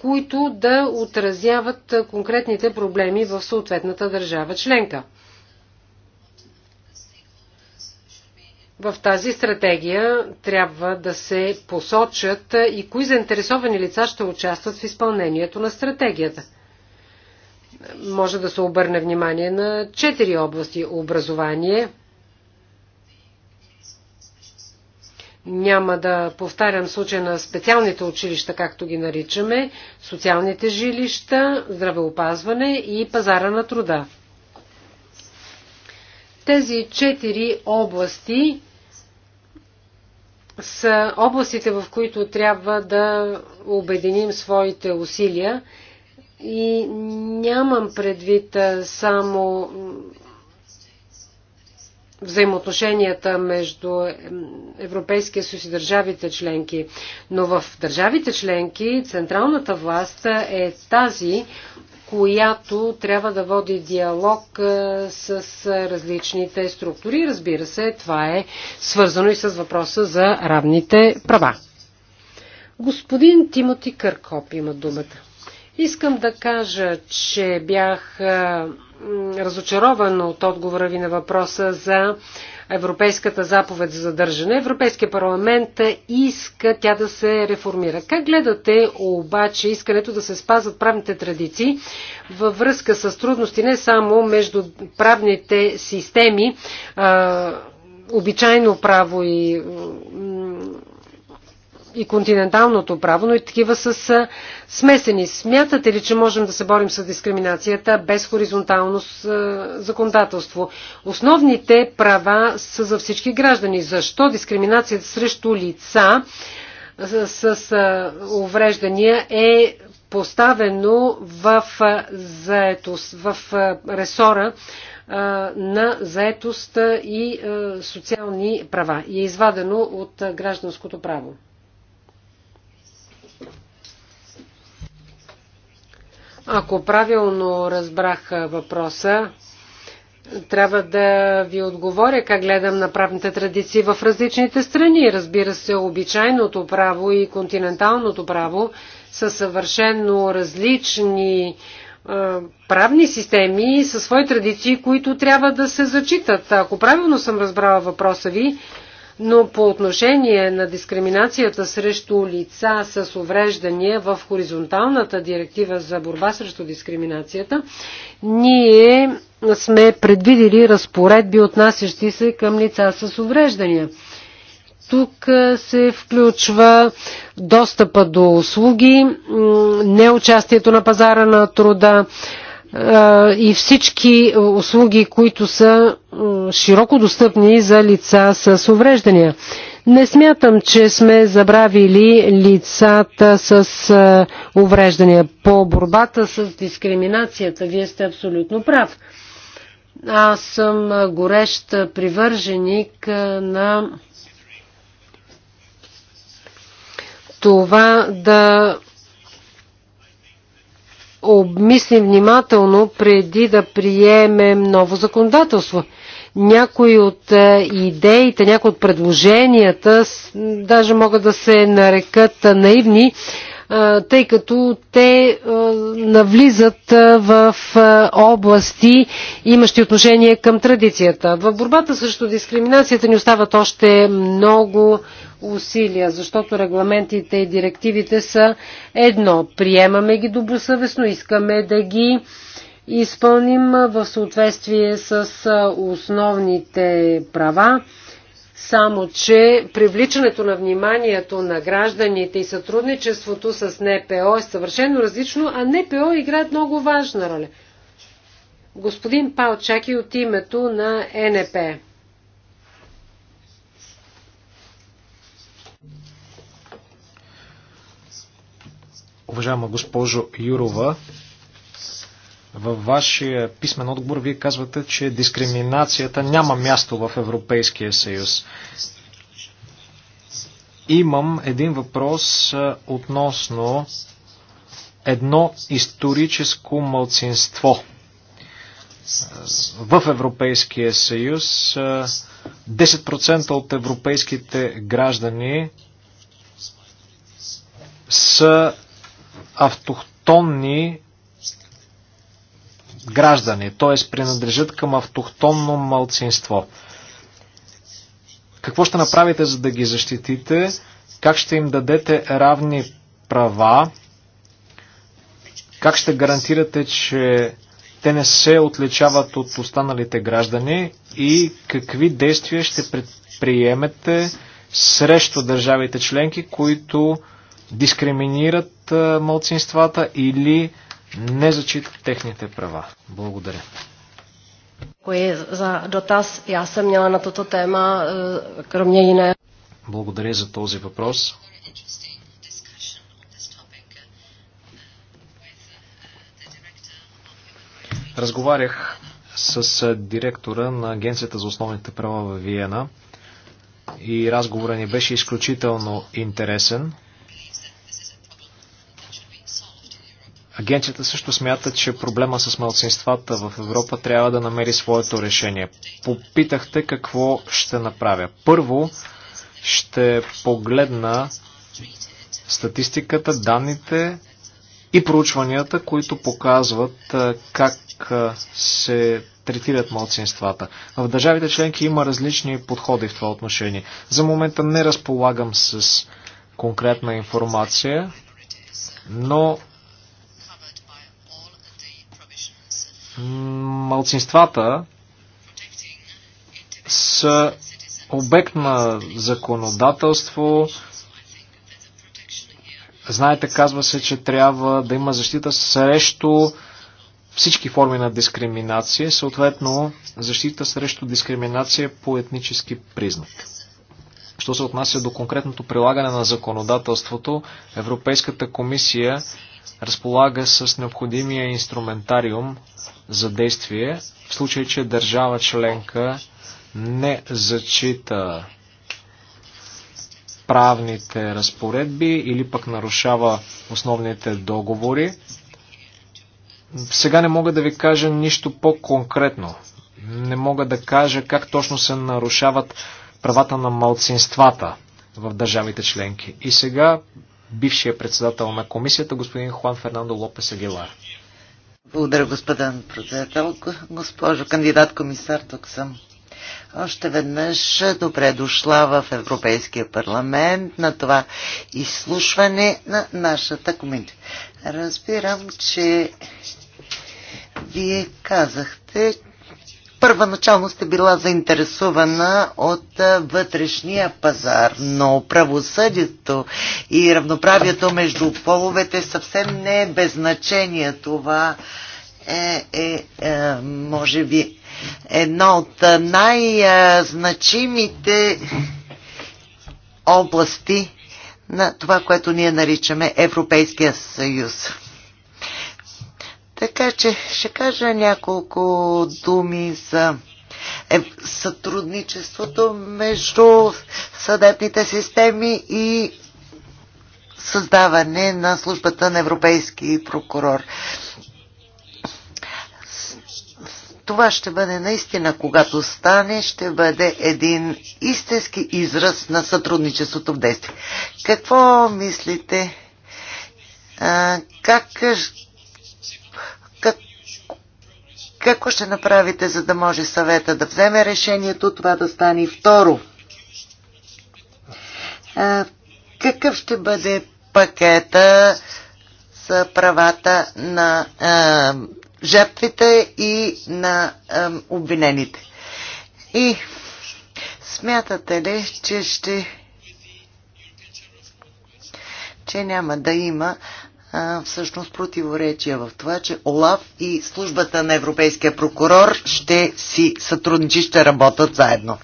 които да отразяват конкретните проблеми в съответната държава членка. В тази стратегия трябва да се посочат и кои заинтересовани лица ще участват в изпълнението на стратегията. Може да се обърне внимание на четири области – образование, Няма да повтарям случая на специалните училища, както ги наричаме, социалните жилища, здравеопазване и пазара на труда. Тези четири области са областите, в които трябва да обединим своите усилия и нямам предвид само взаимоотношенията между Европейския съюз и държавите членки. Но в държавите членки централната власт е тази, която трябва да води диалог с различните структури. Разбира се, това е свързано и с въпроса за равните права. Господин Тимоти Къркоп има думата. Искам да кажа, че бях разочарован от отговора ви на въпроса за Европейската заповед за задържане. Европейския парламент иска тя да се реформира. Как гледате обаче искането да се спазват правните традиции във връзка с трудности не само между правните системи, обичайно право и и континенталното право, но и такива с смесени. Смятате ли, че можем да се борим с дискриминацията без хоризонтално законодателство? Основните права са за всички граждани. Защо дискриминацията срещу лица с, с увреждания е поставено в, заетост, в ресора на заетост и социални права и е извадено от гражданското право. Ако правилно разбрах въпроса, трябва да ви отговоря как гледам на правните традиции в различните страни. Разбира се, обичайното право и континенталното право са съвършенно различни правни системи със свои традиции, които трябва да се зачитат. Ако правилно съм разбрала въпроса ви, но по отношение на дискриминацията срещу лица с увреждания в хоризонталната директива за борба срещу дискриминацията, ние сме предвидили разпоредби, отнасящи се към лица с увреждания. Тук се включва достъпа до услуги, неучастието на пазара на труда, и всички е, услуги, които са е, широко достъпни за лица с увреждания. Не смятам, че сме забравили лицата с е, увреждания. По борбата с дискриминацията, вие сте абсолютно прав. Аз съм горещ привърженик на това да обмислим внимателно преди да приемем ново законодателство. Някои от е, идеите, някои от предложенията даже могат да се нарекат наивни, е, тъй като те е, навлизат в области, имащи отношение към традицията. В борбата срещу дискриминацията ни остават още много усилия, защото регламентите и директивите са едно. Приемаме ги добросъвестно, искаме да ги изпълним в съответствие с основните права. Само, че привличането на вниманието на гражданите и сътрудничеството с НПО е съвършено различно, а НПО играят много важна роля. Господин Палчаки от името на НП. Е. Уважаема госпожо Юрова, във вашия писмен отговор вие казвате, че дискриминацията няма място в Европейския съюз. Имам един въпрос относно едно историческо мълцинство в Европейския съюз. 10% от европейските граждани са автохтонни граждани, т.е. принадлежат към автохтонно малцинство. Какво ще направите, за да ги защитите? Как ще им дадете равни права? Как ще гарантирате, че те не се отличават от останалите граждани? И какви действия ще предприемете срещу държавите членки, които дискриминират е, мълцинствата или не зачитат техните права. Благодаря. Děkuji za dotaz. Já jsem měla na toto téma, e, kromě jiné. Благодаря за този въпрос. Разговарях с е, директора на Агенцията за основните права в Виена и разговорът ни беше изключително интересен. Агенцията също смята, че проблема с малцинствата в Европа трябва да намери своето решение. Попитахте какво ще направя. Първо ще погледна статистиката, данните и проучванията, които показват как се третират малцинствата. В държавите членки има различни подходи в това отношение. За момента не разполагам с конкретна информация, но Малцинствата са обект на законодателство. Знаете, казва се, че трябва да има защита срещу всички форми на дискриминация, съответно защита срещу дискриминация по етнически признак. Що се отнася до конкретното прилагане на законодателството, Европейската комисия разполага с необходимия инструментариум за действие в случай, че държава членка не зачита правните разпоредби или пък нарушава основните договори. Сега не мога да ви кажа нищо по-конкретно. Не мога да кажа как точно се нарушават правата на малцинствата в държавите членки. И сега бившия председател на комисията, господин Хуан Фернандо Лопес Агилар. Благодаря, господин председател. Госпожо кандидат комисар, тук съм. Още веднъж добре дошла в Европейския парламент на това изслушване на нашата комисия. Разбирам, че вие казахте, първоначално сте била заинтересувана от вътрешния пазар, но правосъдието и равноправието между половете съвсем не е без значение. Това е, е, е може би, едно от най-значимите области на това, което ние наричаме Европейския съюз. Така че ще кажа няколко думи за е, сътрудничеството между съдебните системи и създаване на службата на европейски прокурор. Това ще бъде наистина, когато стане, ще бъде един истински израз на сътрудничеството в действие. Какво мислите? А, как какво ще направите, за да може съвета да вземе решението това да стане второ? Какъв ще бъде пакета за правата на жертвите и на обвинените? И смятате ли, че ще че няма да има а, всъщност противоречия в това, че ОЛАВ и службата на Европейския прокурор ще си сътрудничи, ще работят заедно.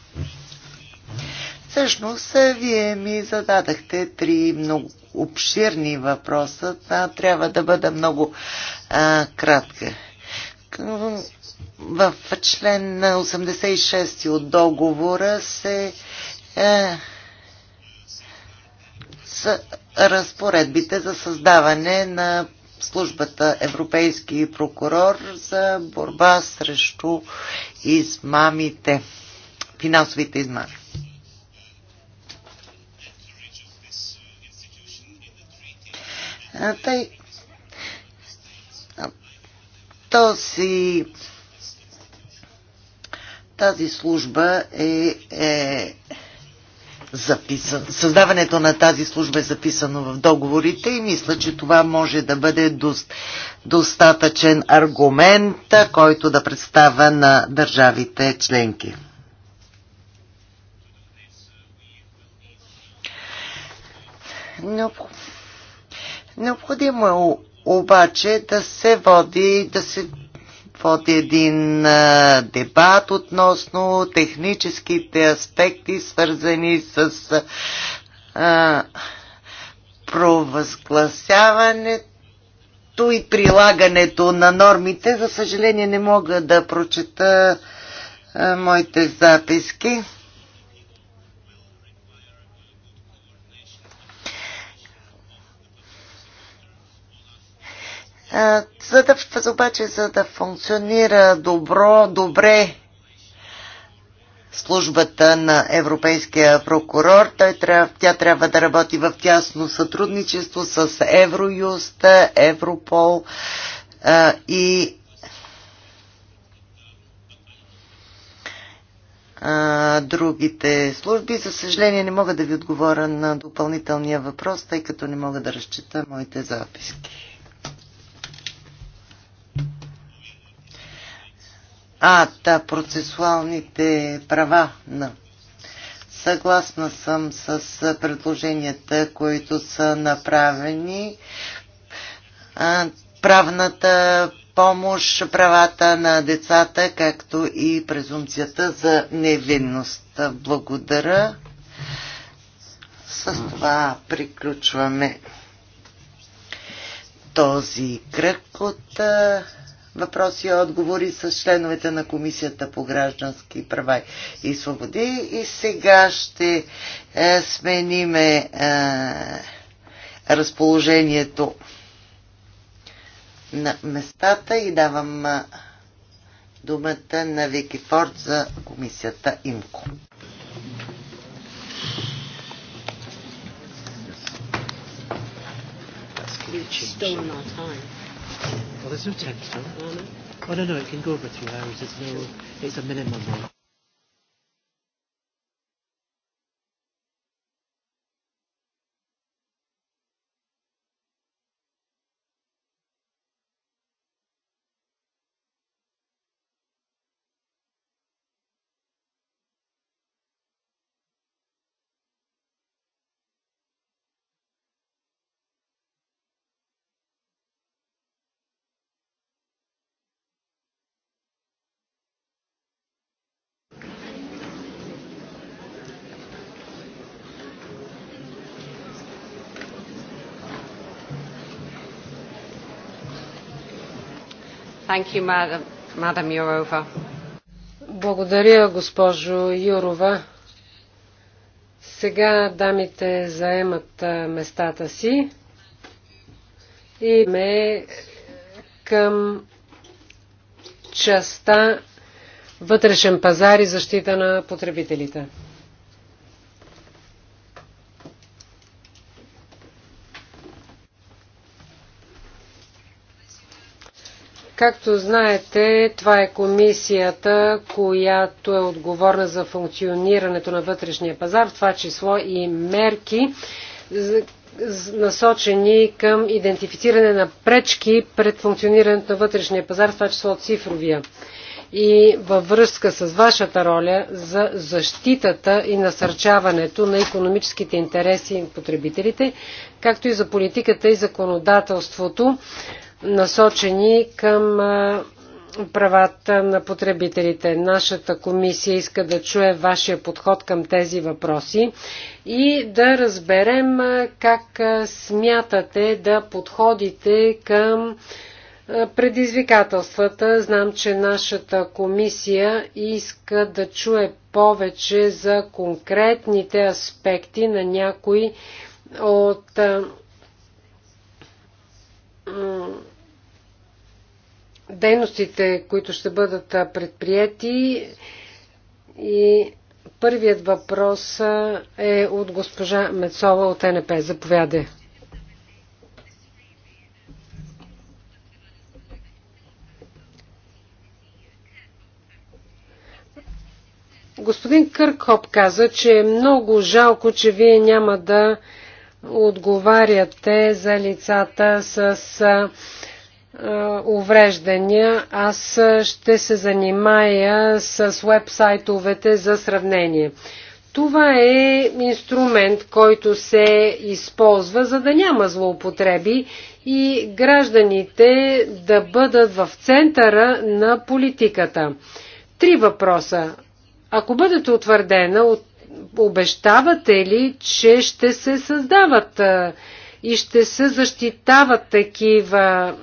Всъщност, вие ми зададахте три много обширни въпроса. А, трябва да бъда много а, кратка. В член на 86 от договора се а, разпоредбите за създаване на службата Европейски прокурор за борба срещу измамите, финансовите измами. Тъй, този тази служба е, е записан. Създаването на тази служба е записано в договорите и мисля, че това може да бъде дост, достатъчен аргумент, който да представя на държавите членки. Необходимо е обаче да се води, да се води един а, дебат относно техническите аспекти, свързани с а, провъзгласяването и прилагането на нормите. За съжаление не мога да прочета а, моите записки. За да, обаче, за да функционира добро, добре службата на европейския прокурор. Той трябва, тя трябва да работи в тясно сътрудничество с Евроюст, Европол а, и другите служби. За съжаление не мога да ви отговоря на допълнителния въпрос, тъй като не мога да разчита моите записки. А та, процесуалните права на. Съгласна съм с предложенията, които са направени. Правната помощ, правата на децата, както и презумцията за невинност. Благодаря. С това приключваме този кръг от въпроси и отговори с членовете на Комисията по граждански права и свободи. И сега ще е, смениме е, разположението на местата и давам е, думата на Вики Форд за комисията ИМКО. Still not time. Well, there's no temperature. Oh, no. Oh, no, no, it can go over three hours. It's, no, it's a minimum. Благодаря, госпожо Юрова. Сега дамите заемат местата си и ме към частта вътрешен пазар и защита на потребителите. Както знаете, това е комисията, която е отговорна за функционирането на вътрешния пазар, в това число и мерки, насочени към идентифициране на пречки пред функционирането на вътрешния пазар, в това число от цифровия. И във връзка с вашата роля за защитата и насърчаването на економическите интереси на потребителите, както и за политиката и законодателството насочени към правата на потребителите. Нашата комисия иска да чуе вашия подход към тези въпроси и да разберем как смятате да подходите към предизвикателствата. Знам, че нашата комисия иска да чуе повече за конкретните аспекти на някои от дейностите, които ще бъдат предприяти. И първият въпрос е от госпожа Мецова от НП. Заповяде. Господин Къркоп каза, че е много жалко, че вие няма да отговаряте за лицата с е, увреждания, аз ще се занимая с вебсайтовете за сравнение. Това е инструмент, който се използва, за да няма злоупотреби и гражданите да бъдат в центъра на политиката. Три въпроса. Ако бъдете утвърдена, обещавате ли, че ще се създават е, и ще се защитават такива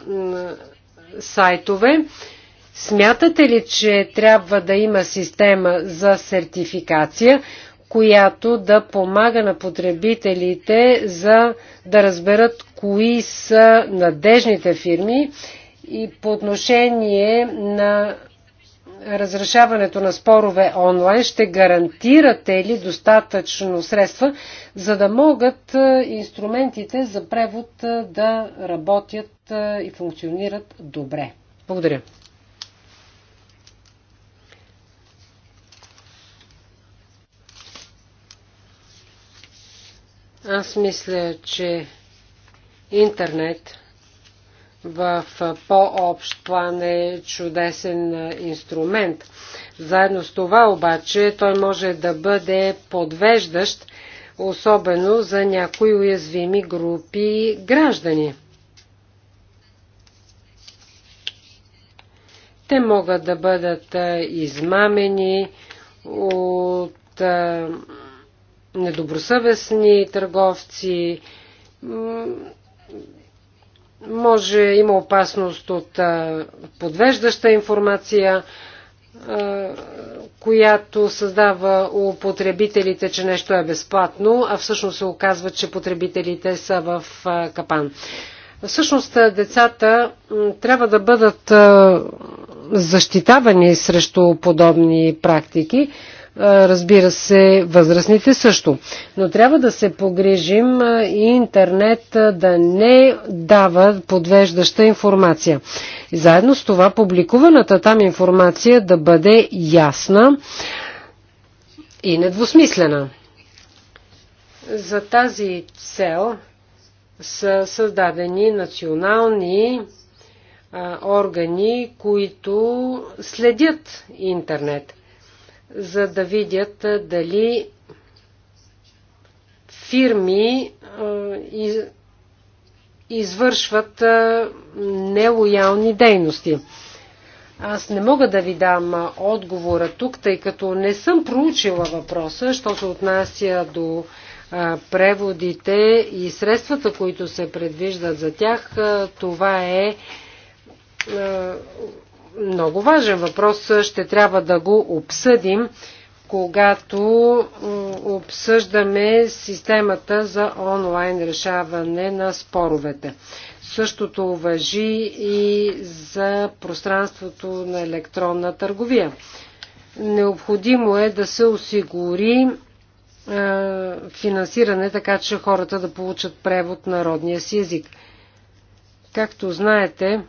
сайтове. Смятате ли, че трябва да има система за сертификация, която да помага на потребителите за да разберат кои са надежните фирми и по отношение на разрешаването на спорове онлайн, ще гарантирате ли достатъчно средства, за да могат е, инструментите за превод е, да работят е, и функционират добре? Благодаря. Аз мисля, че интернет в по-общ план е чудесен инструмент. Заедно с това обаче той може да бъде подвеждащ, особено за някои уязвими групи граждани. Те могат да бъдат измамени от недобросъвестни търговци, може има опасност от подвеждаща информация, която създава у потребителите, че нещо е безплатно, а всъщност се оказва, че потребителите са в капан. Всъщност децата трябва да бъдат защитавани срещу подобни практики разбира се, възрастните също. Но трябва да се погрижим и интернет да не дава подвеждаща информация. заедно с това публикуваната там информация да бъде ясна и недвусмислена. За тази цел са създадени национални органи, които следят интернет за да видят дали фирми извършват нелоялни дейности. Аз не мога да ви дам отговора тук, тъй като не съм проучила въпроса, що се отнася до преводите и средствата, които се предвиждат за тях. Това е много важен въпрос. Ще трябва да го обсъдим, когато обсъждаме системата за онлайн решаване на споровете. Същото въжи и за пространството на електронна търговия. Необходимо е да се осигури финансиране, така че хората да получат превод на родния си език. Както знаете,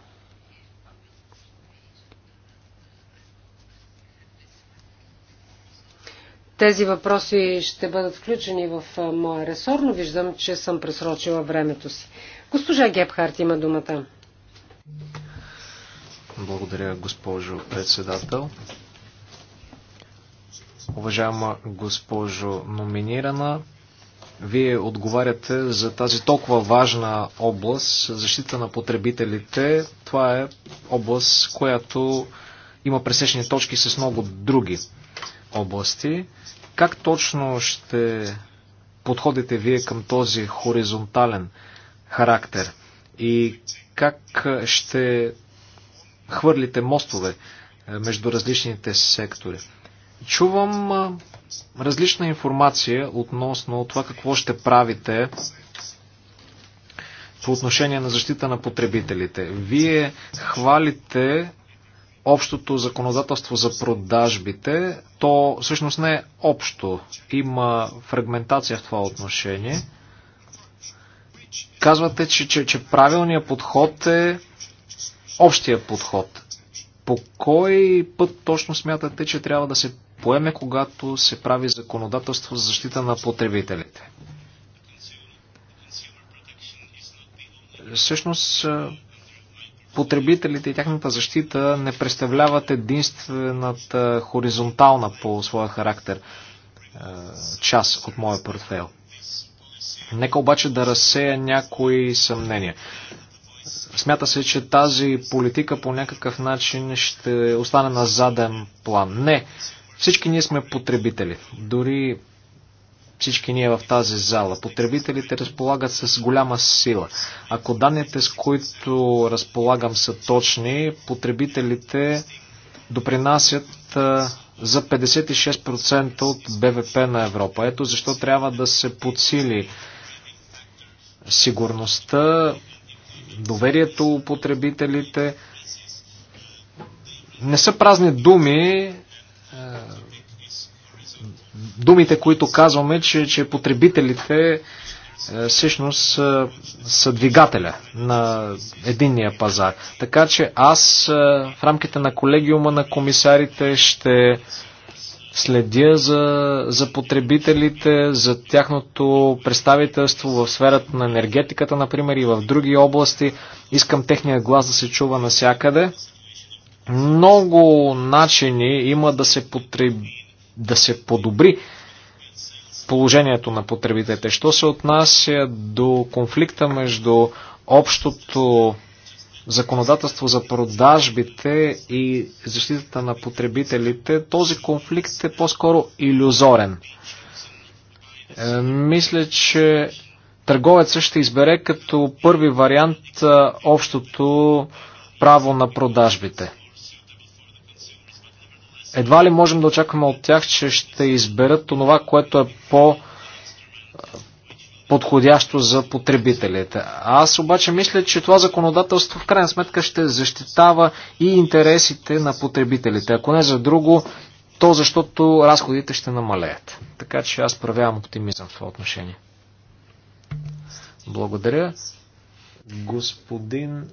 Тези въпроси ще бъдат включени в моя ресор, но виждам, че съм пресрочила времето си. Госпожа Гепхарт има думата. Благодаря, госпожо председател. Уважаема госпожо номинирана, вие отговаряте за тази толкова важна област, защита на потребителите. Това е област, която има пресечни точки с много други области. Как точно ще подходите вие към този хоризонтален характер и как ще хвърлите мостове е, между различните сектори? Чувам е, различна информация относно това какво ще правите по отношение на защита на потребителите. Вие хвалите общото законодателство за продажбите, то всъщност не е общо. Има фрагментация в това отношение. Казвате, че, че, че правилният подход е общия подход. По кой път точно смятате, че трябва да се поеме, когато се прави законодателство за защита на потребителите? Всъщност, потребителите и тяхната защита не представляват единствената хоризонтална по своя характер е, част от моя портфел. Нека обаче да разсея някои съмнения. Смята се, че тази политика по някакъв начин ще остане на заден план. Не. Всички ние сме потребители. Дори всички ние в тази зала. Потребителите разполагат с голяма сила. Ако данните, с които разполагам, са точни, потребителите допринасят за 56% от БВП на Европа. Ето защо трябва да се подсили сигурността, доверието у потребителите. Не са празни думи, думите, които казваме, че, че потребителите е, всъщност е, са двигателя на единния пазар. Така че аз е, в рамките на колегиума на комисарите ще следя за, за потребителите, за тяхното представителство в сферата на енергетиката, например, и в други области. Искам техния глас да се чува насякъде. Много начини има да се потреби да се подобри положението на потребителите. Що се отнася до конфликта между общото законодателство за продажбите и защитата на потребителите, този конфликт е по-скоро иллюзорен. Е, мисля, че търговецът ще избере като първи вариант е, общото право на продажбите едва ли можем да очакваме от тях, че ще изберат това, което е по- подходящо за потребителите. Аз обаче мисля, че това законодателство в крайна сметка ще защитава и интересите на потребителите. Ако не за друго, то защото разходите ще намалеят. Така че аз правявам оптимизъм в това отношение. Благодаря. Господин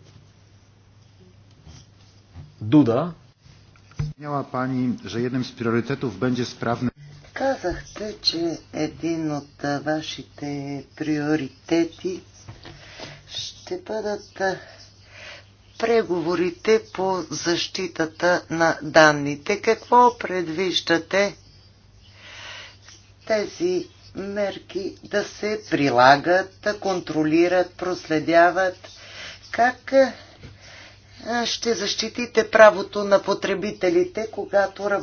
Дуда Miała пани, że jednym с приоритетов бенде sprawne... Казахте, че един от вашите приоритети ще бъдат преговорите по защитата на данните. Какво предвиждате тези мерки да се прилагат, контролират, проследяват? Как ще защитите правото на потребителите, когато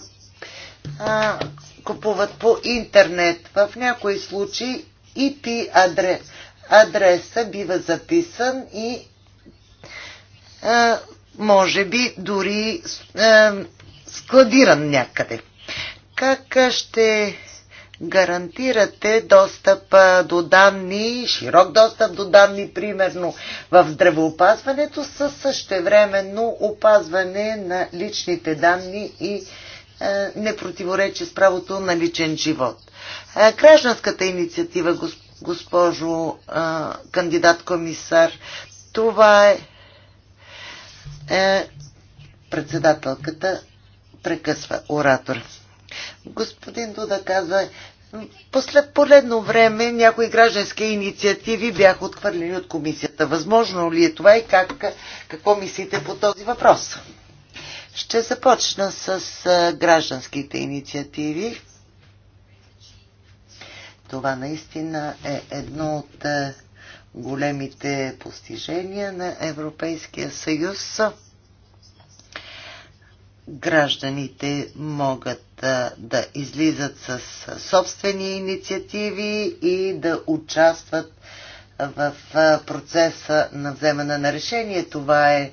а, купуват по интернет. В някои случаи IP адрес, адреса бива записан и а, може би дори а, складиран някъде. Как ще гарантирате достъп до данни, широк достъп до данни, примерно в здравеопазването, с същевременно опазване на личните данни и непротиворечие с правото на личен живот. Гражданската инициатива, госпожо кандидат-комисар, това е, е председателката прекъсва оратора. Господин Дуда каза, После поредно време някои граждански инициативи бяха отхвърлени от комисията. Възможно ли е това и как, какво мислите по този въпрос? Ще започна с гражданските инициативи. Това наистина е едно от големите постижения на Европейския съюз гражданите могат да, да излизат с собствени инициативи и да участват в процеса на вземане на решение. Това е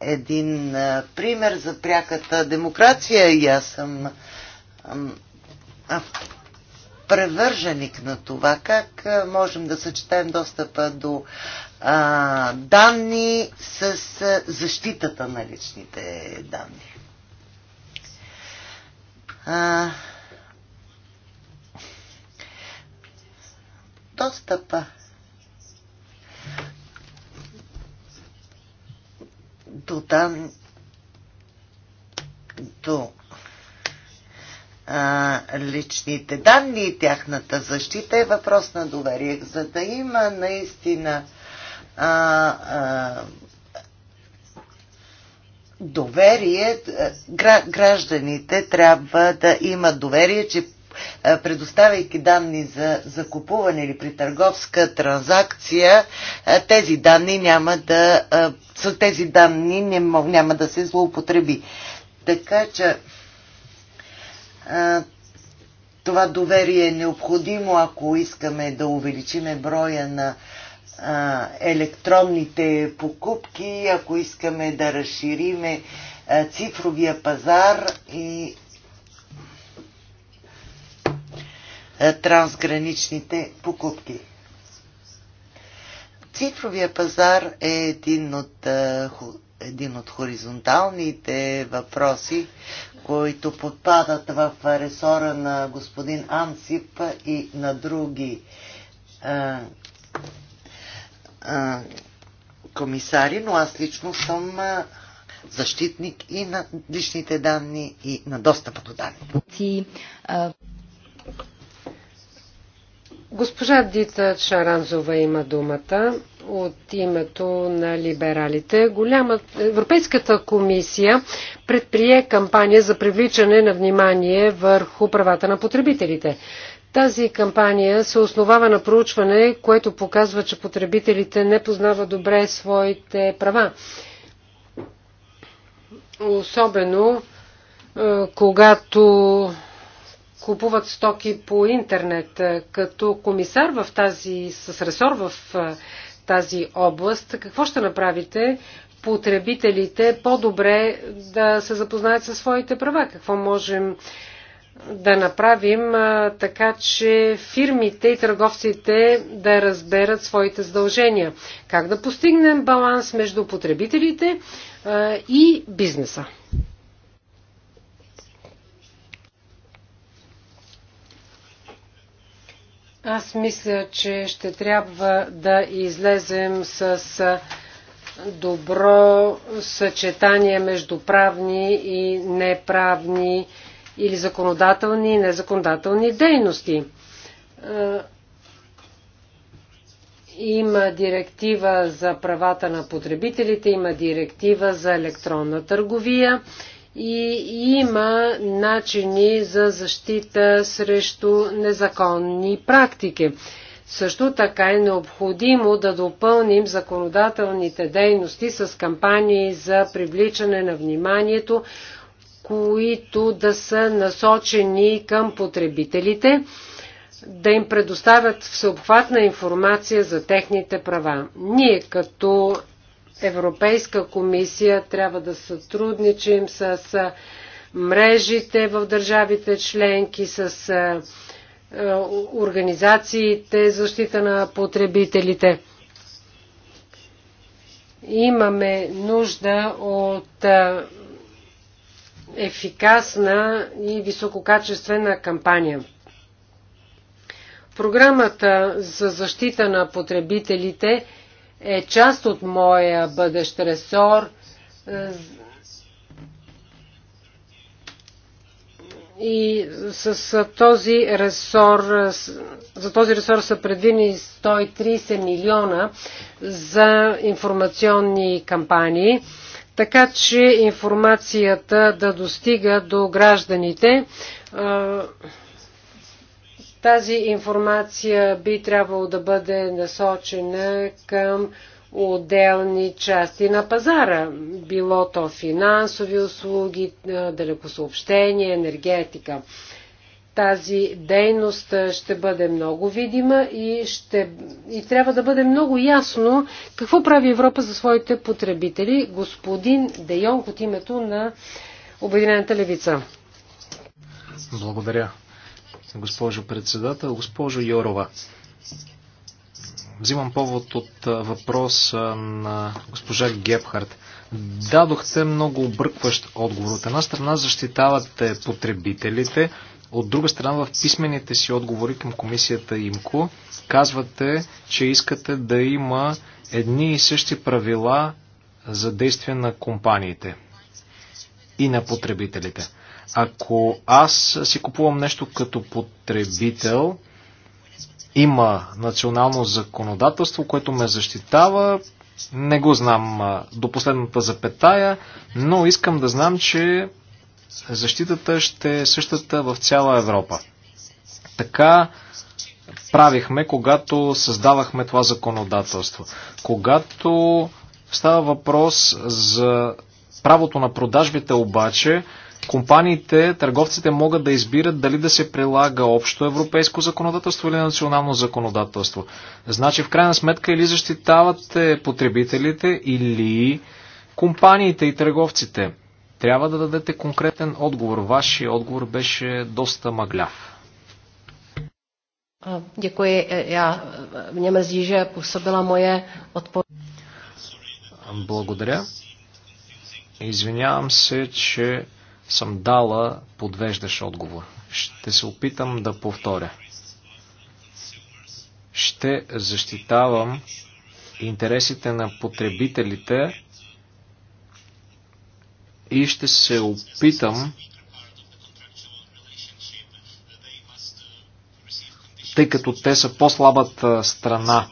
един пример за пряката демокрация и аз съм превърженик на това, как можем да съчетаем достъпа до а, данни с а, защитата на личните данни. А, достъпа до данни до а, личните данни и тяхната защита е въпрос на доверие. За да има наистина а, а, доверие, гражданите трябва да имат доверие, че предоставяйки данни за закупуване или при търговска транзакция, тези данни няма да, с тези данни няма да се злоупотреби. Така че това доверие е необходимо, ако искаме да увеличиме броя на а, електронните покупки, ако искаме да разшириме а, цифровия пазар и а, трансграничните покупки. Цифровия пазар е един от, един от хоризонталните въпроси, които подпадат в ресора на господин Ансип и на други а, комисари, но аз лично съм а, защитник и на личните данни, и на достъпа до данни. Госпожа Дита Шаранзова има думата от името на либералите. Голяма... Европейската комисия предприе кампания за привличане на внимание върху правата на потребителите. Тази кампания се основава на проучване, което показва, че потребителите не познават добре своите права. Особено е, когато купуват стоки по интернет. Е, като комисар в тази, с ресор в е, тази област, какво ще направите потребителите по-добре да се запознаят със своите права? Какво можем да направим а, така, че фирмите и търговците да разберат своите задължения. Как да постигнем баланс между потребителите а, и бизнеса. Аз мисля, че ще трябва да излезем с добро съчетание между правни и неправни или законодателни и незаконодателни дейности. Има директива за правата на потребителите, има директива за електронна търговия и има начини за защита срещу незаконни практики. Също така е необходимо да допълним законодателните дейности с кампании за привличане на вниманието които да са насочени към потребителите, да им предоставят всеобхватна информация за техните права. Ние като Европейска комисия трябва да сътрудничим с мрежите в държавите членки, с организациите защита на потребителите. Имаме нужда от ефикасна и висококачествена кампания. Програмата за защита на потребителите е част от моя бъдещ ресор е, и с този ресор, за този ресор са предвидени 130 милиона за информационни кампании така че информацията да достига до гражданите. Тази информация би трябвало да бъде насочена към отделни части на пазара, било то финансови услуги, далекосъобщения, енергетика тази дейност ще бъде много видима и, ще, и трябва да бъде много ясно какво прави Европа за своите потребители. Господин Де Йонг от името на Обединената левица. Благодаря. Госпожо председател, госпожо Йорова. Взимам повод от въпрос на госпожа Гепхарт. Дадохте много объркващ отговор. От една страна защитавате потребителите, от друга страна, в писмените си отговори към комисията ИМКО казвате, че искате да има едни и същи правила за действие на компаниите и на потребителите. Ако аз си купувам нещо като потребител, има национално законодателство, което ме защитава, не го знам до последната запетая, но искам да знам, че защитата ще е същата в цяла Европа. Така правихме, когато създавахме това законодателство. Когато става въпрос за правото на продажбите обаче, компаниите, търговците могат да избират дали да се прилага общо европейско законодателство или национално законодателство. Значи в крайна сметка или защитавате потребителите, или компаниите и търговците. Трябва да дадете конкретен отговор. Вашия отговор беше доста мъгляв. Děkuji. Já, е, mě mrzí, že působila moje odpověď. Благодаря. Извинявам се, че съм дала подвеждащ отговор. Ще се опитам да повторя. Ще защитавам интересите на потребителите и ще се опитам тъй като те са по-слабата страна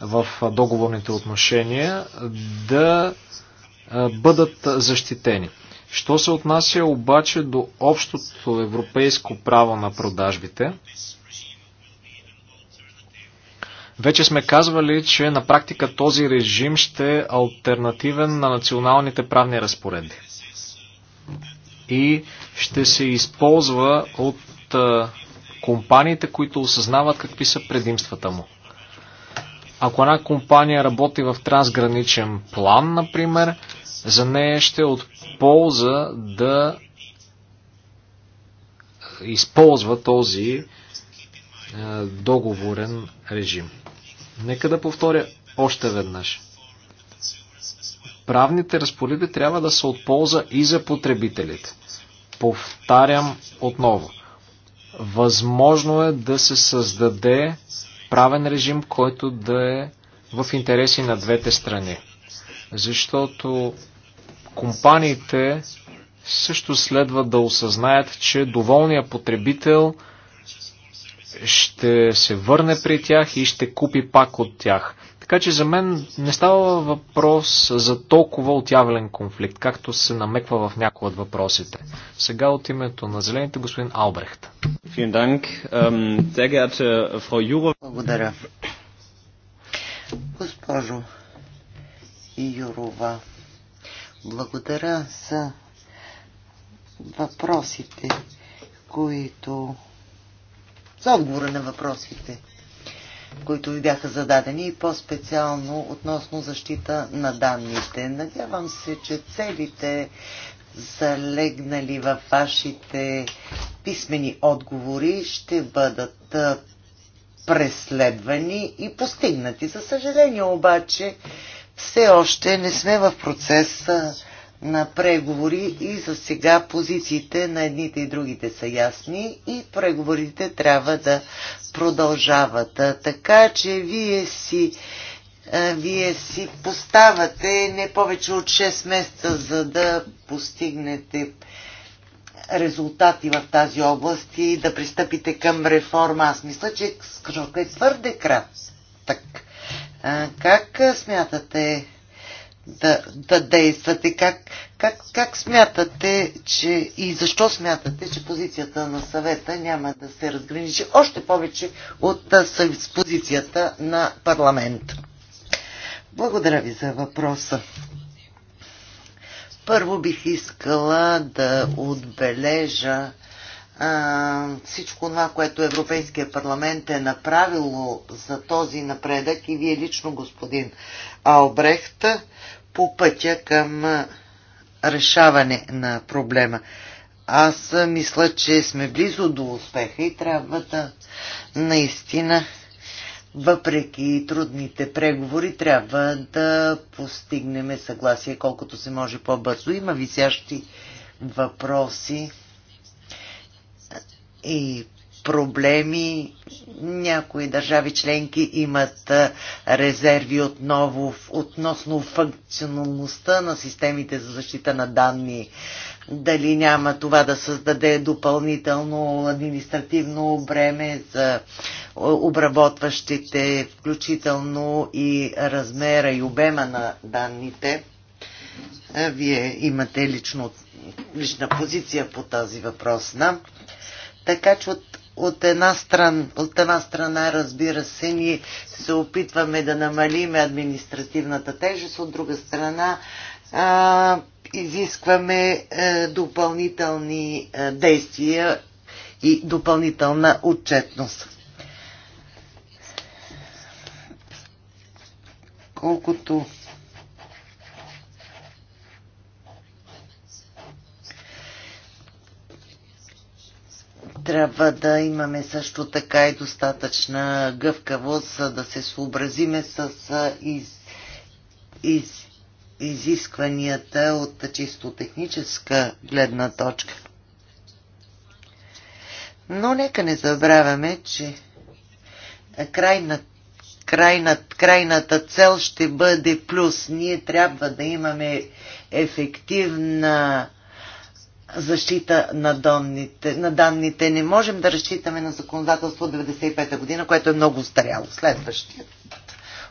в договорните отношения, да бъдат защитени. Що се отнася обаче до общото европейско право на продажбите, вече сме казвали, че на практика този режим ще е альтернативен на националните правни разпоредби и ще се използва от компаниите, които осъзнават какви са предимствата му. Ако една компания работи в трансграничен план, например, за нея ще е от полза да използва този договорен режим. Нека да повторя още веднъж правните разпоредби трябва да са от полза и за потребителите. Повтарям отново. Възможно е да се създаде правен режим, който да е в интереси на двете страни. Защото компаниите също следва да осъзнаят, че доволният потребител ще се върне при тях и ще купи пак от тях. Така че за мен не става въпрос за толкова отявлен конфликт, както се намеква в някои от въпросите. Сега от името на зелените господин Албрехт. Э, благодаря. Госпожо Юрова, благодаря за въпросите, които... за отговора на въпросите, които ви бяха зададени и по-специално относно защита на данните. Надявам се, че целите залегнали във вашите писмени отговори ще бъдат преследвани и постигнати. За съжаление обаче, все още не сме в процеса на преговори и за сега позициите на едните и другите са ясни и преговорите трябва да продължават. Така че вие си, вие си поставате не повече от 6 месеца, за да постигнете резултати в тази област и да пристъпите към реформа. Аз мисля, че срокът е твърде крат. Так. как смятате да, да действате? Как, как, как смятате, че и защо смятате, че позицията на съвета няма да се разграничи още повече от с позицията на парламент? Благодаря ви за въпроса. Първо бих искала да отбележа а, всичко това, което Европейския парламент е направило за този напредък и вие лично, господин Албрехт, по пътя към решаване на проблема. Аз мисля, че сме близо до успеха и трябва да наистина, въпреки трудните преговори, трябва да постигнем съгласие колкото се може по-бързо. Има висящи въпроси и проблеми. Някои държави членки имат резерви отново относно функционалността на системите за защита на данни. Дали няма това да създаде допълнително административно бреме за обработващите, включително и размера и обема на данните. Вие имате лично, лична позиция по този въпрос, на. Така че от от една, стран, от една страна, разбира се, ние се опитваме да намалиме административната тежест, от друга страна а, изискваме а, е, допълнителни а, е, действия и допълнителна отчетност. Колкото Трябва да имаме също така и достатъчна гъвкавост, за да се съобразиме с из, из, изискванията от чисто техническа гледна точка. Но нека не забравяме, че крайна, крайна, крайната цел ще бъде плюс. Ние трябва да имаме ефективна защита на, донните, на данните. Не можем да разчитаме на законодателство от 1995 година, което е много устаряло. Следващият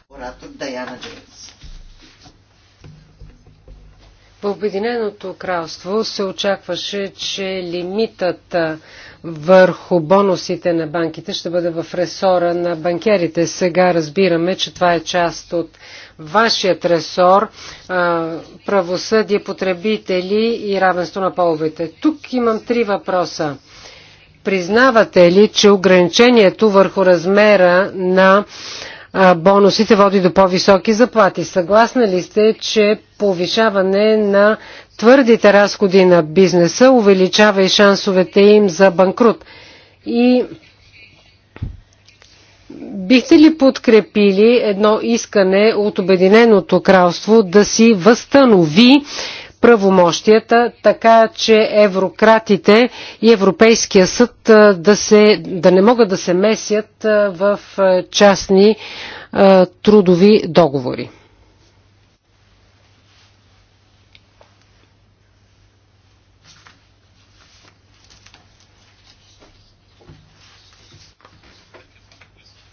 оратор Даяна Джеймс. Обединеното кралство се очакваше, че лимитът върху бонусите на банките ще бъде в ресора на банкерите. Сега разбираме, че това е част от вашият ресор правосъдие, потребители и равенство на половете. Тук имам три въпроса. Признавате ли, че ограничението върху размера на бонусите води до по-високи заплати. Съгласна ли сте, че повишаване на твърдите разходи на бизнеса увеличава и шансовете им за банкрут? И бихте ли подкрепили едно искане от Обединеното кралство да си възстанови правомощията, така че еврократите и Европейския съд да, се, да не могат да се месят в частни трудови договори.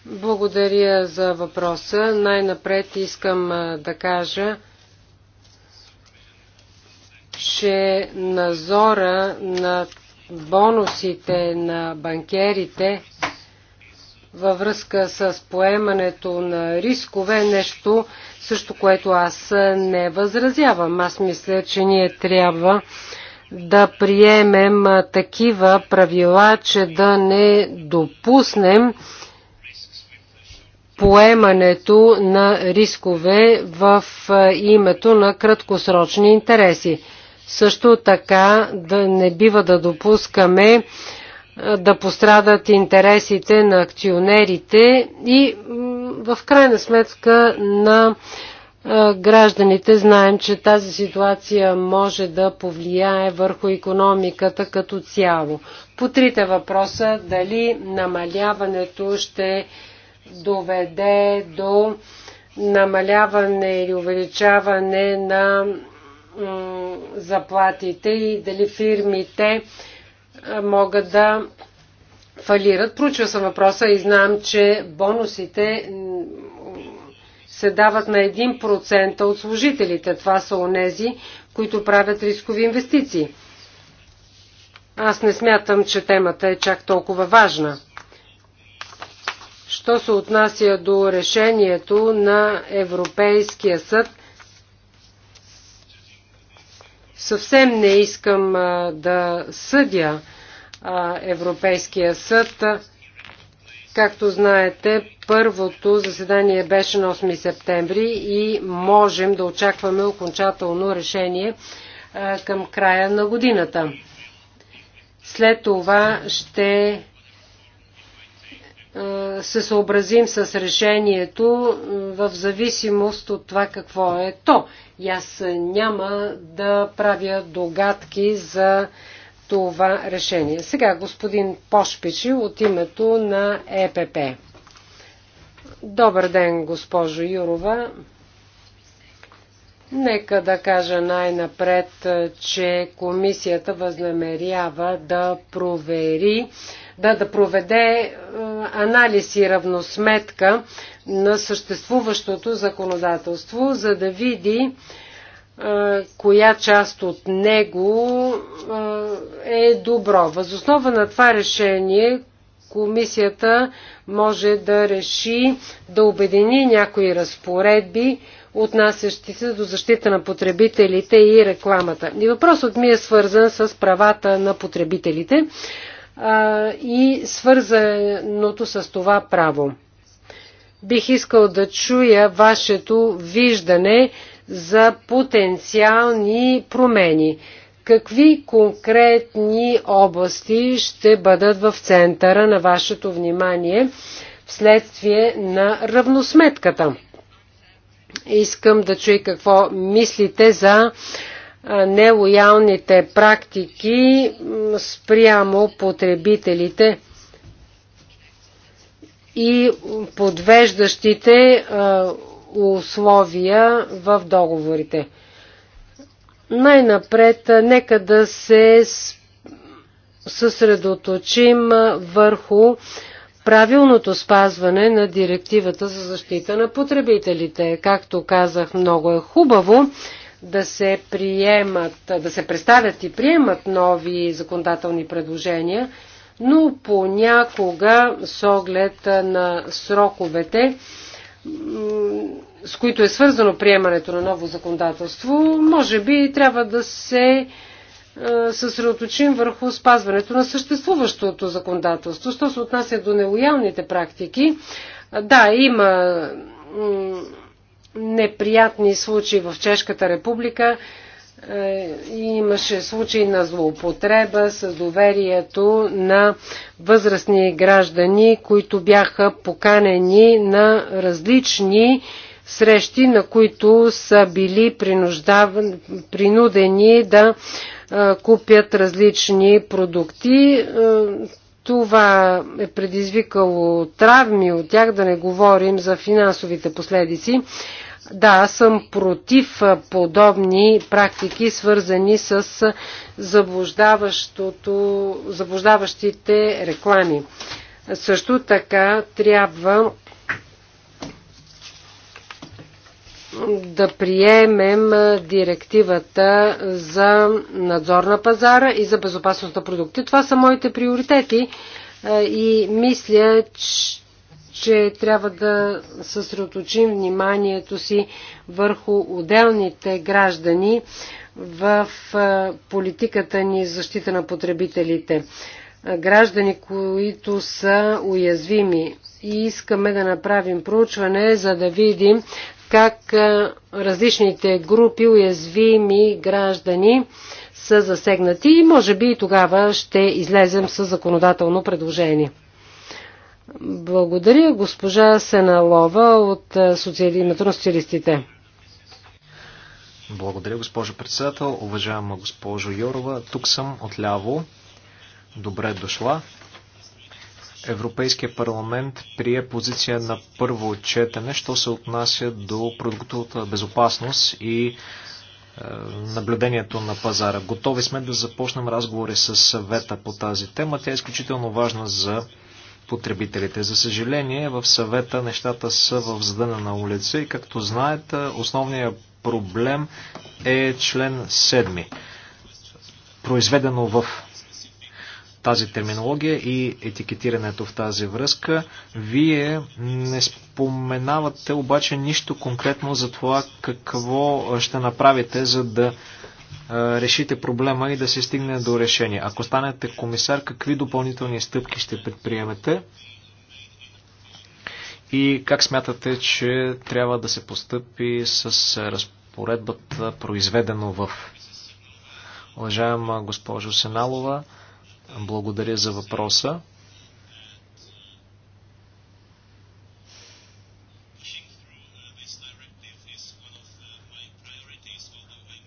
Благодаря за въпроса. Най-напред искам да кажа, че назора на бонусите на банкерите във връзка с поемането на рискове е нещо, също което аз не възразявам. Аз мисля, че ние трябва да приемем такива правила, че да не допуснем поемането на рискове в името на краткосрочни интереси. Също така да не бива да допускаме да пострадат интересите на акционерите и в крайна сметка на гражданите. Знаем, че тази ситуация може да повлияе върху економиката като цяло. По трите въпроса дали намаляването ще доведе до намаляване или увеличаване на заплатите и дали фирмите могат да фалират. Проучва съм въпроса и знам, че бонусите се дават на 1% от служителите. Това са онези, които правят рискови инвестиции. Аз не смятам, че темата е чак толкова важна. Що се отнася до решението на Европейския съд – Съвсем не искам а, да съдя а, Европейския съд. Както знаете, първото заседание беше на 8 септември и можем да очакваме окончателно решение а, към края на годината. След това ще се съобразим с решението в зависимост от това какво е то. И аз няма да правя догадки за това решение. Сега господин Пошпичи от името на ЕПП. Добър ден, госпожо Юрова. Нека да кажа най-напред, че комисията възнамерява да провери да, да проведе е, анализ и равносметка на съществуващото законодателство, за да види е, коя част от него е, е добро. Възоснова на това решение комисията може да реши да обедини някои разпоредби, отнасящи се до защита на потребителите и рекламата. И въпросът ми е свързан с правата на потребителите и свързаното с това право. Бих искал да чуя вашето виждане за потенциални промени. Какви конкретни области ще бъдат в центъра на вашето внимание вследствие на равносметката? Искам да чуя какво мислите за нелоялните практики спрямо потребителите и подвеждащите условия в договорите. Най-напред, нека да се съсредоточим върху правилното спазване на директивата за защита на потребителите. Както казах, много е хубаво, да се приемат, да се представят и приемат нови законодателни предложения, но понякога с оглед на сроковете, с които е свързано приемането на ново законодателство, може би трябва да се съсредоточим върху спазването на съществуващото законодателство. Що се отнася до нелоялните практики, да, има неприятни случаи в Чешката република. Е, имаше случаи на злоупотреба с доверието на възрастни граждани, които бяха поканени на различни срещи, на които са били принудени да е, купят различни продукти. Е, това е предизвикало травми от тях, да не говорим за финансовите последици. Да, аз съм против подобни практики, свързани с заблуждаващите реклами. Също така трябва да приемем директивата за надзор на пазара и за безопасност на продукти. Това са моите приоритети и мисля, че че трябва да съсредоточим вниманието си върху отделните граждани в политиката ни защита на потребителите. Граждани, които са уязвими и искаме да направим проучване, за да видим как различните групи уязвими граждани са засегнати и може би и тогава ще излезем с законодателно предложение. Благодаря госпожа Сеналова от е, социали... името на социалистите. Благодаря, госпожо председател. Уважаема госпожо Йорова, тук съм отляво. Добре дошла. Европейския парламент прие позиция на първо четене, що се отнася до продуктовата безопасност и е, наблюдението на пазара. Готови сме да започнем разговори с съвета по тази тема. Тя е изключително важна за потребителите. За съжаление, в съвета нещата са в задъна на улица и както знаете, основният проблем е член 7, произведено в тази терминология и етикетирането в тази връзка. Вие не споменавате обаче нищо конкретно за това какво ще направите, за да решите проблема и да се стигне до решение. Ако станете комисар, какви допълнителни стъпки ще предприемете и как смятате, че трябва да се постъпи с разпоредбата произведено в? Уважаема госпожо Сеналова, благодаря за въпроса.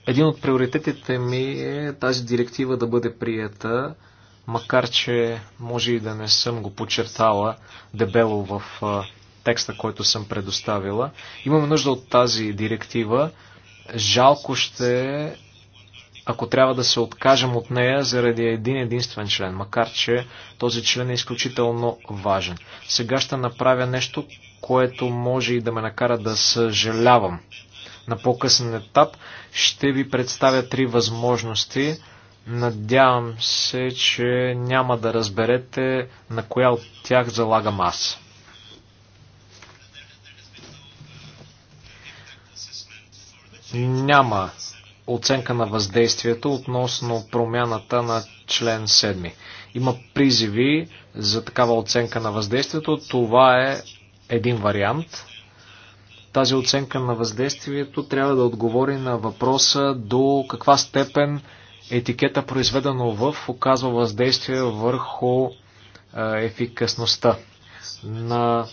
Един от приоритетите ми е тази директива да бъде приета, макар че може и да не съм го подчертала дебело в текста, който съм предоставила. Имаме нужда от тази директива. Жалко ще е, ако трябва да се откажем от нея заради един единствен член, макар че този член е изключително важен. Сега ще направя нещо, което може и да ме накара да съжалявам на по-късен етап. Ще ви представя три възможности. Надявам се, че няма да разберете на коя от тях залагам аз. Няма оценка на въздействието относно промяната на член 7. Има призиви за такава оценка на въздействието. Това е един вариант тази оценка на въздействието трябва да отговори на въпроса до каква степен етикета произведено в оказва въздействие върху ефикасността на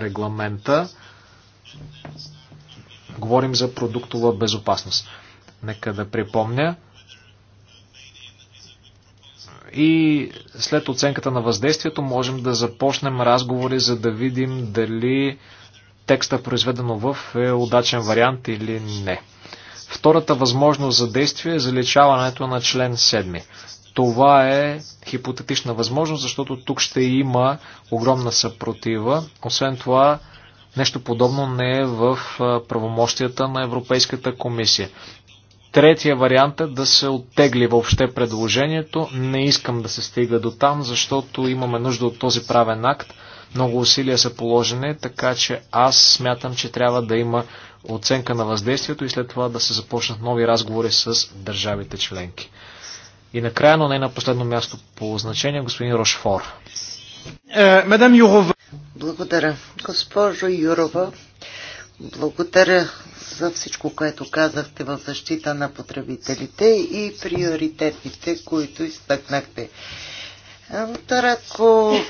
регламента. Говорим за продуктова безопасност. Нека да припомня. И след оценката на въздействието можем да започнем разговори, за да видим дали текста, произведено в, е удачен вариант или не. Втората възможност за действие е заличаването на член 7. Това е хипотетична възможност, защото тук ще има огромна съпротива. Освен това, нещо подобно не е в правомощията на Европейската комисия. Третия вариант е да се оттегли въобще предложението. Не искам да се стига до там, защото имаме нужда от този правен акт. Много усилия са положени, така че аз смятам, че трябва да има оценка на въздействието и след това да се започнат нови разговори с държавите членки. И накрая, но не на последно място по значение, господин Рошфор. Е, мадам Юрова. Благодаря. Госпожо Юрова, благодаря за всичко, което казахте в защита на потребителите и приоритетите, които изтъкнахте. Тарако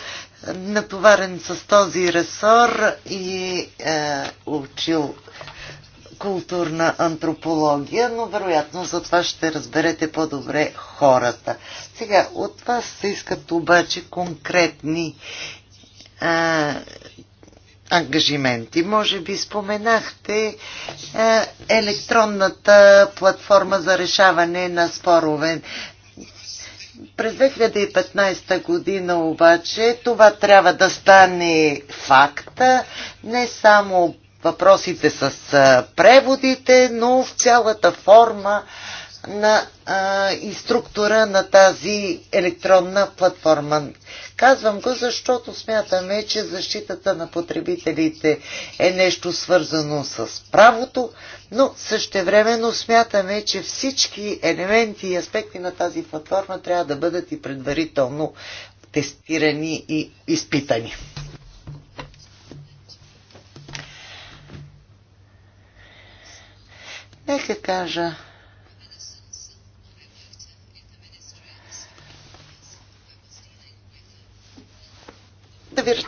натоварен с този ресор и е, учил културна антропология, но вероятно за това ще разберете по-добре хората. Сега, от вас се искат обаче конкретни е, ангажименти. Може би споменахте е, електронната платформа за решаване на спорове. През 2015 година обаче това трябва да стане факта, не само въпросите с преводите, но в цялата форма на а, и структура на тази електронна платформа. Казвам го, защото смятаме, че защитата на потребителите е нещо свързано с правото, но същевременно смятаме, че всички елементи и аспекти на тази платформа трябва да бъдат и предварително тестирани и изпитани. Нека кажа да ви,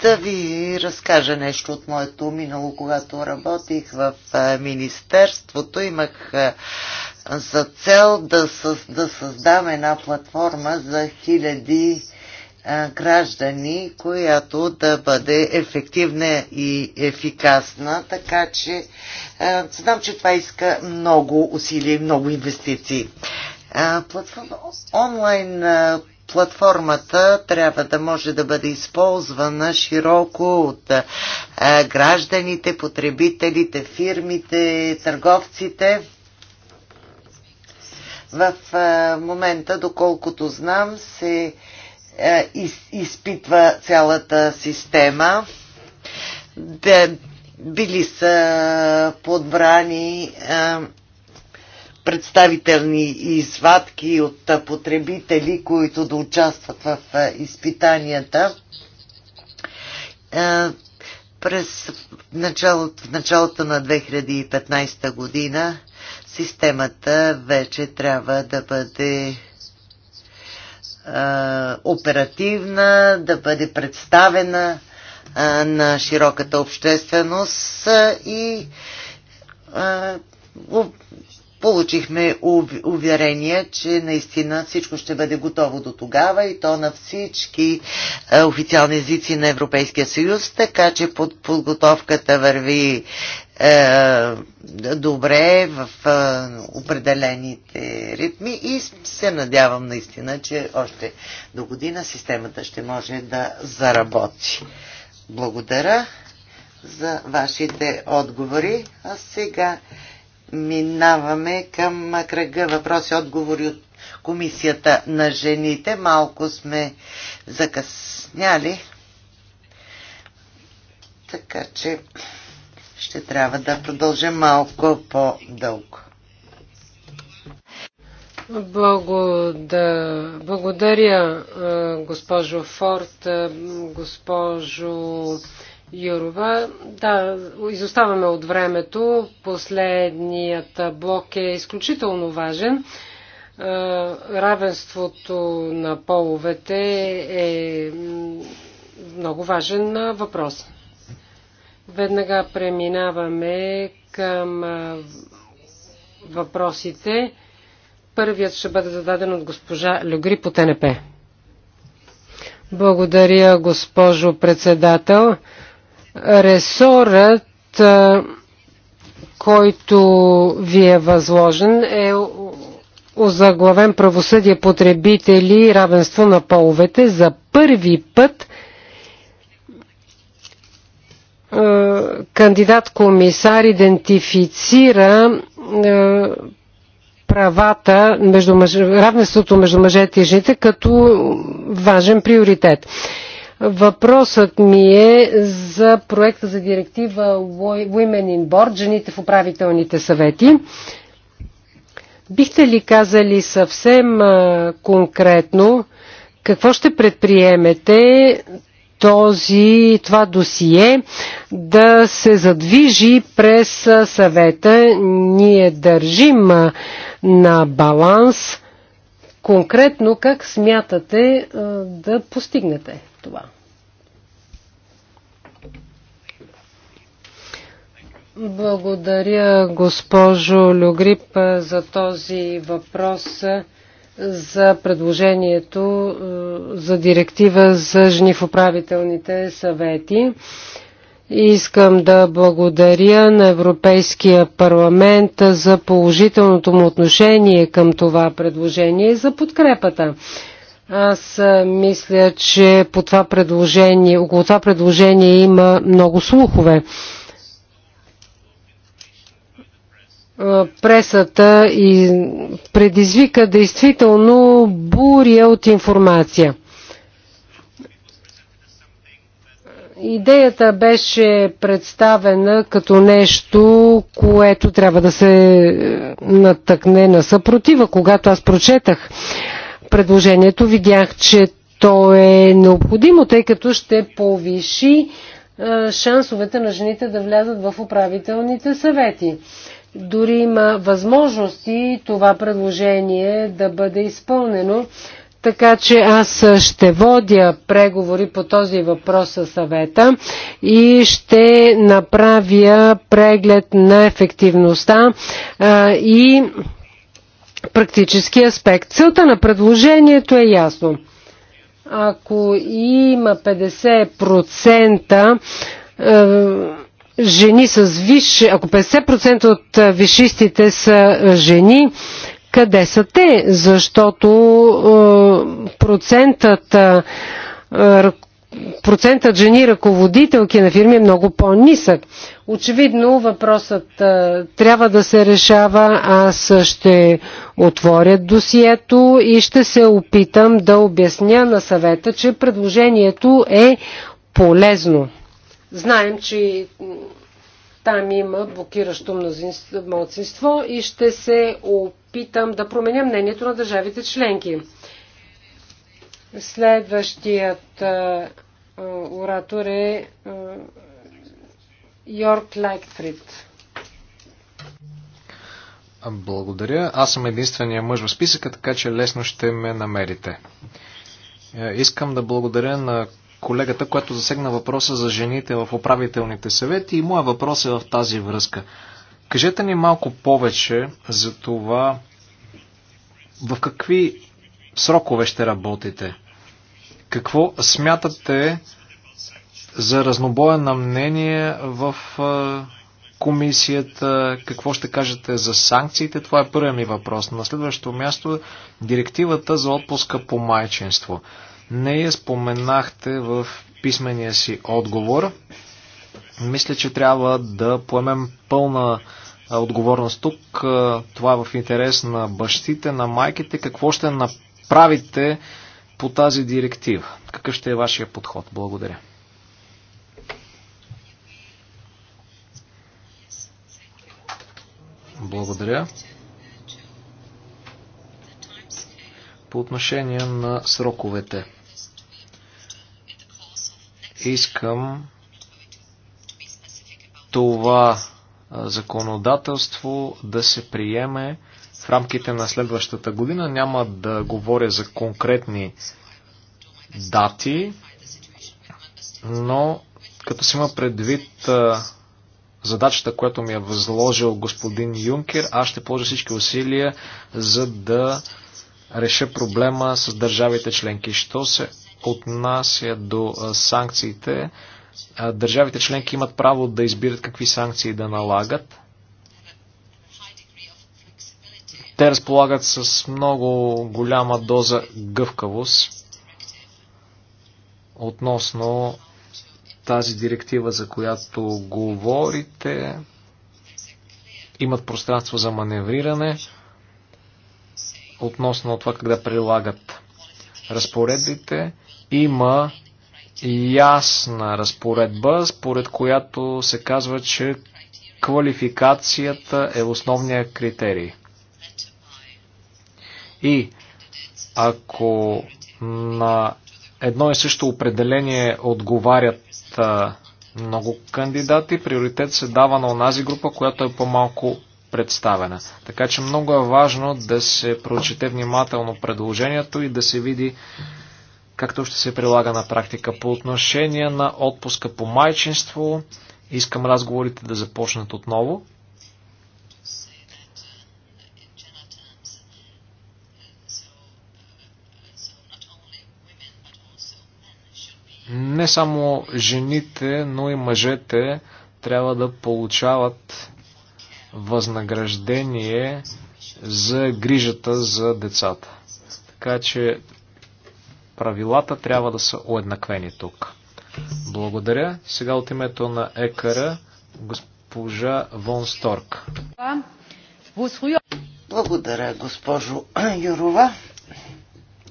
да ви разкажа нещо от моето минало, когато работих в Министерството. Имах за цел да, да създам една платформа за хиляди граждани, която да бъде ефективна и ефикасна, така че знам, че това иска много усилия и много инвестиции. Платформа, онлайн платформата трябва да може да бъде използвана широко от е, гражданите, потребителите, фирмите, търговците. В е, момента, доколкото знам, се е, изпитва цялата система. били са подбрани представителни извадки от потребители, които да участват в изпитанията. През началото, в началото на 2015 година системата вече трябва да бъде оперативна, да бъде представена на широката общественост и получихме уверение, че наистина всичко ще бъде готово до тогава и то на всички е, официални езици на Европейския съюз, така че под подготовката върви е, добре в е, определените ритми и се надявам наистина, че още до година системата ще може да заработи. Благодаря за вашите отговори. А сега Минаваме към кръга въпроси отговори от комисията на жените. Малко сме закъсняли, така че ще трябва да продължим малко по-дълго. Благодаря, госпожо Форд, госпожо Юрова. Да, изоставаме от времето. Последният блок е изключително важен. Равенството на половете е много важен въпрос. Веднага преминаваме към въпросите. Първият ще бъде зададен от госпожа Люгри по ТНП. Благодаря, госпожо председател. Ресорът, който ви е възложен, е озаглавен правосъдие потребители и равенство на половете. За първи път кандидат-комисар идентифицира правата, между мъж... равенството между мъжете и жените като важен приоритет. Въпросът ми е за проекта за директива Women in Board, жените в управителните съвети. Бихте ли казали съвсем конкретно какво ще предприемете този, това досие да се задвижи през съвета. Ние държим на баланс. Конкретно как смятате да постигнете това? Благодаря, госпожо Люгрип, за този въпрос за предложението е, за директива за жени в управителните съвети. Искам да благодаря на Европейския парламент за положителното му отношение към това предложение и за подкрепата. Аз е, мисля, че по това предложение, около това предложение има много слухове. пресата и предизвика действително буря от информация. Идеята беше представена като нещо, което трябва да се натъкне на съпротива. Когато аз прочетах предложението, видях, че то е необходимо, тъй като ще повиши шансовете на жените да влязат в управителните съвети. Дори има възможности това предложение да бъде изпълнено, така че аз ще водя преговори по този въпрос със съвета и ще направя преглед на ефективността и практически аспект. Целта на предложението е ясно. Ако има 50% жени с висше, ако 50% от вишистите са жени, къде са те? Защото процентът, процентът жени ръководителки на фирми е много по-нисък. Очевидно въпросът трябва да се решава. Аз ще отворя досието и ще се опитам да обясня на съвета, че предложението е полезно. Знаем, че там има блокиращо мнозинство и ще се опитам да променя мнението на държавите членки. Следващият а, оратор е а, Йорк Лайкфрид. Благодаря. Аз съм единствения мъж в списъка, така че лесно ще ме намерите. Е, искам да благодаря на колегата, която засегна въпроса за жените в управителните съвети и моя въпрос е в тази връзка. Кажете ни малко повече за това в какви срокове ще работите. Какво смятате за разнобоя на мнение в комисията, какво ще кажете за санкциите, това е първият ми въпрос. На следващото място директивата за отпуска по майчинство. Не я споменахте в писмения си отговор. Мисля, че трябва да поемем пълна отговорност тук. Това е в интерес на бащите, на майките. Какво ще направите по тази директива? Какъв ще е вашия подход? Благодаря. Благодаря. По отношение на сроковете. Искам това законодателство да се приеме в рамките на следващата година. Няма да говоря за конкретни дати, но като си има предвид задачата, която ми е възложил господин Юнкер, аз ще положа всички усилия, за да реша проблема с държавите членки. Що се отнася до санкциите, държавите членки имат право да избират какви санкции да налагат. Те разполагат с много голяма доза гъвкавост относно тази директива, за която говорите. Имат пространство за маневриране относно това как да прилагат разпоредбите има ясна разпоредба, според която се казва, че квалификацията е основния критерий. И ако на едно и също определение отговарят много кандидати, приоритет се дава на онази група, която е по-малко представена. Така че много е важно да се прочете внимателно предложението и да се види както ще се прилага на практика. По отношение на отпуска по майчинство, искам разговорите да започнат отново. Не само жените, но и мъжете трябва да получават възнаграждение за грижата за децата. Така че Правилата трябва да са уеднаквени тук. Благодаря. Сега от името на ЕКР госпожа Вон Сторк. Благодаря, госпожо Юрова.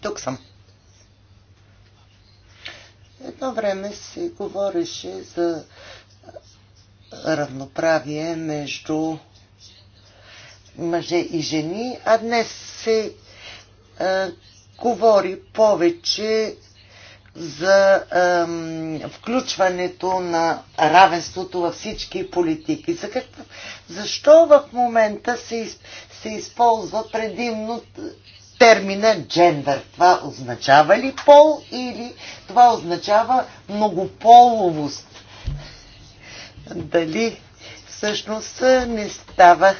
Тук съм. Едно време се говореше за равноправие между мъже и жени, а днес се говори повече за ем, включването на равенството във всички политики. За какво? Защо в момента се, се използва предимно термина джендър? Това означава ли пол или това означава многополовост? Дали всъщност не става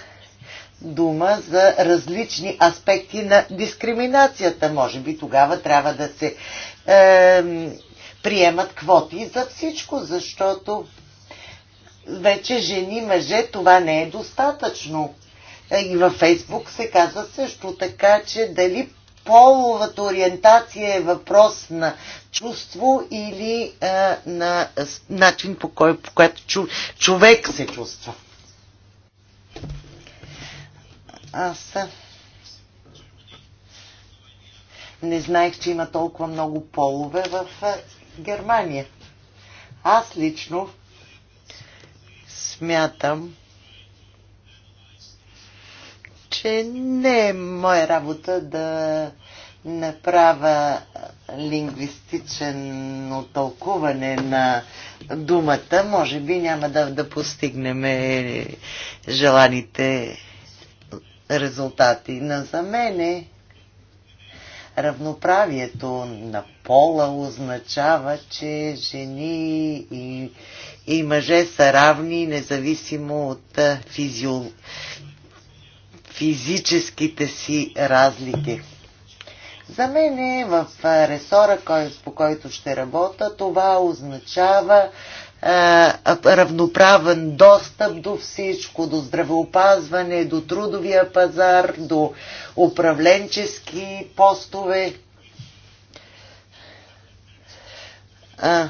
дума за различни аспекти на дискриминацията. Може би тогава трябва да се е, приемат квоти за всичко, защото вече жени, мъже, това не е достатъчно. Е, и във Фейсбук се казва също така, че дали половата ориентация е въпрос на чувство или е, на начин по, по който човек се чувства. Аз не знаех, че има толкова много полове в Германия. Аз лично смятам, че не е моя работа да направя лингвистично тълкуване на думата. Може би няма да, да постигнем желаните резултати. На за мене равноправието на пола означава, че жени и, и мъже са равни, независимо от физи... физическите си разлики. За мен е в ресора, по който ще работя, това означава е, равноправен достъп до всичко, до здравеопазване, до трудовия пазар, до управленчески постове. А,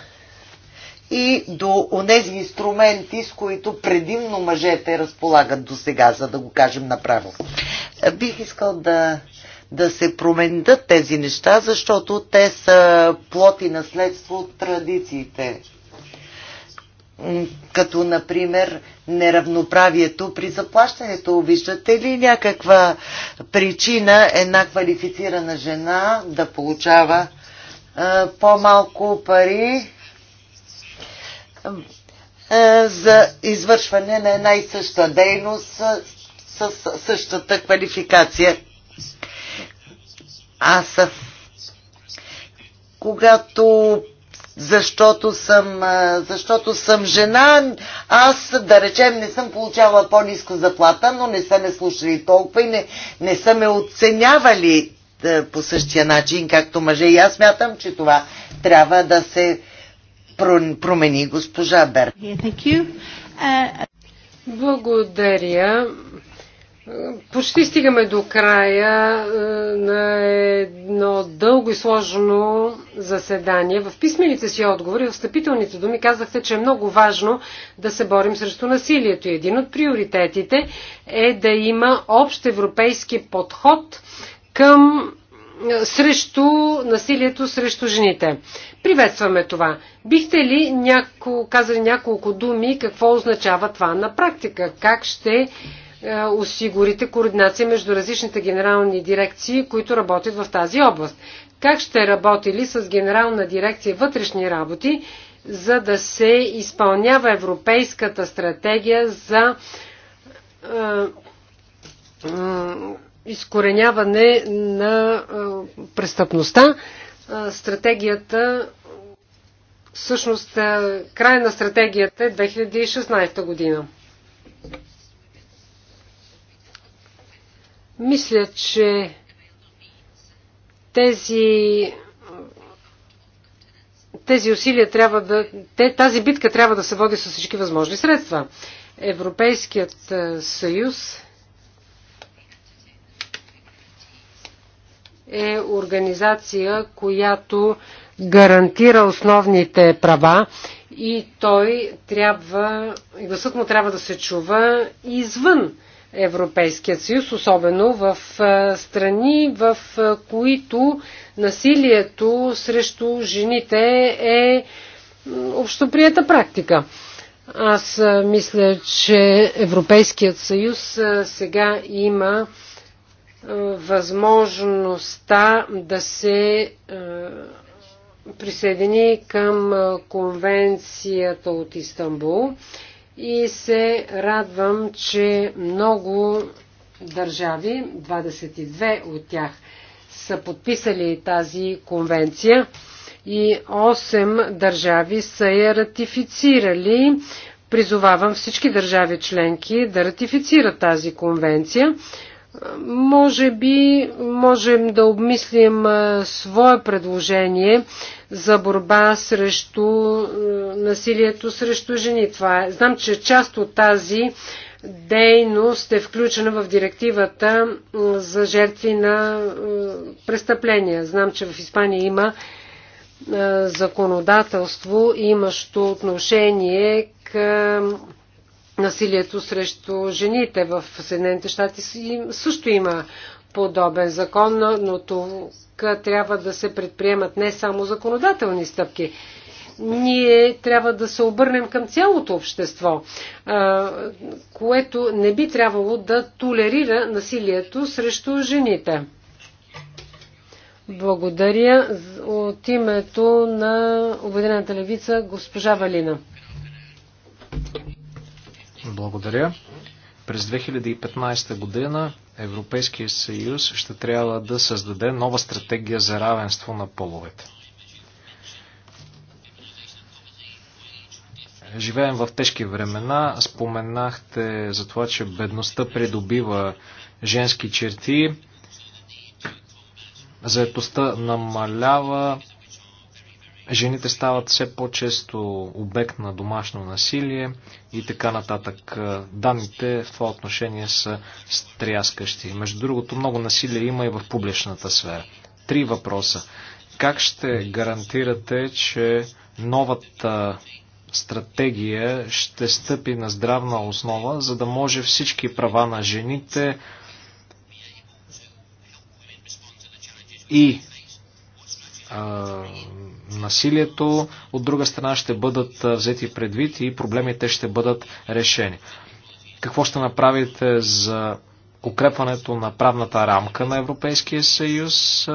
и до онези инструменти, с които предимно мъжете разполагат до сега, за да го кажем направо. Е, бих искал да, да се променят тези неща, защото те са плод и наследство от традициите като например неравноправието при заплащането. Виждате ли някаква причина една квалифицирана жена да получава по-малко пари а, за извършване на една и съща дейност с, с същата квалификация? Аз когато защото съм, защото съм жена, аз, да речем, не съм получавала по низко заплата, но не са ме слушали толкова и не, не са ме оценявали по същия начин, както мъже. И аз мятам, че това трябва да се промени госпожа Бер. Uh, Благодаря. Почти стигаме до края е, на едно дълго и сложно заседание. В писмените си отговори, в встъпителните думи казахте, че е много важно да се борим срещу насилието. един от приоритетите е да има общ европейски подход към е, срещу насилието срещу жените. Приветстваме това. Бихте ли няко, казали няколко думи какво означава това на практика? Как ще е, осигурите координация между различните генерални дирекции, които работят в тази област? Как ще работи ли с генерална дирекция вътрешни работи, за да се изпълнява европейската стратегия за е, изкореняване на е, престъпността. Стратегията, всъщност, край на стратегията е 2016 година. Мисля, че тези тези усилия трябва да. тази битка трябва да се води с всички възможни средства. Европейският е, съюз е организация, която гарантира основните права и той трябва, и гласът му трябва да се чува извън Европейският съюз, особено в страни, в които насилието срещу жените е общоприята практика. Аз мисля, че Европейският съюз сега има възможността да се присъедини към конвенцията от Истанбул и се радвам, че много държави, 22 от тях, са подписали тази конвенция и 8 държави са я ратифицирали. Призовавам всички държави членки да ратифицират тази конвенция. Може би можем да обмислим свое предложение за борба срещу е, насилието срещу жени. Това е. Знам, че част от тази дейност е включена в директивата за жертви на е, престъпления. Знам, че в Испания има е, законодателство, имащо отношение към насилието срещу жените в Съединените щати също има подобен закон, но тук трябва да се предприемат не само законодателни стъпки. Ние трябва да се обърнем към цялото общество, което не би трябвало да толерира насилието срещу жените. Благодаря от името на Обединената левица госпожа Валина. Благодаря. През 2015 година Европейския съюз ще трябва да създаде нова стратегия за равенство на половете. Живеем в тежки времена. Споменахте за това, че бедността придобива женски черти. Заетостта намалява, Жените стават все по-често обект на домашно насилие и така нататък. Данните в това отношение са стряскащи. Между другото, много насилие има и в публичната сфера. Три въпроса. Как ще гарантирате, че новата стратегия ще стъпи на здравна основа, за да може всички права на жените и насилието, от друга страна ще бъдат взети предвид и проблемите ще бъдат решени. Какво ще направите за укрепването на правната рамка на Европейския съюз,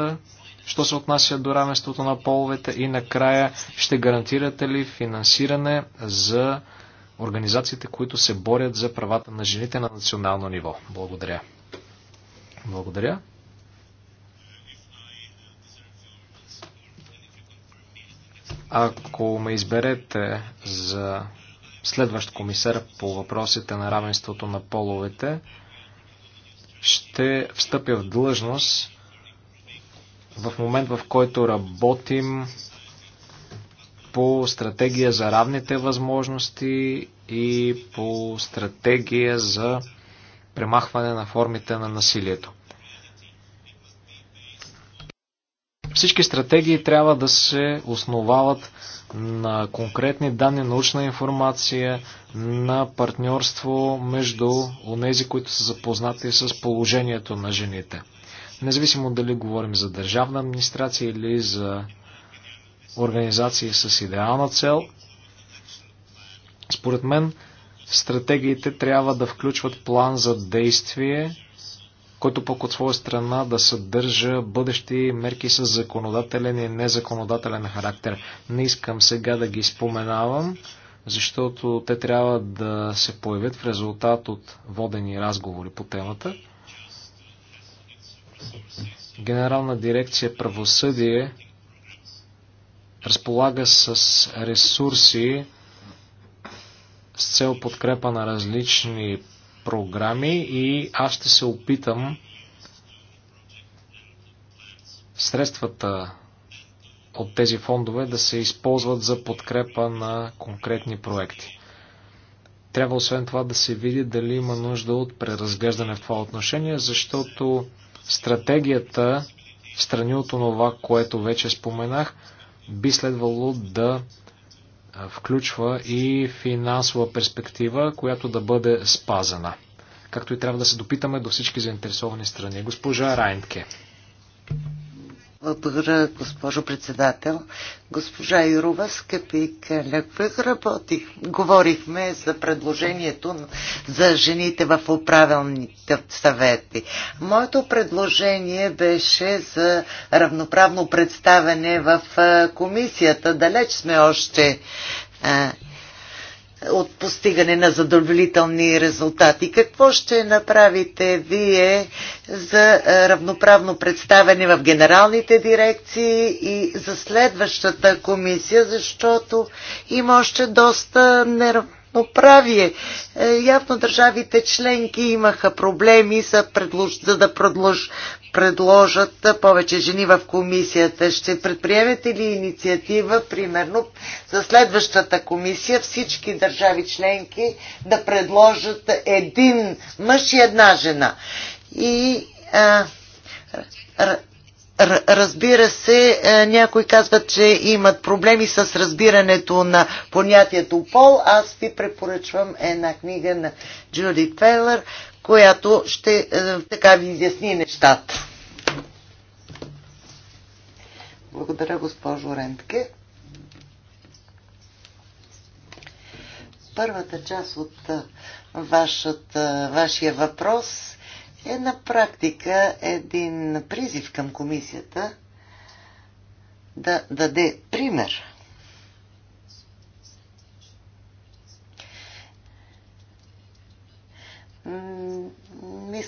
що се отнася до равенството на половете и накрая ще гарантирате ли финансиране за организациите, които се борят за правата на жените на национално ниво? Благодаря. Благодаря. Ако ме изберете за следващ комисар по въпросите на равенството на половете, ще встъпя в длъжност в момент, в който работим по стратегия за равните възможности и по стратегия за премахване на формите на насилието. Всички стратегии трябва да се основават на конкретни данни, научна информация, на партньорство между онези, които са запознати с положението на жените. Независимо дали говорим за държавна администрация или за организации с идеална цел, според мен стратегиите трябва да включват план за действие, който пък от своя страна да съдържа бъдещи мерки с законодателен и незаконодателен характер. Не искам сега да ги споменавам, защото те трябва да се появят в резултат от водени разговори по темата. Генерална дирекция правосъдие разполага с ресурси с цел подкрепа на различни програми и аз ще се опитам средствата от тези фондове да се използват за подкрепа на конкретни проекти. Трябва освен това да се види дали има нужда от преразглеждане в това отношение, защото стратегията, в страни от това, което вече споменах, би следвало да включва и финансова перспектива, която да бъде спазена. Както и трябва да се допитаме до всички заинтересовани страни. Госпожа Райнке. Благодаря, госпожо председател. Госпожа Ирова, скъпи Каляквих, работих. Говорихме за предложението за жените в управилните съвети. Моето предложение беше за равноправно представене в комисията. Далеч сме още от постигане на задоволителни резултати. Какво ще направите вие за е, равноправно представяне в генералните дирекции и за следващата комисия, защото има още доста неравноправие. Е, явно държавите членки имаха проблеми за, предлож... за да продълж предложат повече жени в комисията. Ще предприемете ли инициатива, примерно, за следващата комисия всички държави членки да предложат един мъж и една жена? И а, Разбира се, някои казват, че имат проблеми с разбирането на понятието пол. Аз ви препоръчвам една книга на Джуди Пейлър, която ще е, така ви изясни нещата. Благодаря, госпожо Рентке. Първата част от е, вашата, е, вашия въпрос е на практика един призив към комисията да даде пример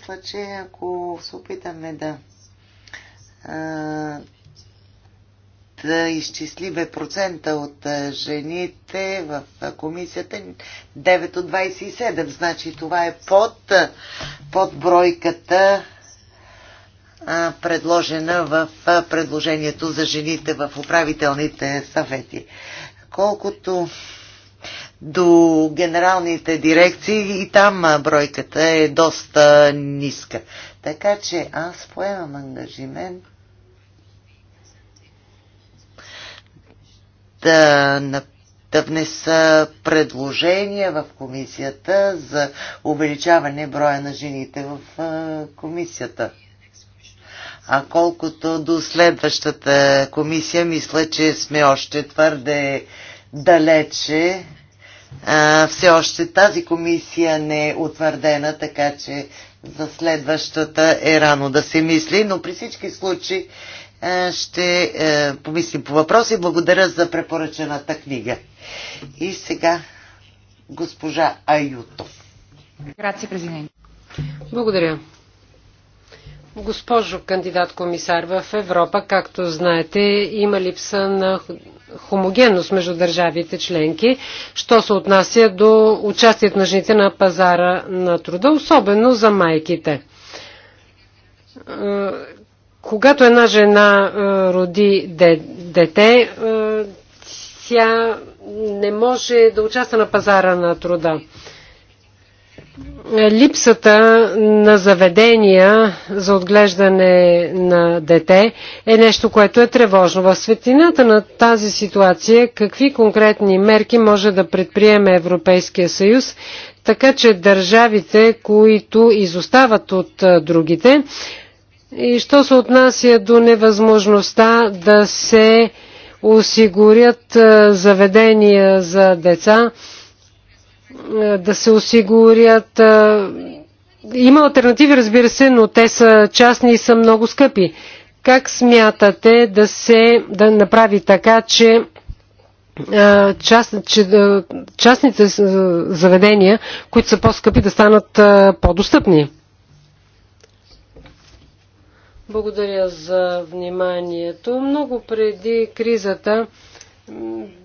мисля, че ако се опитаме да да изчислиме процента от жените в комисията 9 от 27. Значи това е под, под бройката предложена в предложението за жените в управителните съвети. Колкото до генералните дирекции и там бройката е доста ниска. Така че аз поемам ангажимент да да внеса предложения в комисията за увеличаване броя на жените в комисията. А колкото до следващата комисия, мисля, че сме още твърде далече а, все още тази комисия не е утвърдена, така че за следващата е рано да се мисли, но при всички случаи а, ще а, помислим по въпроси. Благодаря за препоръчената книга. И сега госпожа Аюто. Грация, президент. Благодаря. Госпожо кандидат комисар, в Европа, както знаете, има липса на хомогенност между държавите членки, що се отнася до участието на жените на пазара на труда, особено за майките. Е, когато една жена е, роди дете, е, тя не може да участва на пазара на труда липсата на заведения за отглеждане на дете е нещо, което е тревожно. В светлината на тази ситуация, какви конкретни мерки може да предприеме Европейския съюз, така че държавите, които изостават от другите, и що се отнася до невъзможността да се осигурят заведения за деца, е, да се осигурят. Е, има альтернативи, разбира се, но те са частни и са много скъпи. Как смятате да се да направи така, че, е, част, че частните заведения, които са по-скъпи, да станат по-достъпни? Благодаря за вниманието. Много преди кризата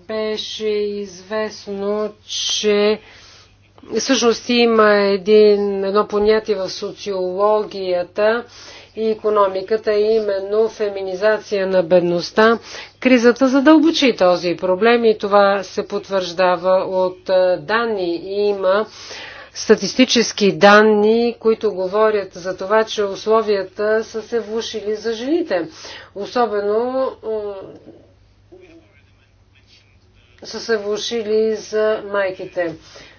беше известно, че всъщност има един, едно понятие в социологията и економиката, именно феминизация на бедността. Кризата задълбочи този проблем и това се потвърждава от данни. Има статистически данни, които говорят за това, че условията са се влушили за жените. Особено са се влушили за майките.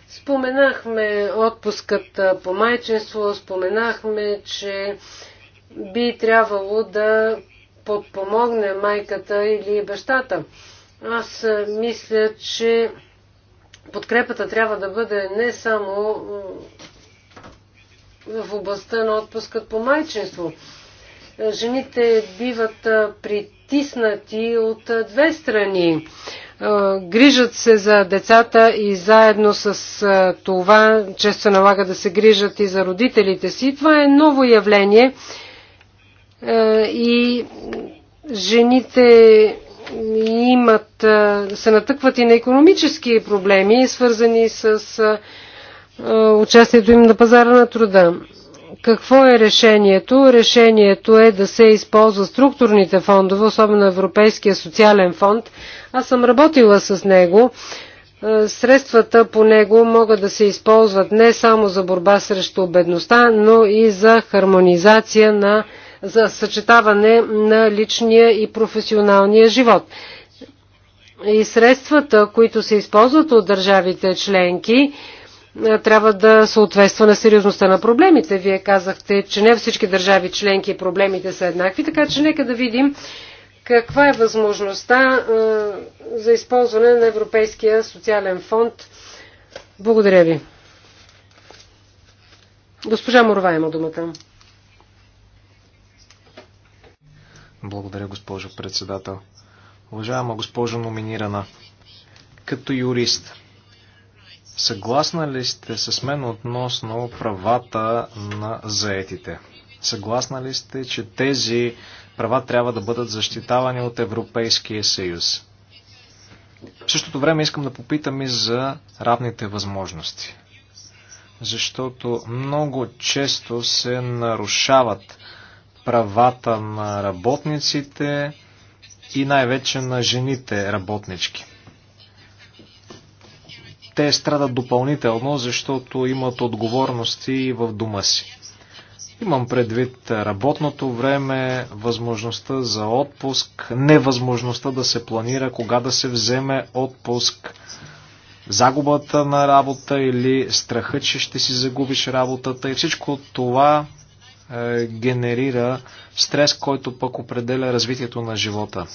Споменахме отпускът по майчинство, споменахме, че би трябвало да подпомогне майката или бащата. Аз мисля, че подкрепата трябва да бъде не само в областта на отпускът по майчинство. Жените биват притиснати от две страни е, грижат се за децата и заедно с е, това често налага да се грижат и за родителите си. Това е ново явление е, и жените имат, се натъкват и на економически проблеми, свързани с участието им на пазара на труда. Какво е решението? Решението е да се използва структурните фондове, особено Европейския социален фонд. Аз съм работила с него. Е, средствата по него могат да се използват не само за борба срещу бедността, но и за хармонизация на за съчетаване на личния и професионалния живот. И средствата, които се използват от държавите членки, е, трябва да съответства на сериозността на проблемите. Вие казахте, че не всички държави членки проблемите са еднакви, така че нека да видим каква е възможността е, за използване на Европейския социален фонд. Благодаря ви. Госпожа Морова има думата. Благодаря, госпожо председател. Уважаема госпожо номинирана, като юрист, Съгласна ли сте с мен относно правата на заетите? Съгласна ли сте, че тези права трябва да бъдат защитавани от Европейския съюз? В същото време искам да попитам и за равните възможности. Защото много често се нарушават правата на работниците и най-вече на жените работнички те страдат допълнително, защото имат отговорности в дома си. Имам предвид работното време, възможността за отпуск, невъзможността да се планира кога да се вземе отпуск, загубата на работа или страха, че ще си загубиш работата и всичко това е, генерира стрес, който пък определя развитието на живота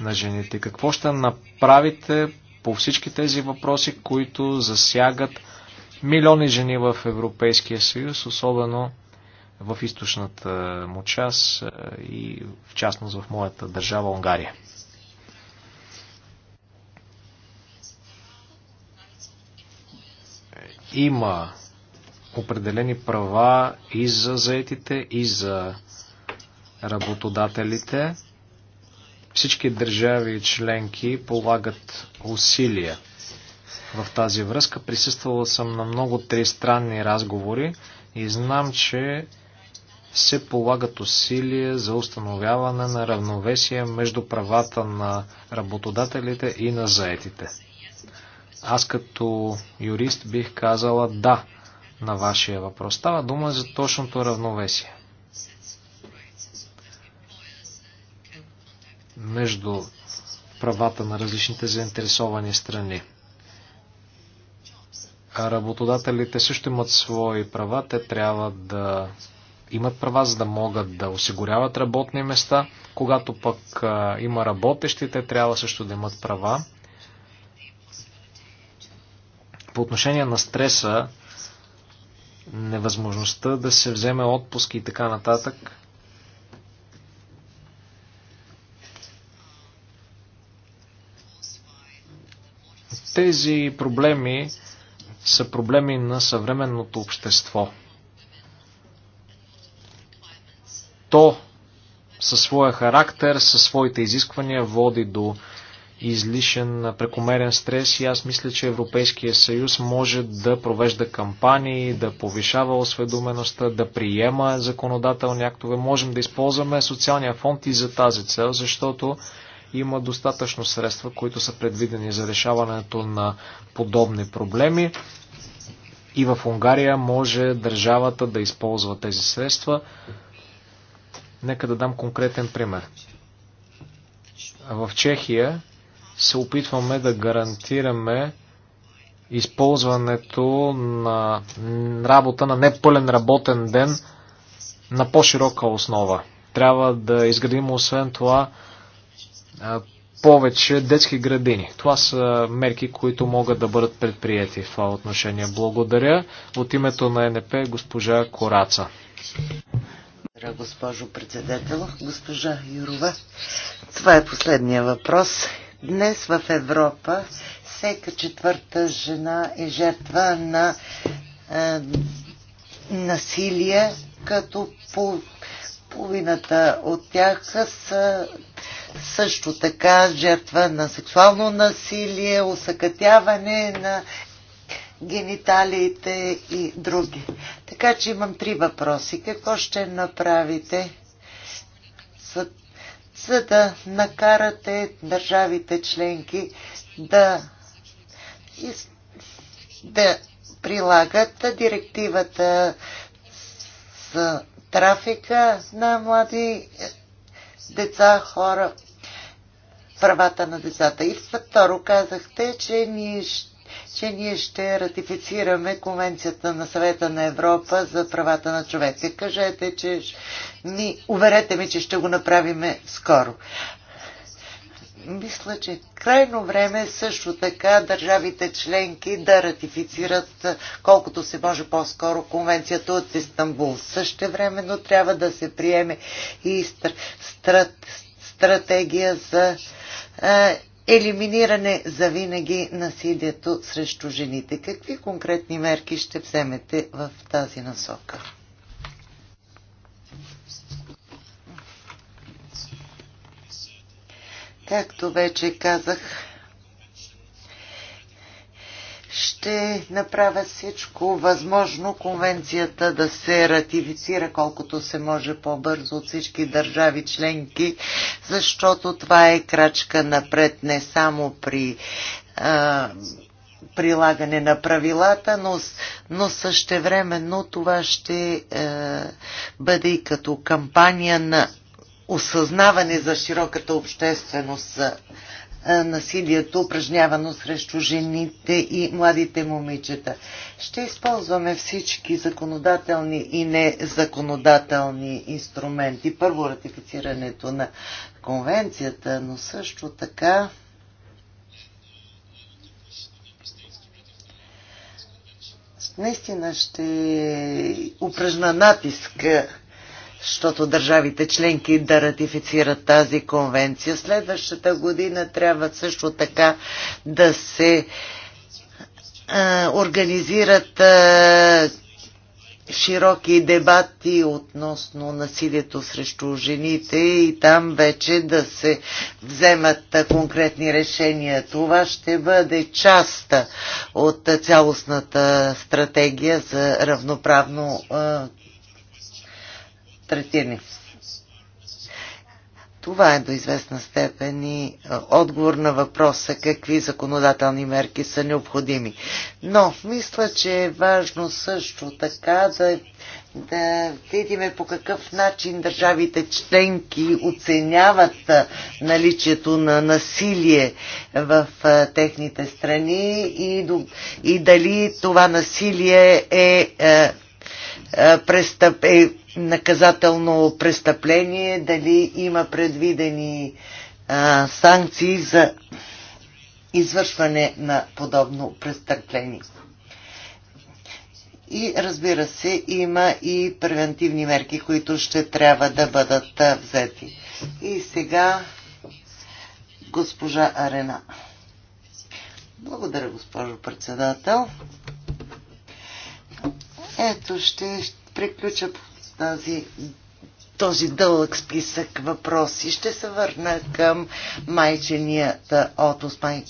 на жените. Какво ще направите по всички тези въпроси, които засягат милиони жени в Европейския съюз, особено в източната му част и в частност в моята държава Унгария. Има определени права и за заетите, и за работодателите. Всички държави и членки полагат усилия в тази връзка. Присъствала съм на много тристранни разговори и знам, че се полагат усилия за установяване на равновесие между правата на работодателите и на заетите. Аз като юрист бих казала да на вашия въпрос. Става дума за точното равновесие. между правата на различните заинтересовани страни. А работодателите също имат свои права. Те трябва да имат права, за да могат да осигуряват работни места. Когато пък а, има работещи, те трябва също да имат права. По отношение на стреса, невъзможността да се вземе отпуски и така нататък, Тези проблеми са проблеми на съвременното общество. То със своя характер, със своите изисквания води до излишен прекомерен стрес и аз мисля, че Европейския съюз може да провежда кампании, да повишава осведомеността, да приема законодателни актове. Можем да използваме социалния фонд и за тази цел, защото има достатъчно средства, които са предвидени за решаването на подобни проблеми. И в Унгария може държавата да използва тези средства. Нека да дам конкретен пример. В Чехия се опитваме да гарантираме използването на работа на непълен работен ден на по-широка основа. Трябва да изградим освен това повече детски градини. Това са мерки, които могат да бъдат предприяти в това отношение. Благодаря. От името на НП госпожа Кораца. Благодаря, госпожо председател. Госпожа Юрова, това е последния въпрос. Днес в Европа всека четвърта жена е жертва на е, насилие, като по, половината от тях са също така жертва на сексуално насилие, усъкътяване на гениталиите и други. Така че имам три въпроси. Какво ще направите, за, за да накарате държавите членки да, да прилагат директивата за трафика на млади деца, хора, правата на децата. И второ казахте, че ние, че ние ще ратифицираме Конвенцията на съвета на Европа за правата на човека. Кажете, че ни, уверете ми, че ще го направиме скоро мисля, че е крайно време също така държавите членки да ратифицират колкото се може по-скоро конвенцията от Истанбул. Също времено трябва да се приеме и стр... Стр... стратегия за е, елиминиране за винаги насилието срещу жените. Какви конкретни мерки ще вземете в тази насока? Както вече казах, ще направя всичко възможно конвенцията да се ратифицира колкото се може по-бързо от всички държави членки, защото това е крачка напред не само при а, прилагане на правилата, но, но същевременно това ще а, бъде и като кампания на осъзнаване за широката общественост насилието, упражнявано срещу жените и младите момичета. Ще използваме всички законодателни и незаконодателни инструменти. Първо ратифицирането на конвенцията, но също така наистина ще упражна натиск защото държавите членки да ратифицират тази конвенция. Следващата година трябва също така да се а, организират а, широки дебати относно насилието срещу жените и там вече да се вземат конкретни решения. Това ще бъде част от цялостната стратегия за равноправно третирани. Това е до известна степен и е, отговор на въпроса какви законодателни мерки са необходими. Но мисля, че е важно също така да, да видим по какъв начин държавите членки оценяват е, наличието на насилие в е, техните страни и, и дали това насилие е, е, е, престъп, е наказателно престъпление, дали има предвидени а, санкции за извършване на подобно престъпление. И разбира се, има и превентивни мерки, които ще трябва да бъдат взети. И сега госпожа Арена. Благодаря, госпожо председател. Ето ще приключа тази този дълъг списък въпроси. Ще се върна към майченията отпуск, май...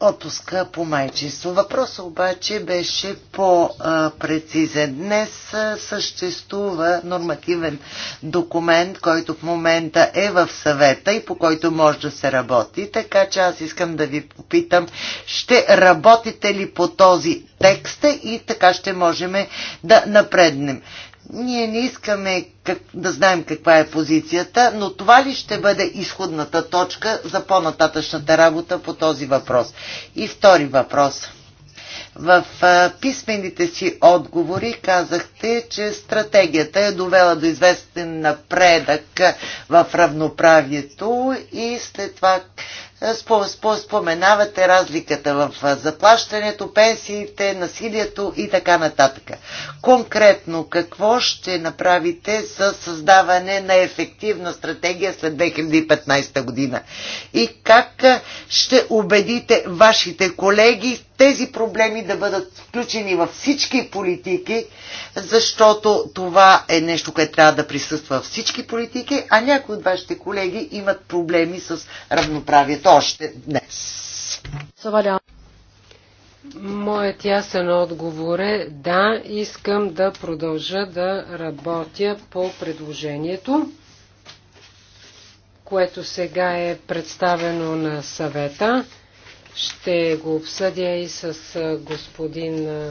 отпуска по майчество. Въпросът обаче беше по-прецизен. Днес съществува нормативен документ, който в момента е в съвета и по който може да се работи. Така че аз искам да ви попитам, ще работите ли по този текст и така ще можем да напреднем. Ние не искаме как, да знаем каква е позицията, но това ли ще бъде изходната точка за по-нататъчната работа по този въпрос? И втори въпрос. В а, писмените си отговори казахте, че стратегията е довела до известен напредък в равноправието и след това споменавате разликата в заплащането, пенсиите, насилието и така нататък. Конкретно, какво ще направите с създаване на ефективна стратегия след 2015 година? И как ще убедите вашите колеги тези проблеми да бъдат включени във всички политики, защото това е нещо, което трябва да присъства във всички политики, а някои от вашите колеги имат проблеми с равноправието още днес. Моят ясен отговор е да, искам да продължа да работя по предложението, което сега е представено на съвета. Ще го обсъдя и с господин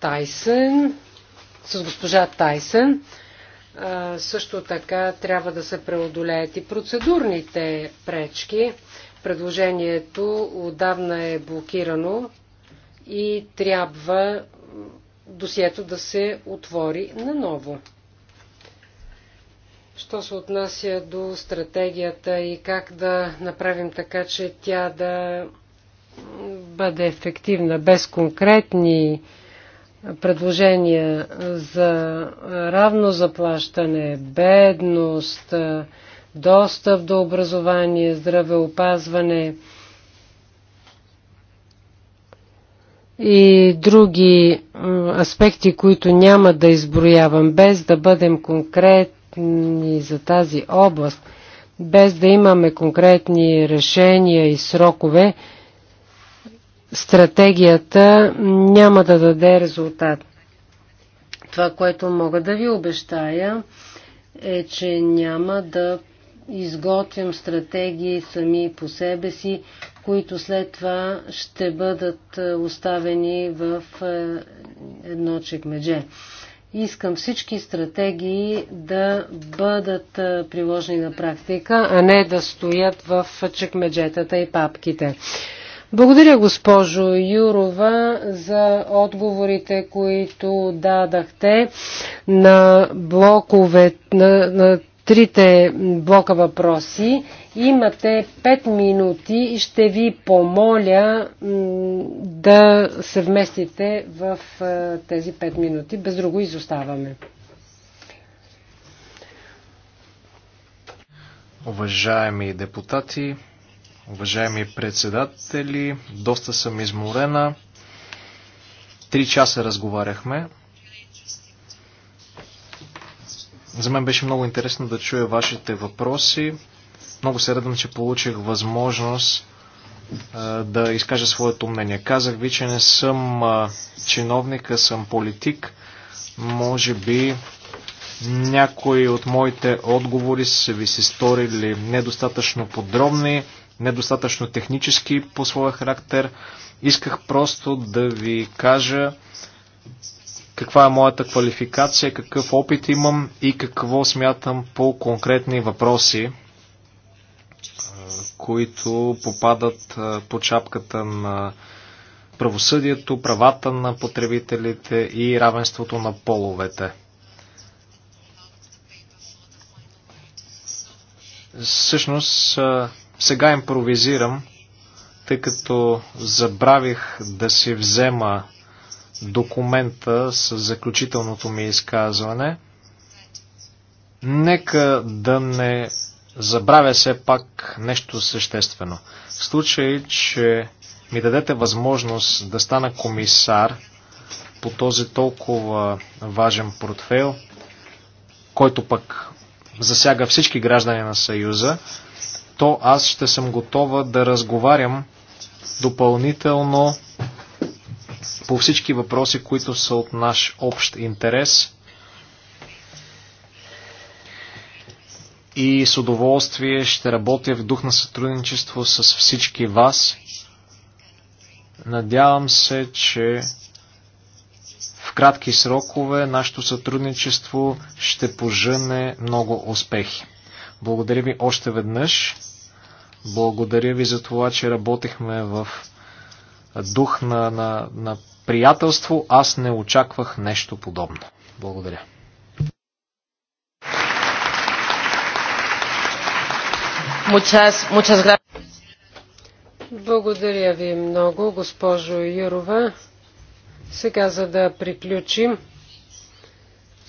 Тайсън, с госпожа Тайсън. Също така трябва да се преодолеят и процедурните пречки. Предложението отдавна е блокирано и трябва досието да се отвори наново. Що се отнася до стратегията и как да направим така, че тя да бъде ефективна без конкретни предложения за равно заплащане, бедност, достъп до образование, здравеопазване и други аспекти, които няма да изброявам, без да бъдем конкретни конкретни за тази област, без да имаме конкретни решения и срокове, стратегията няма да даде резултат. Това, което мога да ви обещая, е, че няма да изготвям стратегии сами по себе си, които след това ще бъдат е, оставени в е, едно чекмедже. Искам всички стратегии да бъдат приложени на практика, а не да стоят в чекмеджетата и папките. Благодаря, госпожо Юрова, за отговорите, които дадахте на блокове, на, на трите блока въпроси. Имате 5 минути и ще ви помоля да се вместите в е, тези 5 минути. Без друго изоставаме. Уважаеми депутати, уважаеми председатели, доста съм изморена. Три часа разговаряхме. За мен беше много интересно да чуя вашите въпроси. Много се радвам, че получих възможност да изкажа своето мнение. Казах ви, че не съм чиновник, а съм политик. Може би някои от моите отговори са ви се сторили недостатъчно подробни, недостатъчно технически по своя характер. Исках просто да ви кажа каква е моята квалификация, какъв опит имам и какво смятам по конкретни въпроси които попадат по чапката на правосъдието, правата на потребителите и равенството на половете. Всъщност, сега импровизирам, тъй като забравих да си взема документа с заключителното ми изказване. Нека да не забравя се пак нещо съществено. В случай, че ми дадете възможност да стана комисар по този толкова важен портфейл, който пък засяга всички граждани на Съюза, то аз ще съм готова да разговарям допълнително по всички въпроси, които са от наш общ интерес и с удоволствие ще работя в дух на сътрудничество с всички вас. Надявам се, че в кратки срокове нашето сътрудничество ще пожене много успехи. Благодаря ви още веднъж. Благодаря ви за това, че работихме в дух на, на, на приятелство. Аз не очаквах нещо подобно. Благодаря. Muchas, muchas Благодаря ви много, госпожо Юрова. Сега, за да приключим,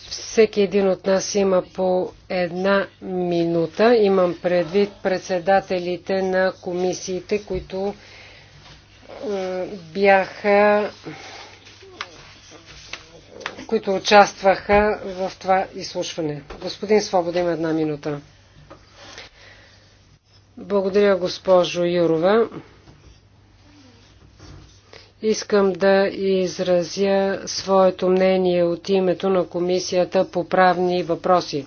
всеки един от нас има по една минута. Имам предвид председателите на комисиите, които е, бяха които участваха в това изслушване. Господин Свобода има една минута. Благодаря, госпожо Юрова. Искам да изразя своето мнение от името на Комисията по правни въпроси.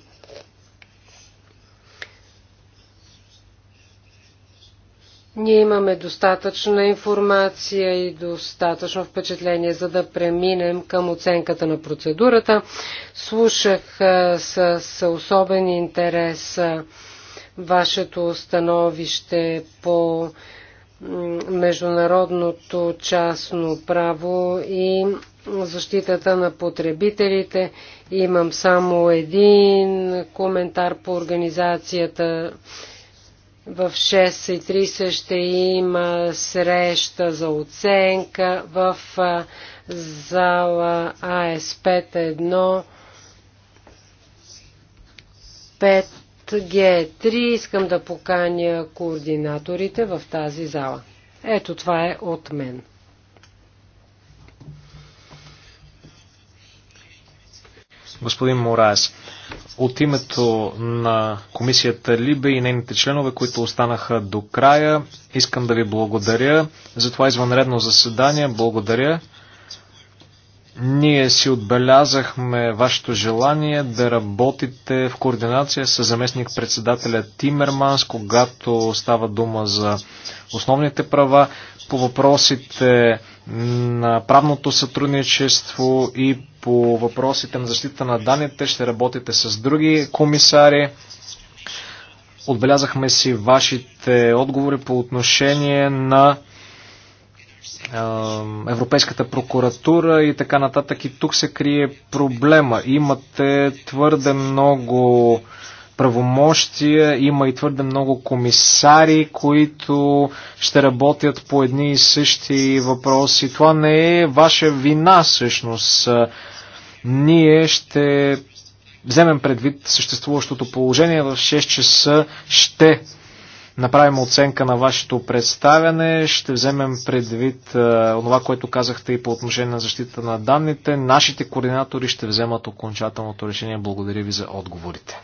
Ние имаме достатъчна информация и достатъчно впечатление, за да преминем към оценката на процедурата. Слушах с особен интерес вашето становище по международното частно право и защитата на потребителите. Имам само един коментар по организацията. В 6.30 ще има среща за оценка в зала АС 5.1. 5 g 3 искам да поканя координаторите в тази зала. Ето това е от мен. Господин Мораес, от името на комисията Либе и нейните членове, които останаха до края, искам да ви благодаря за това извънредно заседание. Благодаря. Ние си отбелязахме вашето желание да работите в координация с заместник председателя Тимерманс, когато става дума за основните права по въпросите на правното сътрудничество и по въпросите на защита на данните. Ще работите с други комисари. Отбелязахме си вашите отговори по отношение на Европейската прокуратура и така нататък. И тук се крие проблема. Имате твърде много правомощия, има и твърде много комисари, които ще работят по едни и същи въпроси. Това не е ваша вина, всъщност. Ние ще вземем предвид съществуващото положение в 6 часа ще направим оценка на вашето представяне, ще вземем предвид това, е, което казахте и по отношение на защита на данните. Нашите координатори ще вземат окончателното решение. Благодаря ви за отговорите.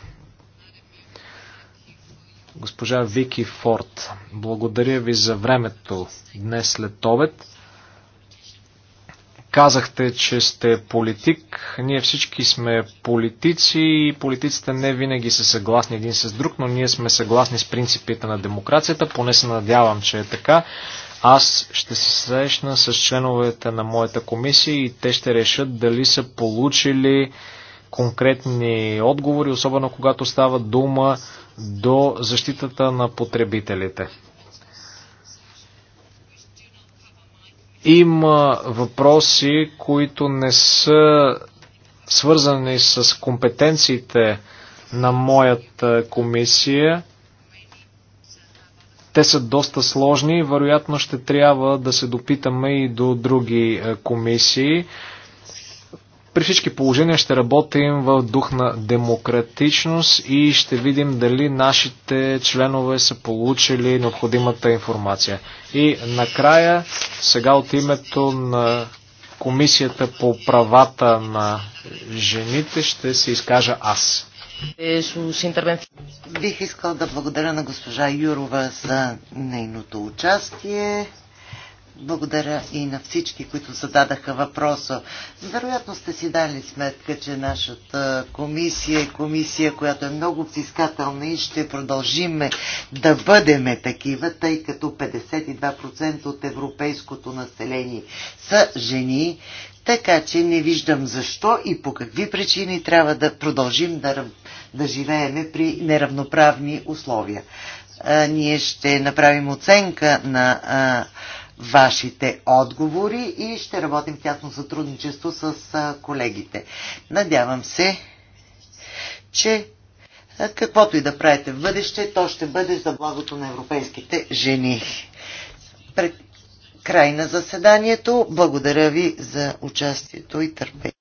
Госпожа Вики Форд, благодаря ви за времето днес след обед. Казахте, че сте политик. Ние всички сме политици и политиците не винаги са съгласни един с друг, но ние сме съгласни с принципите на демокрацията. Поне се надявам, че е така. Аз ще се срещна с членовете на моята комисия и те ще решат дали са получили конкретни отговори, особено когато става дума до защитата на потребителите. Има въпроси, които не са свързани с компетенциите на моята комисия. Те са доста сложни и вероятно ще трябва да се допитаме и до други е, комисии. При всички положения ще работим в дух на демократичност и ще видим дали нашите членове са получили необходимата информация. И накрая, сега от името на Комисията по правата на жените ще се изкажа аз. Бих искал да благодаря на госпожа Юрова за нейното участие. Благодаря и на всички, които зададаха въпроса. Вероятно сте си дали сметка, че нашата комисия е комисия, която е много взискателна и ще продължиме да бъдеме такива, тъй като 52% от европейското население са жени, така че не виждам защо и по какви причини трябва да продължим да, да живееме при неравноправни условия. А, ние ще направим оценка на а, вашите отговори и ще работим в тясно сътрудничество с колегите. Надявам се, че каквото и да правите в бъдеще, то ще бъде за благото на европейските жени. Пред край на заседанието, благодаря ви за участието и търпение.